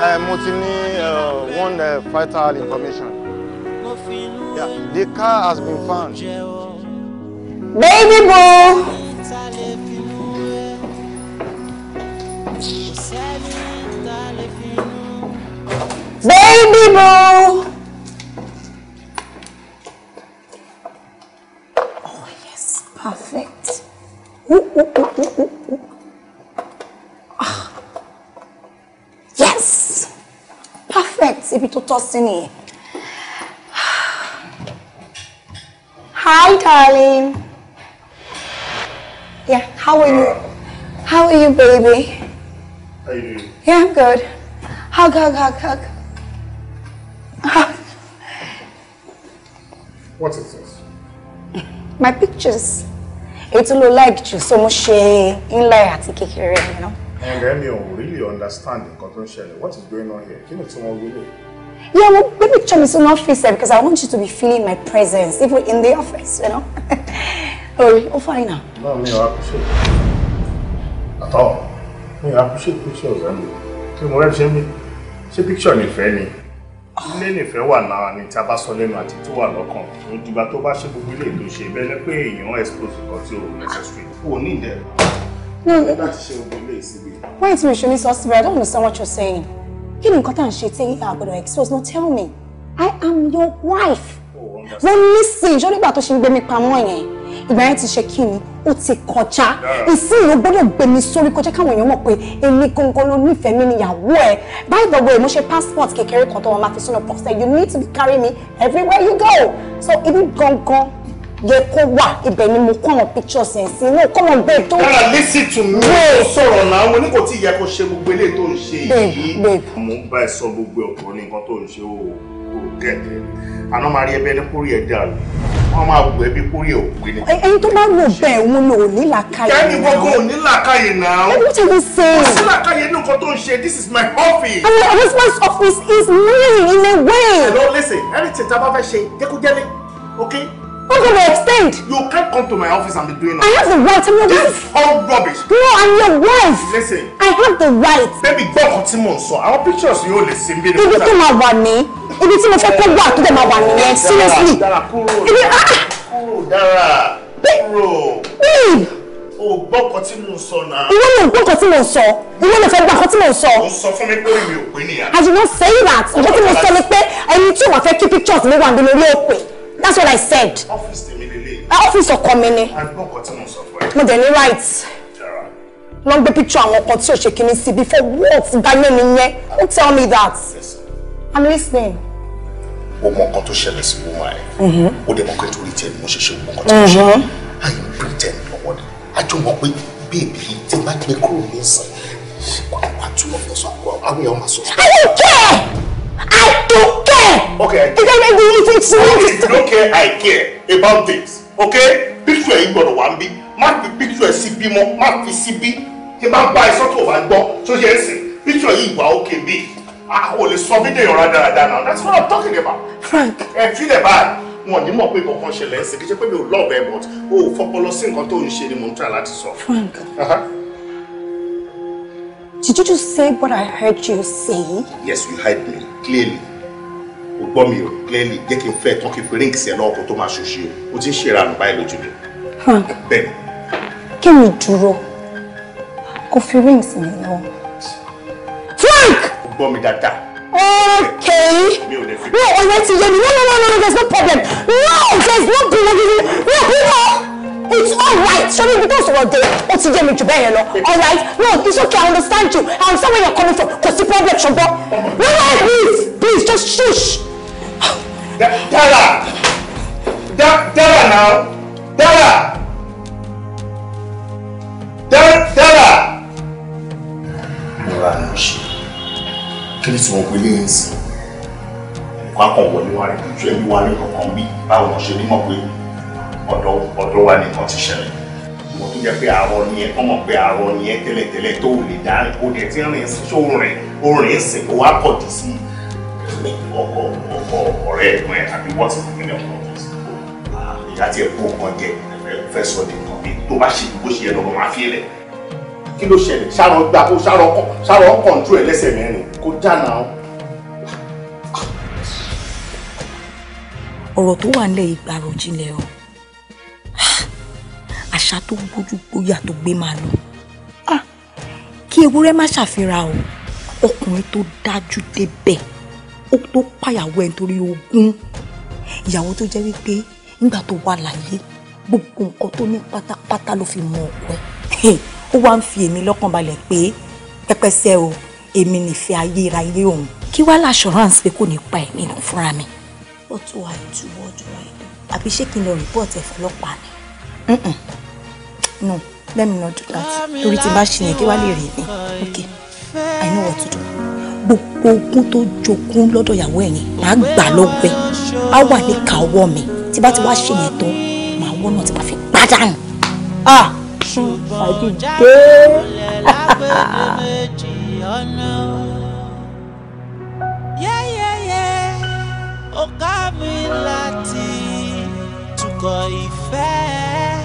Eh, mo ti ní eh, one uh, vital information. Yeah. The car has been found. Baby boo! Baby boo! Oh yes, perfect. Ooh, ooh, ooh, ooh. síbi tó tọ́ sí nìyẹn. Hi, darling. Yeah, how are you? How are you, baby? How are you Yeah, I'm good. Hug, hug, hug, hug. hug. What is this? My pictures. Ètò ló like you, so mo ṣe ńlá àti kékeré, you know. And then you really understand nǹkan tó What is going on here? Can you tell me? wí lè? Yeah, well, let me check me some office there because I want you to be feeling my presence, even in the office, you know? oh, [laughs] oh, fine now. No, me, I appreciate it. At all. Me, I appreciate pictures. I mean, kí mo rẹ́ ṣe mí ṣé picture nìfẹ́ your ilé nìfẹ́ wà náà ni tí a bá sọ lẹ́nu àti tó wà lọ́kàn ìdìgbà tó bá ṣe gbogbo ilé ìlú ṣe bẹ́ẹ̀ pé èèyàn expose nǹkan tí o necessary o ní ìdẹ́rù. no láti ṣe gbogbo ilé ìsinmi. wait till you show something I don't understand what you're saying kí ni nǹkan tá à ń ṣe tí àgbẹ̀dọ̀ expose no tell me i am your wife oh, wọ́n nísìn ìjọ nígbà tó ṣe ń gbé mi pamọ́ yẹn ìgbà yẹn ti ṣe kí ni ó ti kọjá ìsìn ló gbọ́dọ̀ gbé mi sórí kọjá káwọn èèyàn mọ̀ pé èmi gangan ló nífẹ̀ẹ́ mi níyàwó ẹ̀ by the way mo ṣe passport kékeré kan tó wọn máa fi sínú pọ́sẹ̀ you need to carry me everywhere you go so ibi gangan yẹ kó wà ibẹ̀ ni mo kọ́ àwọn pictures yẹn sí inú kọ́ àwọn babe tó. dára listen to me ó sọ̀rọ̀ náà wọn ní kò tí ìyá kò ṣe gbogbo eléyìí tó ń ṣe yìí mo ń bá ẹ sọ gbogbo ọ̀pọ̀ ní nǹkan tó ń ṣe ó kò gẹ̀ẹ́dẹ̀ àná máa rí ẹbẹ ní kórìí ẹ dàrú wọn máa wù ẹbí kórìí ẹ òwe ni. ẹni tó bá lò bẹ́ẹ̀ òun lò ní làákàyè náà. kẹ́ni gbogbo òní làákàyè náà. ẹni tó ṣe ṣe. kò sí làákàyè ní nǹkan tó ń ṣe this is my office. and your husband's office is me in a way. hello listen anything tá a bá fẹ́ ṣe jẹ́kújẹ́lé okay What going to extend. You can't come to my office and be doing all I have the right. I'm your wife. That's all rubbish. No, I'm your wife. Listen. I have the right. Baby, gbọ́ ọkàn tí mò ń sọ. Àwọn pictures yóò lè sin bí. Ibi tó máa wà ní. Ibi tí mo fẹ́ kó wà tó dẹ̀ máa wà nìyẹn. Eh, seriously. Dára kúrò. Ibi ah. Kúrò dára. Kúrò. Babe. O gbọ́ ọkàn tí mò ń sọ náà. Ìwọ ló gbọ́ ọkàn tí mò ń sọ. Ìwọ ló fẹ́ gbọ́ ọkàn tí mò ń sọ. Mo sọ fún mi pé mi ò I did not say that. Ọjọ́ tí mo sọ ni pé ẹni tí wọ́n fẹ́ kí pictures mi wà ní lórí òpè that's what I said. office tèmi office of mi ni. àgbọ̀kọ̀ tí mo sọ fún ẹ. mo dẹ̀ ní right. wọ́n gbé picture àwọn ọkọ tí ò ṣe kinní sí before what gbalẹ́ mi who tell me that. Yes. I'm listening. o mọ nǹkan tó ṣẹlẹ̀ sí woman ẹ̀ mm-hmm. o dẹ̀ mọ̀ pé torí tiẹ̀ mo ṣe ṣe o mọ nǹkan tó ṣe I mm-hmm. am pretend lọ́wọ́ ni àjọ mọ̀ pé bèbí tí n bá gbé kúrò ní I don't care. I don't care. Okay, I care. It's okay, you don't care, I care about things. Okay? Picture you got wá ń bí. Má picture sí bí mọ́, má fi sí bí. Ṣé máa bá iṣọ́ tó o bá gbọ́? Tó ṣe é sìn. Picture yìí wà ókè bí. A ò lè sọ fídíò yọ̀rọ̀ dáradára Now That's what I'm talking about. Frank. Ẹ feel bad. Mo ni mo mọ̀ pé kankan ṣẹlẹ̀ ń sìn. Kì í ṣe pé mi ò lọ́ọ̀bẹ̀ but o ò fọpọlọ sí nǹkan tó ń ṣe ni mò ń tà láti sọ. Frank. Uh-huh. Did you just say what I heard you say? Yes, you heard me clearly. O gbọ́ mi clearly Get kí n fẹ́ tán kí n fi ríǹkì sí ẹ lọ́wọ́ kó tó máa ṣòṣe o. O ti Frank. Ben. Can you draw? Kò fi ríǹkì sí mi lọ́wọ́. Frank! O gbọ́ mi dáadáa. Okay. Mi No, No, no, no, no, there's no problem. No, there's no problem. No, people it's alright ṣọlá ibi tó sọ̀rọ̀ dé ó ti yé mi jù your yẹn lọ alright no it's okay I understand you I understand where you're coming from kò sí problem ṣùgbọ́n no no please please just shush. Dara Dara now Dara Dara. Mo ra mo ṣe kí ni tí mo pe ní ìsìn nǹkan akọ̀wé ní wàá rí ju ẹbí wa ní kankan bí báwọn ọ̀dọ̀ ọ̀dọ̀ wa nìkan ti ṣẹlẹ̀ ìwọ tó jẹ́ pé àárọ̀ ni ẹ kọ́ mọ̀ pé àárọ̀ ni ẹ tẹ́lẹ̀tẹ́lẹ̀ tó lè dá o dẹ̀ ti rìn sí tó rìn o rìn sí o wá kọ̀ dì sí ọkọ̀ ọkọ̀ ọ̀rẹ́ ẹ̀gbọ́n ẹ̀ àbí wọ́n ti fún mi ọkọ̀ ìyá tí ẹ kó nǹkan jẹ fẹ́ sọ di nǹkan bí tó bá ṣe bó ṣe yẹ lọ́mọ máa fi lẹ̀ kí ló ṣẹlẹ̀ ṣàrọ̀ gbà kó ṣàrọ̀ kọ̀ǹtú ẹ̀ lẹ́sẹ̀ mẹ́rin kó jànà ó. ọ̀rọ̀ tó wà nílẹ̀ ìgbàrò jinlẹ̀ o. [sighs] àṣà tó gbójú gbóyà tó gbé máa lọ ah, kí ewúrẹ́ má ṣàfihàn o ọkùnrin tó dájú débẹ̀ ó tó pàyàwó ẹ̀ nítorí ogún ìyàwó tó jẹ́ wípé nígbà tó wà láyé gbogbo nǹkan tó ní pátápátá ló fi mọ ọkọ ẹ̀ ó wá ń fi èmi lọ́kàn balẹ̀ pé pẹ́pẹ́sẹ́ o èmi nìfẹ́ ayérayé òun kí wàá la assurance kò ní pa ẹ̀mí nù fúnra mi. what do I do? àbí ṣé kí n lọ report ẹ̀ fọlọ́pàá ni no let me not do that torí tí n bá ṣe yẹn kí wá lè rí mi okay i know what to do gbogbo ogún tó jogún lọ́dọ̀ ìyàwó ẹ̀yìn máa gbà lọ́gbẹ́ á wà ní kàwọ́ mi tí bá ti wá ṣe yẹn tán màá wọ́n náà tí bá fi padà nù. ah fàájì dé. yẹ́yẹ́yẹ́ ó ká mi láti. foi fé.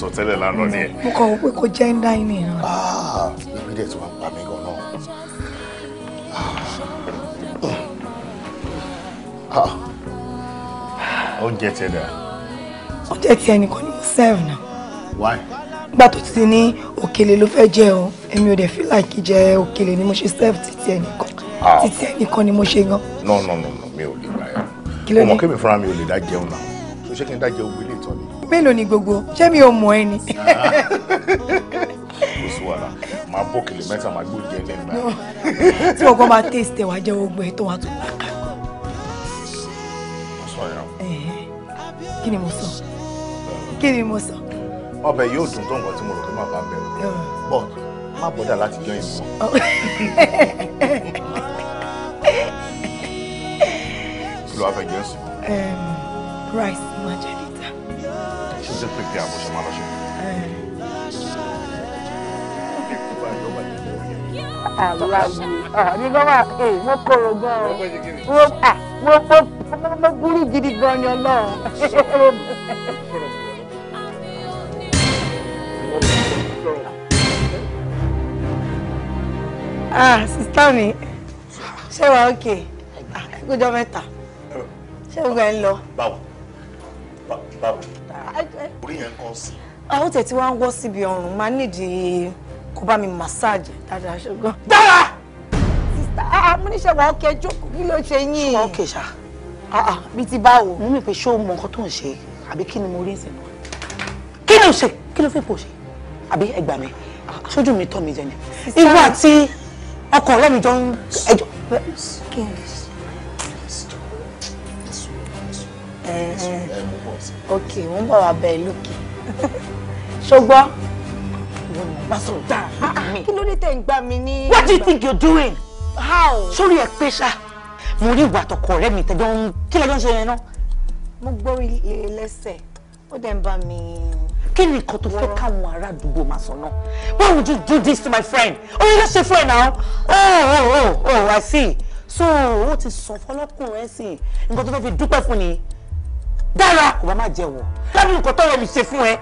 sọ tẹ́lẹ̀ lánàá ni ẹ̀. mo kọ̀ wípé kò jẹ́ ń dá iná ìran. Ah, ibi dẹ̀ tí wọ́n pa mí gan náà. Ah. Ah. oúnjẹ tiẹ̀ dà. oúnjẹ tiẹ̀ nìkan ni mo serve náà. why. nígbà tó ti ní òkèlè ló fẹ́ jẹ o èmi ò dẹ̀ feel like jẹ òkèlè ni mo ṣe serve títí ẹ̀ nìkan títí ẹ̀ nìkan ni mo ṣe gan. no no no mi ò lè gbà yà. kí ló dé ọmọ kébì fúnra mi ò lè dá jẹun náà ṣé kí n dá jẹun gbé mélòó ni gbogbo ṣé mi ò mọ̀ ẹ́ ni. kò sí wàhálà máa bọ́ kìlì mẹ́ta máa gbó jẹ lẹ́nu náà. [laughs] tí wọ́n kọ́ máa taste ẹ̀wà jẹ́ ogun ẹ̀ tó wà tó lákà. mo sọ yà. kí ni mo sọ kí ni mo sọ. ọbẹ̀ yóò dùn tó nǹkan tí mo rò pé má bàa bẹ̀rù but má bọ́dà láti jọ ìmọ̀. Oh. [laughs] láàyè àní lọ́wọ́ àpè mo kóró gan-an mo à mo mo mo burú gidi gan-an [laughs] ah sister mi ṣé wàá òkè àkójọ ah, mẹ́ta ṣé gbogbo ẹ ń lọ. báwo báwo ah, orí yẹn kàn sí. àwọn ah, tẹ̀ tí wọ́n á wọ́ síbi ọrùn máa nídìí kó bá mi massage dáadáa ṣùgbọ́n ṣe wà ọkẹ jókòó kí ló ṣe yín. ṣùgbọ́n ọkẹ ṣá bí ah, ah, ti báwo. mo mì pé ṣé o mọ nǹkan tó ń ṣe àbí kí ni mo rí ìsìn náà kí ló ṣe kí ló fi pò ṣe àbí ẹgbà mi sójú ah, mi tọ́ mi jẹ ni ìwọ àti ọkọ ọ̀rẹ́ mi jọ ń ẹjọ́. Eh, eh, ok wọ́n bọ̀ wá bẹ́ẹ̀ lókè ṣùgbọ́n. What do you think you're doing? how. sórí ẹ pé ṣá mo rí ìwà àtọkọ ọ̀rẹ́ mi tẹjọ ń kí lẹjọ ń ṣe yẹn náà. mo gbọ́ ilé lẹ́sẹ̀ ó dẹ̀ ń bá mi. kí ni nǹkan tó fẹ́ káwọn ará àdúgbò máa sọ náà why would you do this to my friend oye ló ṣe fún ẹ náà oh oh oh oh i see so ó ti sọ fọlọ́kùnrin sí nǹkan tó fẹ́ fi dúpẹ́ fún ni dára kò bá má jẹ́ wọ̀ lábí nǹkan tó rẹ̀ mi ṣe fún ẹ.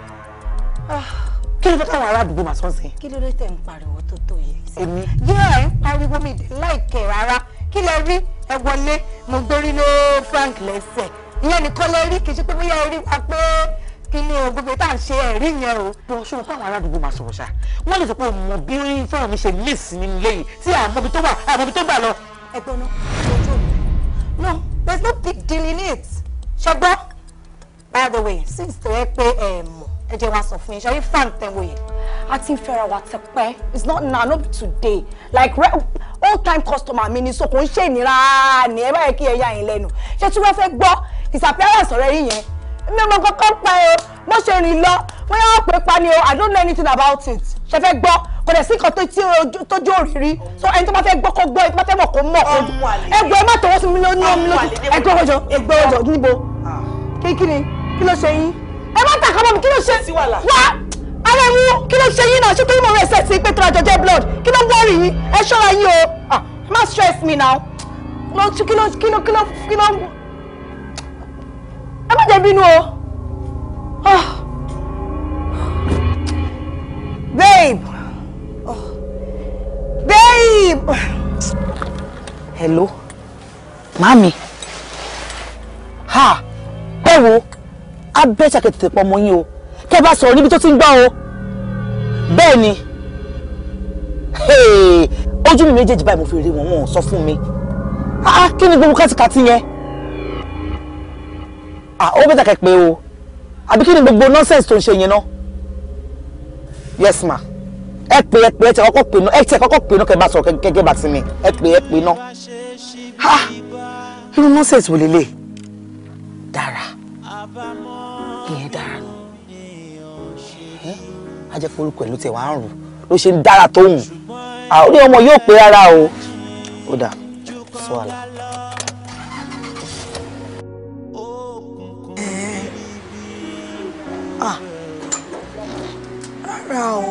Ah kí ló fẹ́ káwọn ará àdúgbò máa sọ́nsìn. kí ló dé tẹ̀ ń pariwo tó tó yẹ. èmi. yóò ẹ̀ ń pariwo mi láìkẹ́ rárá kí lẹ rí ẹ wọlé mo gbórí ló Frank lẹ́sẹ̀ ìyẹn nìkan lẹ rí kì í ṣe pé bóyá orí wa pé kí ni o gbogbo tá à ń ṣe ẹ̀rí yẹn o. bọ́ ṣé o kọ́ àwọn máa sọ̀rọ̀ ṣá wọ́n lè sọ pé mo bí fẹ́ràn mi ṣe miss nínú ilé yìí tí àmọ́bi tó wà àmọ́bi tó gbà lọ. ẹ̀gbọ́n náà no there's no big deal in it ṣọgbọ́n by the way since tó yẹ ẹ jẹ́ wá sọ fún yín ṣe rí fan tẹ̀wọ̀ yẹn a ti ń wa ti pẹ́ it's not now not today like old time customer mi ni so kò ń ṣe ìnira ni ẹ báyìí kí ẹ yá yín lẹ́nu ṣé tí wọ́n fẹ́ gbọ́ disappearance ọ̀rẹ́ yín yẹn mi ò mọ kankan pa o mo ṣe rìn lọ wọ́n yà wọ́n pa ni o i don't know anything about it ṣe fẹ́ gbọ́ kò dẹ̀ sí nǹkan tó jó òrìrí so ẹni tó bá fẹ́ gbọ́ kó gbọ́ ẹni tó bá fẹ́ mọ̀ kó mọ̀ kó ẹgbẹ́ má tọwọ́ sí mi lónìí ẹgbẹ́ ọjọ́ ẹgbẹ́ ọjọ́ níbo kí kí ni kí ló ṣe yín ẹ má tàkà mọ́ mi kí ló ṣe wá ara ẹ̀ wú kí ló ṣe yín náà ṣé torí mo rẹ̀ ṣẹ̀ sí pé tóra jọjẹ́ blood kí ló ń wọ́ọ̀rì yín ẹ ṣọ́ra yín o ah, má stress me now kí ló kí ló kí ló kí ló ẹ má jẹ́ bínú o. Ah. Babe! Oh. Babe! Hello? Mami! Ha! Ẹ wo! á bẹ́ ṣàkẹ́tẹ̀tẹ̀ pọ̀ mọ́ yín o kẹ́ bá sọ̀rọ̀ níbi tó ti ń gbọ́ o bẹ́ẹ̀ ni ojú mi méjèèjì báyìí mo fi rí wọn wọn ò sọ fún mi kí ni gbogbo kátìkátì yẹn ó bẹ́ẹ̀ tàkẹ́ pé o àbí kí ni gbogbo nọ́sẹ̀nsì tó ń ṣe yẹn náà yes ma ẹ pè ẹ pè ẹ tẹ kọ́kọ́ pè náà ẹ tẹ kọ́kọ́ pè náà kẹ́ bá sọ̀rọ̀ kẹ́kẹ́ bá ti mi ẹ pè ẹ pè náà irú nọ́sẹ̀nsì wò lélẹ̀ dára. á jẹ́ porúkọ ẹ̀ tẹ̀ wá ń ló ṣe ń dára tóun orí ọmọ yóò pé rárá o ó dà sọ àlà. Ah, ah,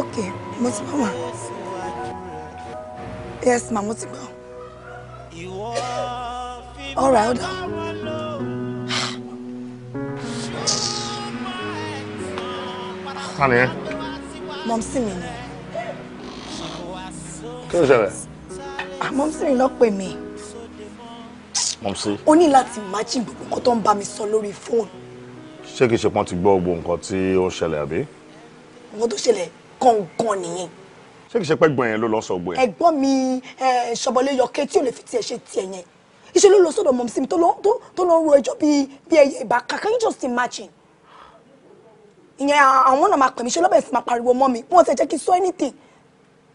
ok mo ti bá wà yes ma mo ti gbọ́. All right, Honey, Mom see me. What is it? Mom see me not mi me. Mom see. Only O ní láti májì gbogbo nǹkan tó ń bá mi sọ lórí fóònù. Ṣé kìí ṣe pọ́n ti gbọ́ gbogbo nǹkan tí ó ṣẹlẹ̀ àbí? Nǹkan tó ṣẹlẹ̀ gangan nìyẹn. Ṣé kìí ṣe pẹ́ gbọ̀n yẹn ló lọ Ẹ̀gbọ́n mi eh, ṣọ̀bọ̀lé tí ò lè fi tiẹ̀ ṣe tiẹ̀ yẹn ìṣèlú lọ sọ́dọ̀ mọ̀ sí mi tó lọ ro ẹjọ́ bíi bíi ẹyẹ ìbáka can you just imagine ìyẹn àwọn náà máa pè mí ṣe lọ́bẹ̀ sí máa pariwo mọ́ mi wọ́n ti jẹ́ kí sọ anything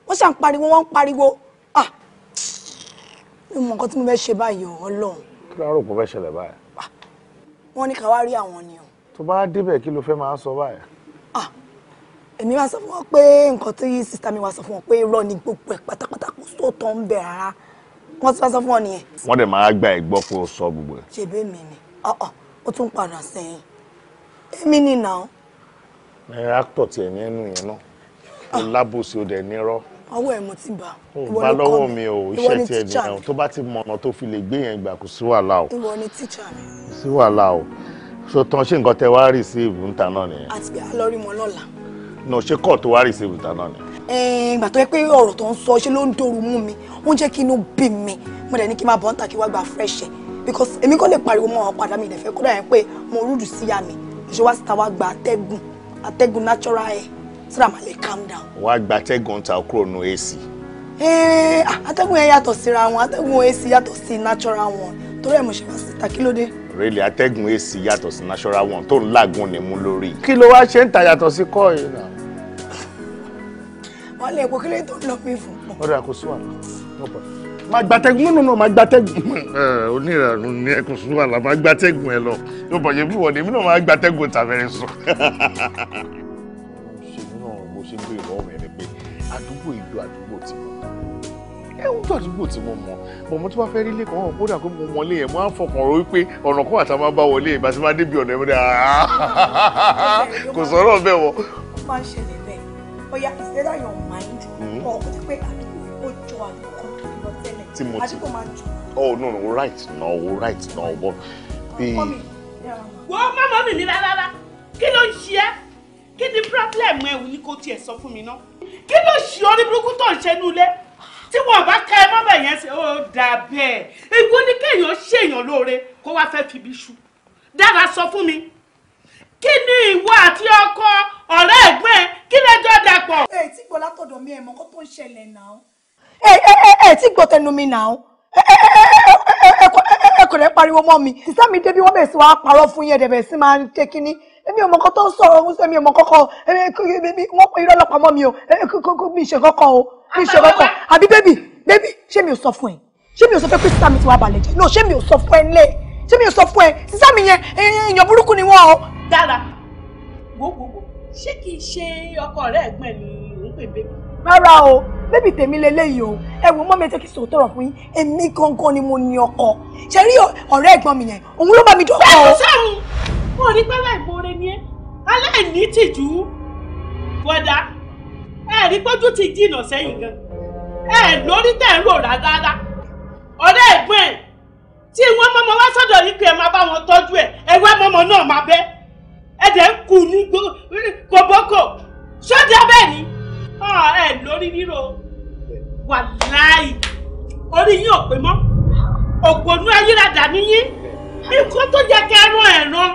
wọ́n ṣàn pariwo wọ́n ń pariwo ah mi mọ nǹkan tí mo fẹ́ ṣe báyìí ọlọ́run. kí ló rò pé ó fẹ́ ṣẹlẹ̀ báyìí. Ah! wọ́n ní ká wá rí àwọn ni o. tó bá débẹ̀ kí ló fẹ́ máa sọ báyìí. ah èmi máa sọ fún wọn pé nǹkan tí sísá mi wá sọ fún wọn pé irọ́ ni gbogbo ẹ̀ pátápátá kò sóòótọ́ ń bẹ̀ rárá wọ́n ti wá sọ fún ọ nìyẹn. wọ́n dẹ̀ máa gba ẹ̀gbọ́ pé ó sọ gbogbo ẹ̀. ṣèbí mi ni ọ̀ọ̀ ó tún padà sẹ́yìn èmi ni nà ó. actor tiẹ̀ ní ẹnu yẹn náà ó lábòsí ó dẹ̀ nírọ́. ọwọ́ ẹ̀ mo ti bà ìwọ ni kọ́ mi ìwọ ni tíṣà mi tó bá ti mọ ọ̀nà tó fi lè gbé yẹn gbà kó sí wàhálà o. ìwọ ni tíṣà mi. sí wàhálà o so tán ṣé nǹkan tẹ wá receive ń ta náà nìyẹn. àti no ṣé kọ́ tó wá rìsíìbù ta náà ni. Eh, ìgbà tó yẹ pé ọ̀rọ̀ tó ń sọ ṣe ló ń dòrò mú mi ó ń jẹ́ kí inú bí mi mo dẹ̀ ní kí n máa bọ̀ ń tà kí wá gba fresh ẹ̀ because èmi kò lè pariwo mọ́ àwọn padà mi ìdẹ̀fẹ́ kódà yẹn pé mo rúdù sí ya mi ìṣòwò àti tàwa gba atẹ́gùn atẹ́gùn natural air so that ma lè calm down. wá gba atẹ́gùn ta kúrò nù AC. Eh, ah, atẹ́gùn yẹn yàtọ̀ síra wọn atẹ́gùn AC yàtọ̀ sí natural wọn torí ẹ̀ mo ṣe wá síta kí ló dé rẹ́lẹ̀ atẹ́gùn èsì yàtọ̀ sí national one tó ń làgùn ní mú lórí. kí ló wá ṣe ń ta yàtọ̀ sí kọ́ọ̀yì náà wọ́n lè kó kílé tó ń lọ mí fún. ọ̀rẹ́ àkóso àná máa gbatẹ́gùn nínú náà máa gbatẹ́gùn. [laughs] onírànú ní ẹkùn sùn wàhálà máa gbatẹ́gùn ẹ lọ yóò bọ̀ yẹn bí wọ̀n èmi náà máa gbatẹ́gùn tàbẹ̀rẹ̀ sùn. ṣèlú náà mo ṣe ń béèrè lọ́wọ́ mi ni pé àdúgbò ìlú àdúgbò tí mo mọ̀ ẹ ń tó àdúgbò tí mo mọ̀ bọ̀ mo tún bá fẹ́ rí ilé kan wọ̀ kódà pé mo mọlé yẹn mo á fọkàn rò wípé ọ̀nà kan àtà máa bá wọlé ìbá ti máa débi ọ̀nà [laughs] ẹ̀mí bóyá is either your mind hmm? or ó ti pé àdúgbò ó àdúgbò lọ tẹ́lẹ̀ àdúgbò máa jù. oh no no right no right no but bí. wọ́n má mọ́ mi ní rárá kí ló ń ṣe é kí ni problem ẹ̀ wù ní kó tiẹ̀ sọ fún mi náà kí ló ṣe ọ́ ní burúkú tó ń ṣe nulẹ̀ tí wọn bá ká ẹ mọ́bẹ̀ yẹn ṣe ó dà bẹ́ẹ̀ ègbó ní kéèyàn ṣèèyàn lóore kó wá fẹ́ fi bí ṣu dára sọ fún mi kí ni ìwọ àti ọkọ ọ̀rẹ́ ẹ̀gbọ́n ẹ kí lẹ́jọ́ dàpọ̀. ẹ ẹ tí gbọ́ látọ̀dọ̀ mi ẹ mọ kó tó ń ṣẹlẹ̀ náà. ẹ ẹ ẹ ẹ tí gbọ́ tẹnu mi náà ẹ ẹ ẹ ẹ kò lè pariwo mọ́ mi. sísá mi débi wọ́n bẹ̀rẹ̀ sí wàá parọ́ fún yẹn dẹ̀bẹ̀ sí máa ń ké kínní èmi ò mọ kó tó ń sọ̀rọ̀ ohun sẹ́mi ò mọ kọ́kọ́ wọ́n pe irọ́ lọ́pàá mọ́ mi o mi ṣe kọ́kọ́ o mi ṣe kọ́kọ́ àbí bébì bébì ṣé mi ò sọ fún ẹ ṣé mi ò sọ fún ẹ pé sísá mi ti wá balẹ̀ jẹ́ no ṣé mi ò sọ fún ẹ lẹ́ẹ̀ ṣé mi ò sọ fún ẹ sísá mi yẹn èèyàn burúkú ni wọ́n o. dára wo wo wo ṣé kì í ṣe ọkọ rẹ ẹ̀gbọ́n ni òun pè bébì. rárá o bébì tèmi leléyìí o ẹ wò mọ́ mi tẹ́ kí sòótọ́ rọ̀ fún yín èmi gangan ni mo ní ọkọ ṣe rí ọ̀rẹ́ ẹ̀gbọ́n mi yẹn òun ló bá mi dọ́kọ̀ o. bẹ́ẹ̀ sọ́run mo rí pẹ́lá ìmoore ni ẹ́ aláìní tìjú wọ́dà ẹ̀rí pójú ti jìnnà sẹ́yìn gan ẹ̀ lórí tẹ̀ ń rò rárá ọ̀rẹ́ ẹ̀gbọ́n ẹ̀ tí wọn mọmọ wá sọ́dọ̀ yìí pé ẹ máa bá wọn tọ́jú ẹ ẹ wá mọmọ náà máa bẹ ẹ dẹ ń kú ní kòbókò sójà bẹ́ẹ̀ ni ẹ lórí ríro wàláì orí yín ò pé mọ́ òpònú ayírádà níyí nǹkan tó jẹ kẹ ẹran ẹran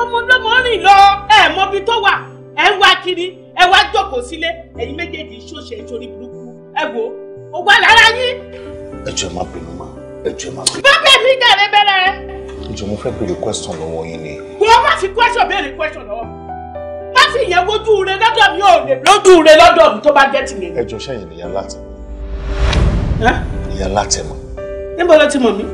ọmọdọmọ rìn lọ ẹ mọbi tó wà ẹ ń wá kiri ẹ wá jókòó sílé ẹ̀yin méjèèjì ṣòṣè ìṣòrí burúkú ẹ wò ó wà lára yín. ẹ jọ̀ọ́ má bínú máa ẹ jọ̀ọ́ máa fi. bábẹ́ mi dàrẹ bẹ́rẹ̀. ǹjọ́ mo fẹ́ béèrè question lọ́wọ́ yín ni. wọ́n má fi question béèrè question lọ́wọ́ mi. má fi ìyẹn wojú rẹ lọ́dọ̀ mi ò lè lójú rẹ lọ́dọ̀ mi tó bá jẹ́ tìmí. ẹ jọ̀ọ́ sẹ́yìn ìyá láti mọ̀. ìyá láti mọ̀. níbo ló ti mọ̀ mí?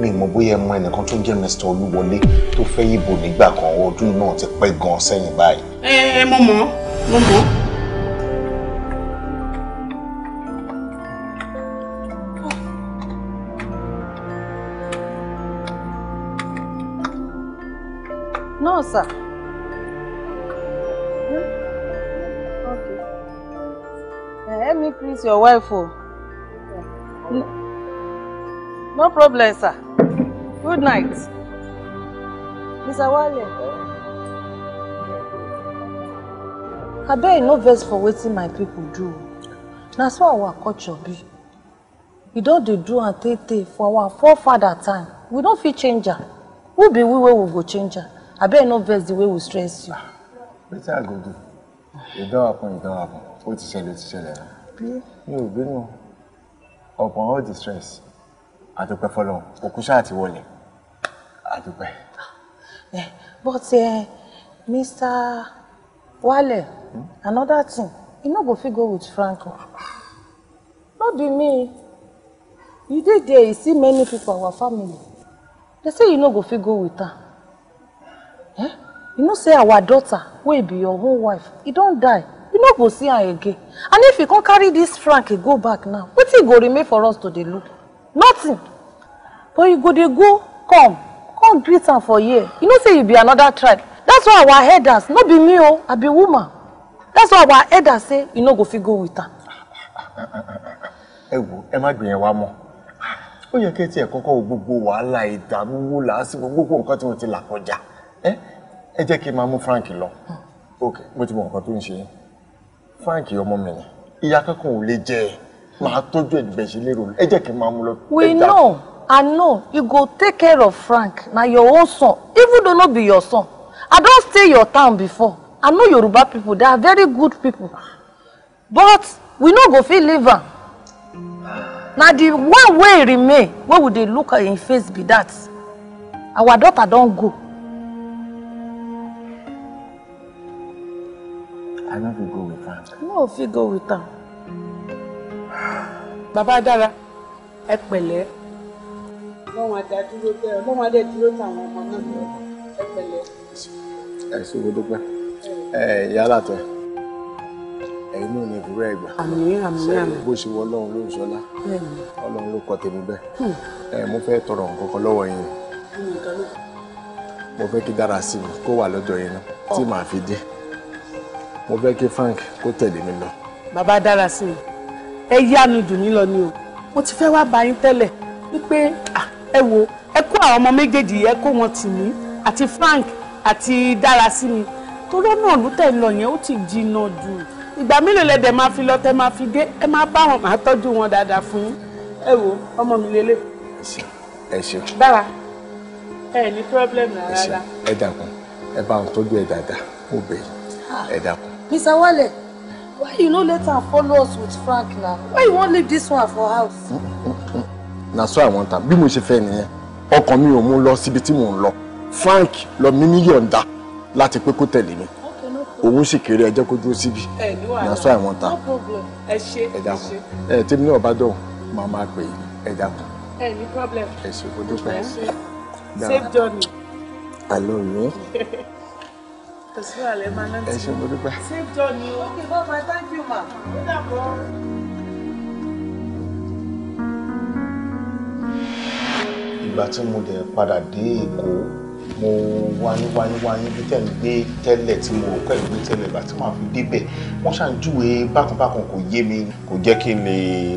mi mọ̀ bóyá ẹ mọ̀ ẹnìkan tó ń jẹ́ Mr. Olúwọlé tó fẹ́ yíbo nígbà kan ọdún náà ti pẹ́ gan-an sẹ́yìn báyìí. ẹ ẹ mo mọ̀ mo mọ̀. náà Okay. Help me please your wife oh. No problem sir. Good night. Mr. Wale. I bear no vex for waiting my people do. Na so our culture be. We don't dey do and take tey for our forefather time. We don't fit change am. Who be we where we go change am? I abeg no vex the way we stress you. wetin i go do e don happen e don happen ó ti ṣẹlẹ̀ ó ti ṣẹlẹ̀ na mi ò bínú upon all the stress àdúpẹ́ fọlọ́run òkú ṣáà ti wọlé àdúpẹ́. Eh, but uh, eh, mr wale hmm? another thing you no go fit go with franco no be me you dey there you see many people our family they say you no go fit go with her eh you know say our daughter will be your own wife e don't die you know, go see her again and if you can't carry this frank e go back now wetin go remain for us to dey look nothing but you go dey go come come greet her for here you know say you be another tribe that's why our elders not be me Oh, i be woman that's why our elders say you know, go figure with her. ẹ am I being gbìyànjú wa mọ́ ó yẹ kí ẹ tiẹ̀ kọ́kọ́ wo gbogbo wàhálà ìdààmú wò lásìkò gbogbo nǹkan tí mo ti là kọjá ẹ jẹ́ kí n máa mú Frank lọ ok mo ti mọ nǹkan tó ń ṣe Frank ọmọ mi ni ìyá kankan ò lè jẹ máa tọ́jú ẹ̀gbẹ̀sẹ̀ lérò ẹ jẹ́ kí n máa mú lọ. we know i know you go take care of Frank na your own son even though no be your son i don stay your town before i know Yoruba people they are very good people but we no go fit leave am na the one wey remain wey we dey look at im face be that our daughter don go Can I not go with am? No, if you go with am. Bàbá dára, ẹ pẹ̀lẹ́. Lọ́wọ́n àdá dúró tẹ ọ, lọ́wọ́n àdá dúró tàwọn ọmọ náà lọ, ẹ pẹ̀lẹ́. Ẹ ṣe owó dúpẹ́. Ẹ ìyá látọ̀ ẹ̀. Ẹ̀yin náà ní ìdúró ẹ̀gbà. Àmín àmín àmín. Bó ṣe wọ Ọlọ́run ló ń sọlá. Ọlọ́run ló kọ tèmi bẹ́ẹ̀. Hmm. Ẹ mo fẹ́ tọrọ nǹkan kan lọ́wọ́ yín. Mo fẹ́ kí dára sí mi kó wà lọ́dọ̀ yín náà tí màá fi dé mo fẹ́ kí Frank kó tẹ̀lé mi lọ. bàbá dára sí i ẹ yánu dùn mí lọ ni o mo ti fẹ́ wá bá yín tẹ́lẹ̀ wípé ẹ wo ẹ kó àwọn ọmọ méjèèjì ẹ kó wọn tì mí àti Frank àti dára sí mi torí ọ̀nà òlùtẹ̀ lọ yẹn ó ti jìnnà jù ìgbà mélòó lẹ́dẹ̀ máa fi lọ tẹ́ máa fi dé ẹ máa bá wọn máa tọ́jú wọn dáadáa fún yín ẹ wo ọmọ mi lélẹ̀. ẹ ṣe dára ẹ ní pírọ́blẹ́mù rárá. ẹ dàgbọ́n ẹ bá wọn tọ́jú ẹ dáadáa ó bẹ̀ ẹ dàgbọ́n. Mr. Wale, why you no let am follow us with Frank now? Why you won't leave this one for house? Na so I want am. Bí mo ṣe fẹ́ nìyẹn, ọkàn mi ò mú See síbi tí mò ń lọ. Frank lọ mí ní yọ̀ǹda láti pé kó tẹ̀lé mi. Òun sì kéré ẹjẹ́ kó dúró síbi. Na so I want am. Ẹ ṣe ẹ ṣe. Ẹ tèmi náà Mama dọ̀hùn, màá máa pè problem. ẹja kan. Ẹ ní problem. Safe journey. I love you. [laughs] tẹ̀síwá lẹ́ máa náà ti ẹ ṣe mo dúpẹ́. safe journey o. ok bye bye thank you ma. ó dàbọ̀. ìgbà tí mo dẹ̀ padà dé èkó mo wáyé wáyé wáyé bí tẹ̀ ń gbé tẹ́lẹ̀ tí mo kọ́ ìgbé tẹ́lẹ̀ ìgbà tí màá fi débẹ̀ wọ́n ṣàǹjúwe bákanbákan kò yé mi kò jẹ́ kí n lè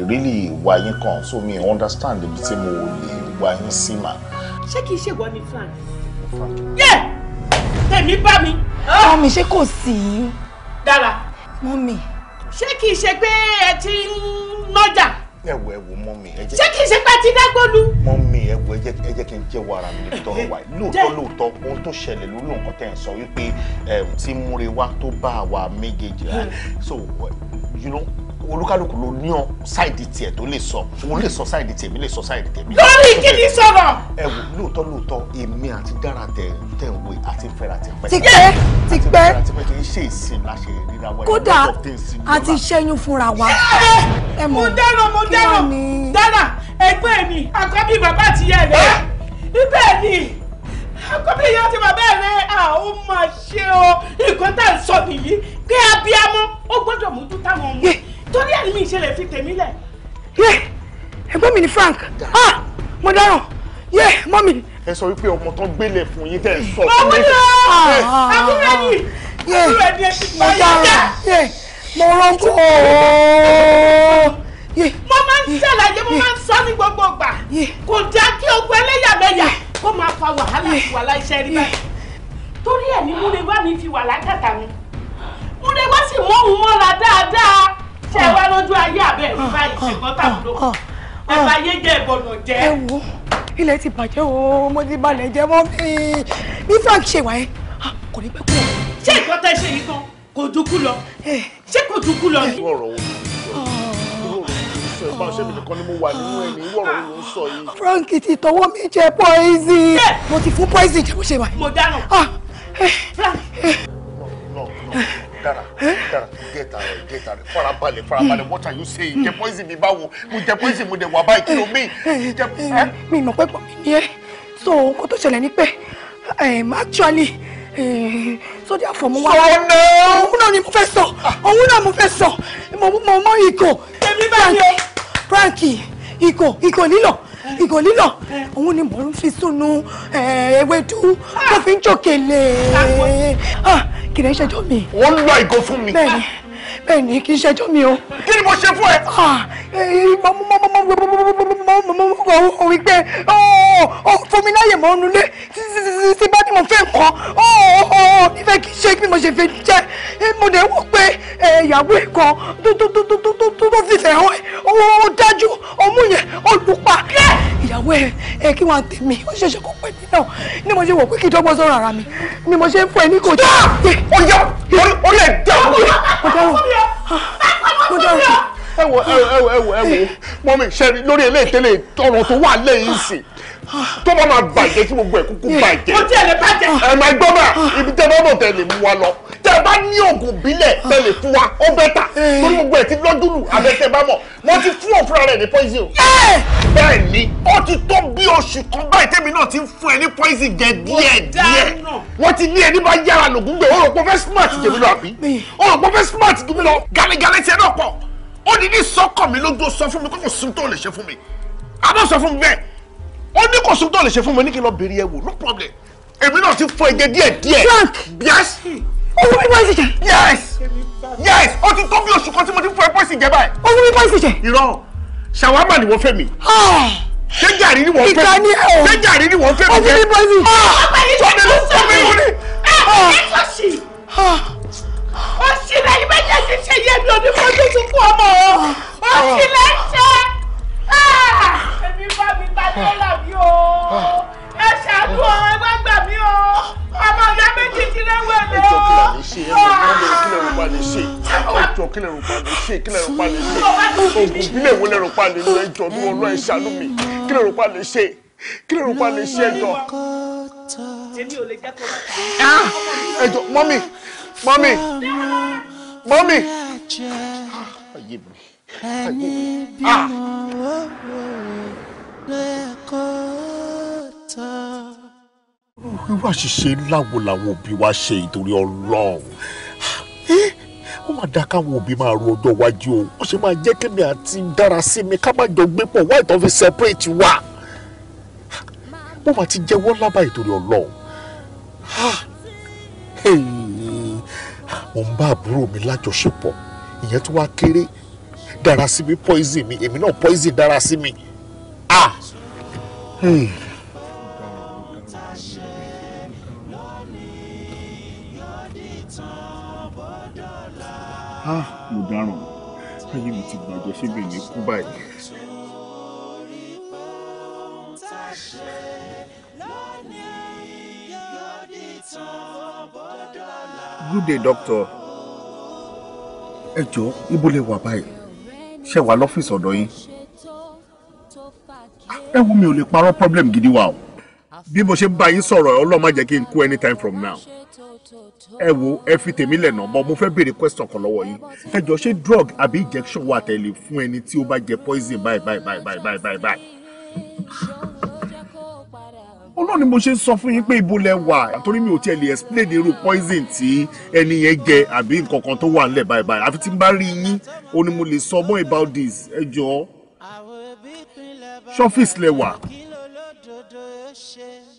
rílì wáyé kan so mi understand ibi tí mo lè wáyé sí mà. ṣé kìí ṣèwọ ni Frank. Frank. Yeah! tèmi bá mi. Ah. mọ́mí ṣé kò sí i. dára. mọ́mí. ṣé kìí ṣe pé ẹ ti ń nọ́jà. ẹ wo ẹ wo mọ́mí. ṣé kìí ṣe pé ẹ ti dágbólu. mọ́mí ẹ wo ẹ jẹ́ kí n jẹ́wọ́ ara mi níbi tọ́rọ wa [laughs] lóòótọ́ lóòótọ́ ohun tó ṣẹlẹ̀ lórí nǹkan tẹ̀ ń sọ wípé tí múre wá tó bá àwa méjèèjì rà hmm. so you know olúkálùkù ló ní ọ ṣáìdì tiẹ̀ tó lè sọ òun lè sọ ṣáìdì tiẹ̀ mi lè sọ ṣáìdì tèmi. lórí kíni sọ̀rọ̀. ẹ wò lóòótọ́ lóòótọ́ èmi àti dára tẹ tẹ ń wo àti fẹ́ra ti pẹ́. ti pẹ́ ti pẹ́. àti pẹ́ kì í ṣe ìsìn la ṣe ríra wa. kódà àti ṣẹ́yún fúnra wa. ẹ mọ̀ mo dára mo dára dára ẹgbẹ́ mi àkọ́bí bàbá àti ìyá rẹ̀ ibẹ̀ ni àkọ́bí ìyá ti bàbá rẹ̀ àwọn máa ṣe o nǹkan tá à ń sọ nìyí pé abiyamọ ó gbọ́dọ̀ mójú táwọn ọmọ torí ẹ̀ ni mi ṣe lè fi tèmi lẹ̀. yé ẹ̀gbọ́n mi ni Frank ah mo dáràn yé mọ́mì. ẹ sọ wípé ọmọ tán gbélé fún yín tẹ́ ẹ sọ fún mi. ọmọ náà ah, ah, ah. àbúrò yìí àbúrò ẹni ẹ ti pa yín mo rọ́ǹkó mo máa ń ṣàlàyé mo máa ń sọ ní gbogbo ìgbà kò dáa kí ogun ẹlẹ́yàmẹ̀yà kó máa fa wàhálà wàhálà iṣẹ́ rí báyìí torí ẹ̀ ni múrewá mi fi wà lákàtà mi múrewá sì mọ́ òun mọ́ra dáadáa ṣe wá lójú ayé àbẹ́ mi báyìí ṣùgbọ́n ẹ bá ah. yé jẹ́ ìbọnà jẹ́. ẹ wo ilẹ̀ ti bàjẹ́ o mo ti balẹ̀ jẹ́ mọ́ mi bí Frank ṣe wà ah, kò ní pẹ́ kú. ṣé nǹkan tẹ́ ṣe yìí kan kò dúkú lọ eh. ṣé kò dúkú lọ. irú ọ̀rọ̀ wo Frank ti tọwọ́ mi jẹ poison mo ti fún poison jẹ́ bó ṣe wà mo dáná. Ah, jàre farabalẹ̀ farabalẹ̀ what are you saying jẹ poison mi báwo mo jẹ poison mo dẹ̀ wà báyìí kí ló mí. Eh, eh, eh? mi mọ̀ pé pọ̀ mi ni ẹ́ so nǹkan tó ṣẹlẹ̀ ni pé actually so therefore mo wá. sọ náà. òun náà ni mo fẹ́ sọ ah. òun náà mo fẹ́ sọ mo mọ mọ ìgò. èmi bá yọ. Frankie ìgò ìgò lílọ ìgò lílọ òun ni mò ń fi sínú ewédú tó fi ń jòkèlè ah, kìrìṣẹjọ mi. wọ́n ń lọ ìgò fún mi. bẹ́ẹ̀ni bẹ́ẹ̀ ni kì í ṣẹjọ́ mi o. kí ni mo ṣe fún ẹ. mo wí pé ó fún mi láyè mọ́ nulẹ̀ tí tí mo fẹ́ nǹkan ọ̀ọ́ ìfẹ́ kì í ṣe bí mo ṣe fẹ́ jẹ́ mo dẹ̀ wò pé ìyàwó ẹ̀ kan tó tó tó tó tó tó tó tó fìfẹ́ hàn ẹ̀ ó dájú ọmú yẹn ó lù pa ìyàwó ẹ̀ ẹ̀ kí wọ́n tèmi ó ṣẹ̀ṣẹ̀ kó pẹ̀lú náà ni mo ṣe wò pé kí n dọ́gbọ́n sọ̀rọ̀ ara mi ni mo ṣe ń fún ẹ ní kò jẹ́. ó yá orí ẹ̀ dáhùn. mo dáhùn ah, mo dáhùn. ẹ wo ẹ wo ẹ wo ẹ wo mọ́mí ṣẹ́ni lórí eléyìí tẹ́lẹ̀ ọ̀rọ̀ tó wà lẹ́yìn sí i tó bá máa bàjẹ́ tí gbogbo ẹ̀ kúkú hmm. bàjẹ́. mo tiẹ̀ lè bàjẹ́. ẹ máa gbọ́ bá ibi tẹ́ bá bọ̀ tẹ́ lè mú wa lọ tẹ́ bá ní oògùn bílẹ̀ tẹ́ lè fún wa ó bẹ́ tà hmm. torí gbogbo ẹ̀ ti lọ́dúnlù abẹ́tẹ́ bá mọ̀ mo ti fún òfúra rẹ̀ ní poison. Eh! bẹ́ẹ̀ ni ó ti tó bí oṣù kan báyìí tẹ́mi náà ti ń fún ẹ ní poison jẹ díẹ̀ díẹ̀ wọ́n ti ní ẹni bá yára lògùn gbé o rò pé smart jù mí lọ àbí o hmm. rò pé ó fẹ́ smart jù mí lọ gàlẹ́gàlẹ́ tiẹ̀ náà pọ̀ ó ní ní sọ́kàn mi lójú sọ fún mi kókò sun tó lè ṣe fún mi àmọ́ sọ fún mi bẹ́ẹ̀ ó ní kò sóhun tó lè ṣe fún mi ní kí n lọ bèrè ẹ wò no problem èmi náà ti fọ ẹ̀jẹ̀ díẹ̀ díẹ̀. Frank yes. owó bíbọ ìsìjà. yes yes ó ti tó bí oṣù kan tí mo ti fọ ẹpọ ìsìjẹ báyìí. owó bíbọ ìsìjẹ. irọ́ ṣàwámà ni wọ́n fẹ́ mi. Ah! ṣé jàrí ni wọ́n fẹ́ mi. ìkànnì ẹ̀ o ṣé jàrí ni wọ́n fẹ́ mi. owó bíbọ ìsìjẹ. sọmi ló sọmi ló ah! ah! ní. ẹ ẹ tó ṣì. ó ṣì lẹ́yìn ṣe yẹ èmi ah! bá mi ta dọ́là mi o ah! ẹ ṣàánú o ẹ bá gbà mí o ọmọ ìyá méjì ti rẹ́wọ̀ ẹ̀ lọ. ẹjọ́ kílẹ̀ rò pa lè ṣe kílẹ̀ rò pa lè ṣe oògùn ìbílẹ̀ wo lẹ̀ rò pa lè lo ẹjọ́ ní ọlọ́ ẹ ṣàánú mi kílẹ̀ rò pa lè ṣe kílẹ̀ rò pa lè ṣe ẹjọ́. Ah! ẹjọ́ mọ́mì mọ́mì mọ́mì ẹni bímọ owó ló yẹ kó tọ́. wíwá ṣiṣẹ́ láwo làwọn òbí wa ṣe ìtorí ọlọ́run ó máa dá káwọn òbí máa ro ọjọ́ iwájú o ó ṣe máa jẹ́ kémi àti dára sí mi ká má jọ gbé pọ̀ wá ìtàn fi separate wa mo máa ti jẹ́wọ́ lábàá ìtorí ọlọ́run mo ń bá àbúrò mi lájọṣepọ̀ ìyẹn tó wá kéré dára sí mi poison mi èmi náà poison dára sí mi ah. ah mo dáràn ayé mi ti gbàjọ ṣé mi kú báyìí. good day doctor ẹ jọ̀ọ́ ibo lẹ wà báyìí ṣe wà lọ́fíìsì ọ̀dọ̀ yín ah, ẹ wo mi ò lè parọ́ problem gidi wa o bí mo ṣe bá yín sọ̀rọ̀ ọlọ́run má jẹ́ kí n kú anytime from now ẹ wo ẹ fi tèmi lẹ̀ náà bọ́ mo fẹ́ béèrè question kan lọ́wọ́ yín ẹ jọ ṣé drug àbí injection wà tẹ̀lé fún ẹni tí ó bá jẹ poison báyìí báyìí báyìí báyìí báyìí báyìí olóòní mo ṣe ń sọ fún yín pé ibo lẹ wà torí mi ò tiẹ̀ lè explain irú poison tí ẹni yẹn jẹ àbí nǹkan kan tó wà ńlẹ̀ báyìí báyìí àfi tí n bá rí yín o ni mo lè sọ more about this ẹ jọ ṣọ́fíìsì lẹ wà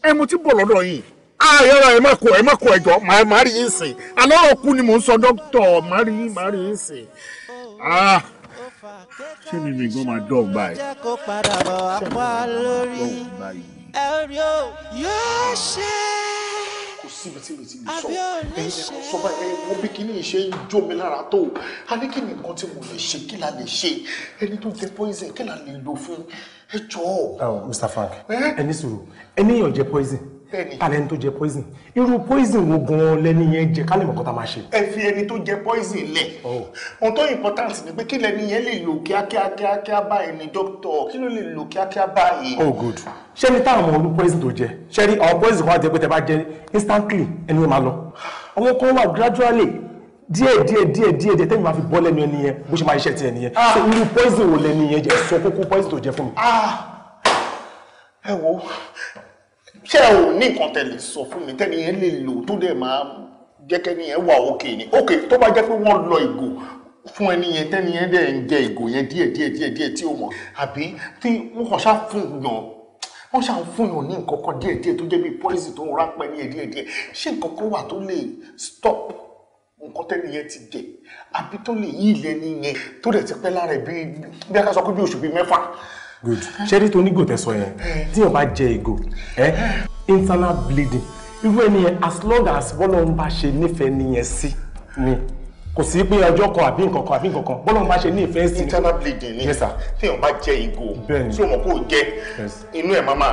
ẹ mo ti bọ̀ lọ́dọ̀ yìí ayọ̀rọ̀ ah, ẹ má kó ẹ má kó ẹjọ́ màá rí yín sìn alọ́rọ̀ kú ni mò ń sọ dókítọ̀ màá rí yín màá rí yín sìn ah, ṣé mi mi gan máa dọ̀ báyìí ṣé mi gan máa dọ̀ báyìí ẹ̀rí o yóò ṣe kò sí ibi tí mi ti lè sọ ẹyin ẹ̀kọ́ sọ báyìí ẹyin wo bí kíní ìṣe ń jó mi lára tó a ní kí ni nǹkan tí mo lè ṣe kí la lè ṣe ẹni tó jẹ poison kí la lè lò fún ẹ jọ. Mr. Frank ẹni sùúrù ẹni yàn jẹ poison talent tó jẹ poison irú poison wo gan lẹni yẹn jẹ ká lè mọ̀ kọ́ta máa ṣe. ẹ fi ẹni tó jẹ poison lẹ̀ oh. ohun tó important ni pé kí lẹni yẹn lè lò kíákíá kíákíá báyìí ni dókítọ̀ kí ló lè lò kíákíá báyìí. oh good ṣé ní táwọn ọmọ olú poison tó jẹ ṣé ní àwọn poison kan jẹ pé tẹ bá jẹ instantly ẹni yóò máa lọ àwọn kan wà gradually díẹ̀ díẹ̀ díẹ̀ díẹ̀ díẹ̀ tẹ́mi máa fi bọ́ lẹ́nu ẹni yẹn bó ṣe máa iṣẹ́ ti ẹni yẹn ah. ṣe irú poison wo lẹni yẹn jẹ sọ kókó poison tó jẹ fún mi. Ah. ẹ wo ṣé ẹ ò ní nǹkan tẹ̀lé sọ fún mi tẹ́ni yẹn lè lò tó dẹ̀ máa jẹ́kẹ́ ni ẹ wà òkè ni òkè tó bá jẹ́ pé wọ́n lọ ìgò fún ẹni yẹn tẹ́ni yẹn dẹ̀ ń jẹ ìgò yẹn díẹ̀ díẹ̀ díẹ̀ díẹ̀ tí ó mọ̀ àbí tí wọ́n kàn ṣá fún yàn wọ́n ṣá fún yàn ní nǹkan kan díẹ̀ díẹ̀ tó jẹ́ bí pọ́lísì tó ń rápẹ́ ní díẹ̀ díẹ̀ ṣé nǹkan kan wà tó lè stop nǹkan tẹ́ni yẹn ti jẹ àbí tó lè yí ilẹ̀ ni yẹn tó dẹ̀ ti pẹ́ lára ẹ̀ bí bí a ká sọ pé bí oṣù bíi mẹ́fà good ṣẹ́rí tó onígò tẹ̀sọ yẹn tíyàn bá jẹ ìgò ẹ internal bleeding irú ẹni yẹn as long as bọ́lá ń bá ṣe nífẹ̀ẹ́ nìyẹn sí ni kò sí pé ọjọ́ kan àbí nǹkan kan àbí nǹkan kan bọ́lá ń bá ṣe nífẹ̀ẹ́ sí. internal bleeding ni tíyàn bá jẹ ìgò tí o mọ̀ kó o jẹ inú ẹ̀ máa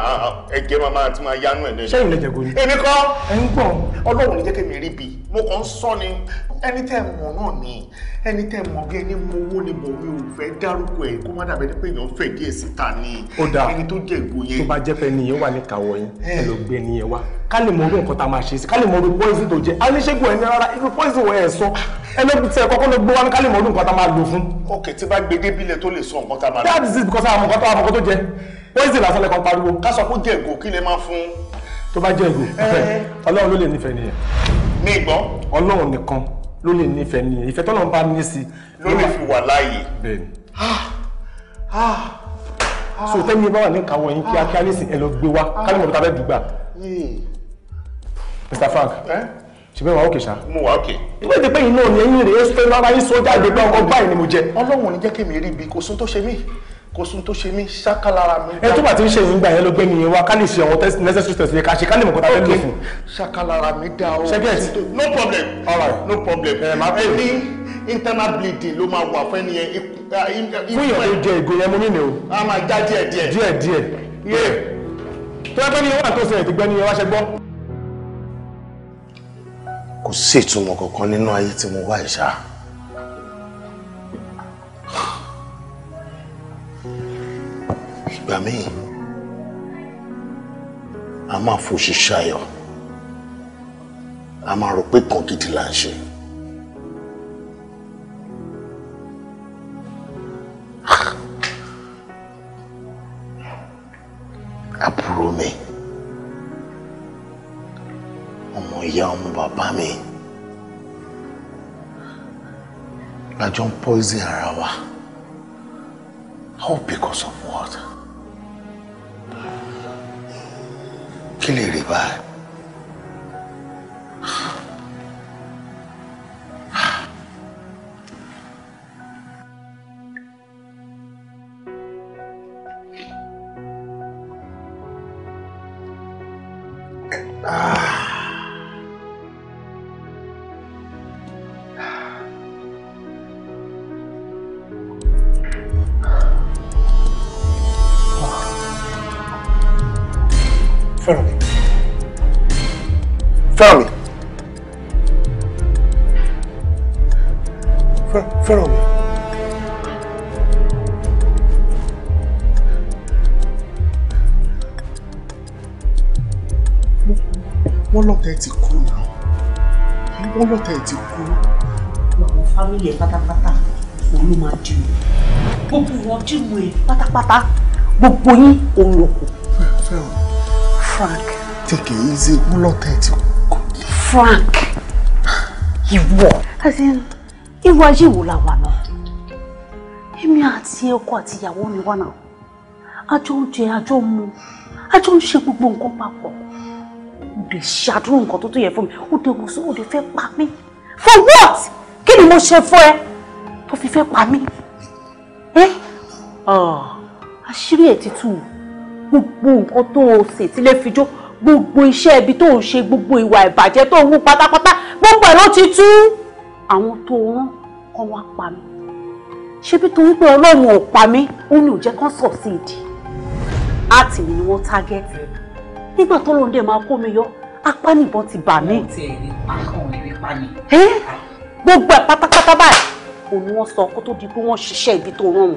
ẹ̀jẹ̀ máa máa ti máa yánú ẹ̀ lẹ́yìn. ṣé ìlẹ̀jẹ̀ gòrí. èmi kọ́. ẹ ń gbọ́n. ọlọ́run ní jẹ́ kí mi rí bi mo kàn ń sọ ni ẹni tẹ́ mọ̀ náà ni ẹni tẹ́ mọ̀ gẹ́ ni mo wó ni mo mi ò fẹ́ dárúkọ ẹ̀ kó má dàbẹ́ ni pé èèyàn fẹ́ díẹ̀ síta ni ẹni tó jẹ́ ìgò yẹn. tó bá jẹ́ pé nìyẹn wà ní kàwọ́ yín ẹ lọ gbé nìyẹn wá ká lè mọ orú nǹkan tá a máa ṣe sí ká lè mọ orú poison tó jẹ aníṣègùn ẹni rárá irú poison wọ ẹ sọ ẹlẹ́bi tẹ kọ́kọ́ ló gbé wá ní ká lè mọ orú nǹkan tá a máa lò fún. ok tí bá gbé débilẹ̀ tó lè sọ nǹkan tá a máa lò. that is it because àwọn nǹkan tó àwọn nǹkan tó jẹ poison làásán lẹ́kọ̀ọ́ pariwo. ká sọ pé jẹ́ ègò kí lè máa fún. tó bá jẹ́ ègò ọlọ́run ló lè nífẹ̀ẹ́ nìyẹn. mi gbọ́. ọlọ́run nìkan ló lè nífẹ̀ẹ́ ní ìfẹ́ tọ́lọ́run bá ní sí. ló lè fi wà láàyè. bẹ́ẹ̀ni so tẹ́mi bá wà ní ìkàwọ̀ yín kíákíá nísìnyí ẹ lọ gbé wá kálí mọ̀ bí Mr. Frank ṣùgbọ́n wa òkè ṣá. mo wà òkè. ìwé ìdìpẹ́ yìí náà ni ẹ̀yin rèé sọ́jà báyìí sọ́jà ìdìpẹ́ ọkọ̀ báyìí ni mo jẹ. Ọlọ́run ò ní jẹ́ kí mi rí ibi kò sún tó ṣe mí kò sun tó ṣe mí ṣáká lára mi. ẹ tó bá ti ń ṣe yín gbà yẹn ló gbé mi yẹn wá ká lè ṣe àwọn test necessary test yẹn ká ṣe ká lè mọ̀ kọ́ta lẹ́nu fún. ṣáká lára mi dá o. ṣe get no problem. all no problem. ẹ máa pè é ní internal bleeding ló máa wà fún ẹni yẹn. Ah, fún ìyẹn tó jẹ ìgò yẹn mo ní ni o. a máa já díẹ̀ díẹ̀. díẹ̀ díẹ̀. yé tó yẹ pé ní wà tó ṣe ìdígbẹ́ ni ẹ wá ṣe gbọ́. kò sí ìtumọ̀ kankan nínú ayé tí mo wá ìṣá. ìgbà míì a máa fòṣì ṣayọ̀ a máa rò pé kan gidi là ń ṣe. àbúrò mi ọmọ ìyá ọmọ bàbá mi la jọ ń poison ara wa all because of what? kí lè rí àwọn jíìmù ẹ̀ pátápátá gbogbo yín òun ló Frank. take it easy mú lọ́tẹ̀ tí kò. Frank ìwọ irú ayé wo la wà náà èmi àti ọkọ àti ìyàwó mi wà náà àjọ ń jẹ àjọ ń mu àjọ ń ṣe gbogbo nǹkan papọ̀ ó dé ṣàdúró nǹkan tó tó yẹ fún mi ó dé wọ́n sọ ó dé fẹ́ pa mí for what kí ni mo ṣe fún ẹ tó fi fẹ́ pa mí. Ah, àṣírí ẹ̀ ti tú gbogbo nǹkan tó o ṣe tí lè fi jó gbogbo iṣẹ́ ibi tó ń ṣe gbogbo ìwà ìbàjẹ́ tó ń wú pátápátá gbogbo ẹ̀ ló ti tú àwọn tó rán kọ́ wá pa mí ṣebí torí pé ọlọ́run ò pa mí ó ní ò jẹ́ kán sọ̀ sí ìdí àti mi ni wọ́n tágẹ́tì nígbà tó lóun dẹ̀ máa kó mi yọ apá nìbọn ti bà mí. gbogbo ẹ̀ pátápátá báyìí òun ni wọ́n sọ kó tó di pé wọ́n ṣiṣẹ́ ibi tó rán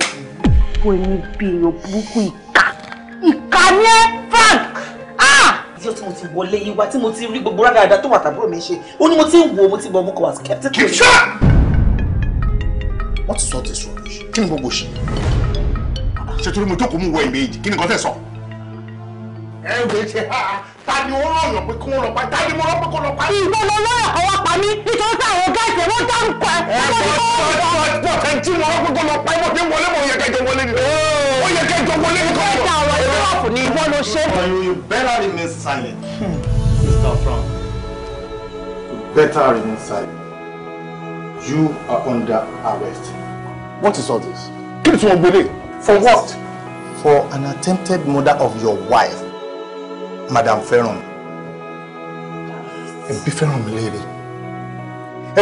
gbogbo ẹni bí èèyàn burúkú ìka ìka ní frank. Ah! ìyá tí mo ti wọlé yìí wá tí mo ti rí gbogbo rádaràda tó wà tàbúrò mi ṣe ó ní mo ti ń wo mo ti bọ ọmọkọ wa skeptic. kì í ṣá. what is all this rubbish kí ni gbogbo ṣe ṣe torí mo jókòó mú wọ ìgbé yìí kí ni nǹkan tẹ̀ sọ. ẹ wẹ́ẹ́ ṣe ha ta ni ó ràn pé kí lọ pa ta mo rán pé kó lọ pa. ìbò lọ lọ́rọ̀ kan pa mí nítorí pé gáàsì wọn dárúkọ ẹ. ẹ wọ́n tọ́ ẹ tí wọ́n rán pé kó lọ pa ìbò tí wọlé mọ̀ ó yẹ kẹjọ wọlé ni. ó yẹ kẹjọ wọlé ni. ẹ ta ọ̀rọ̀ ìwọ́ọ̀fù ni ìwọ ló ṣe. you better remain silent Mr. Frank you better remain silent you are under arrest. what is all this? kí ni tí wọ́n gbélé? for what? for an attempted murder of your wife madam fẹ́ràn ẹbí fẹ́ràn mi léèrè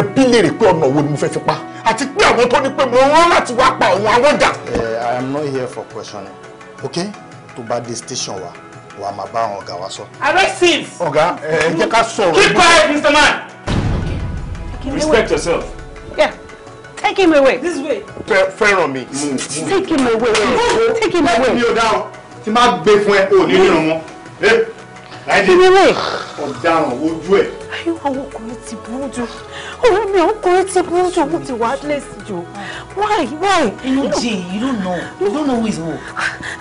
ẹbí léèrè pé ọ̀nà wo ni mo fẹ́ fi pa àti pé àwọn tó ní pé mo rán láti wá pa òun àwọn ọjà. I am not here for questioning okay tó bá dé station wa wàá máa bá àwọn ọ̀gá wa sọ. arrest him. ọ̀gá ẹ jẹ́ ká sọ̀rọ̀. keep quiet mr man. Okay. respect yourself. Yeah. Take him away. This way. Fẹ́ràn mi. Take him away. Take him away. Mi ò dáhùn. Ti máa gbé fún ẹ, ò ní nínú wọn láìdé ọ̀daràn ojú ẹ̀. ayé àwọn ọkùnrin ti burú jù ọ̀rẹ́ mi ọkùnrin ti burú jù mo ti wà lẹ́sì jù why why. inú jẹ you don't know you don't know who is who.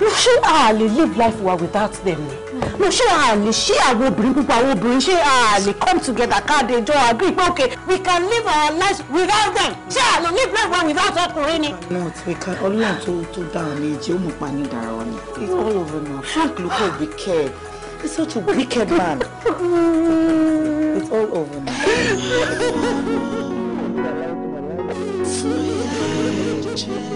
no ṣé a lè live life wa without them ni no ṣé a lè ṣé àwọn obìnrin púpọ̀ àwọn obìnrin ṣé a lè come together káàdé ìjọ agree pé okay we can live our lives without them ṣé a lè live life wa without ọkùnrin ni. ọlọ́run tó tó dáhùn ní ìjẹ́ òmùpá ní ìdára wa ni. it's all over now. frank lukó be care. He's such a wicked man. it's all over now. [laughs]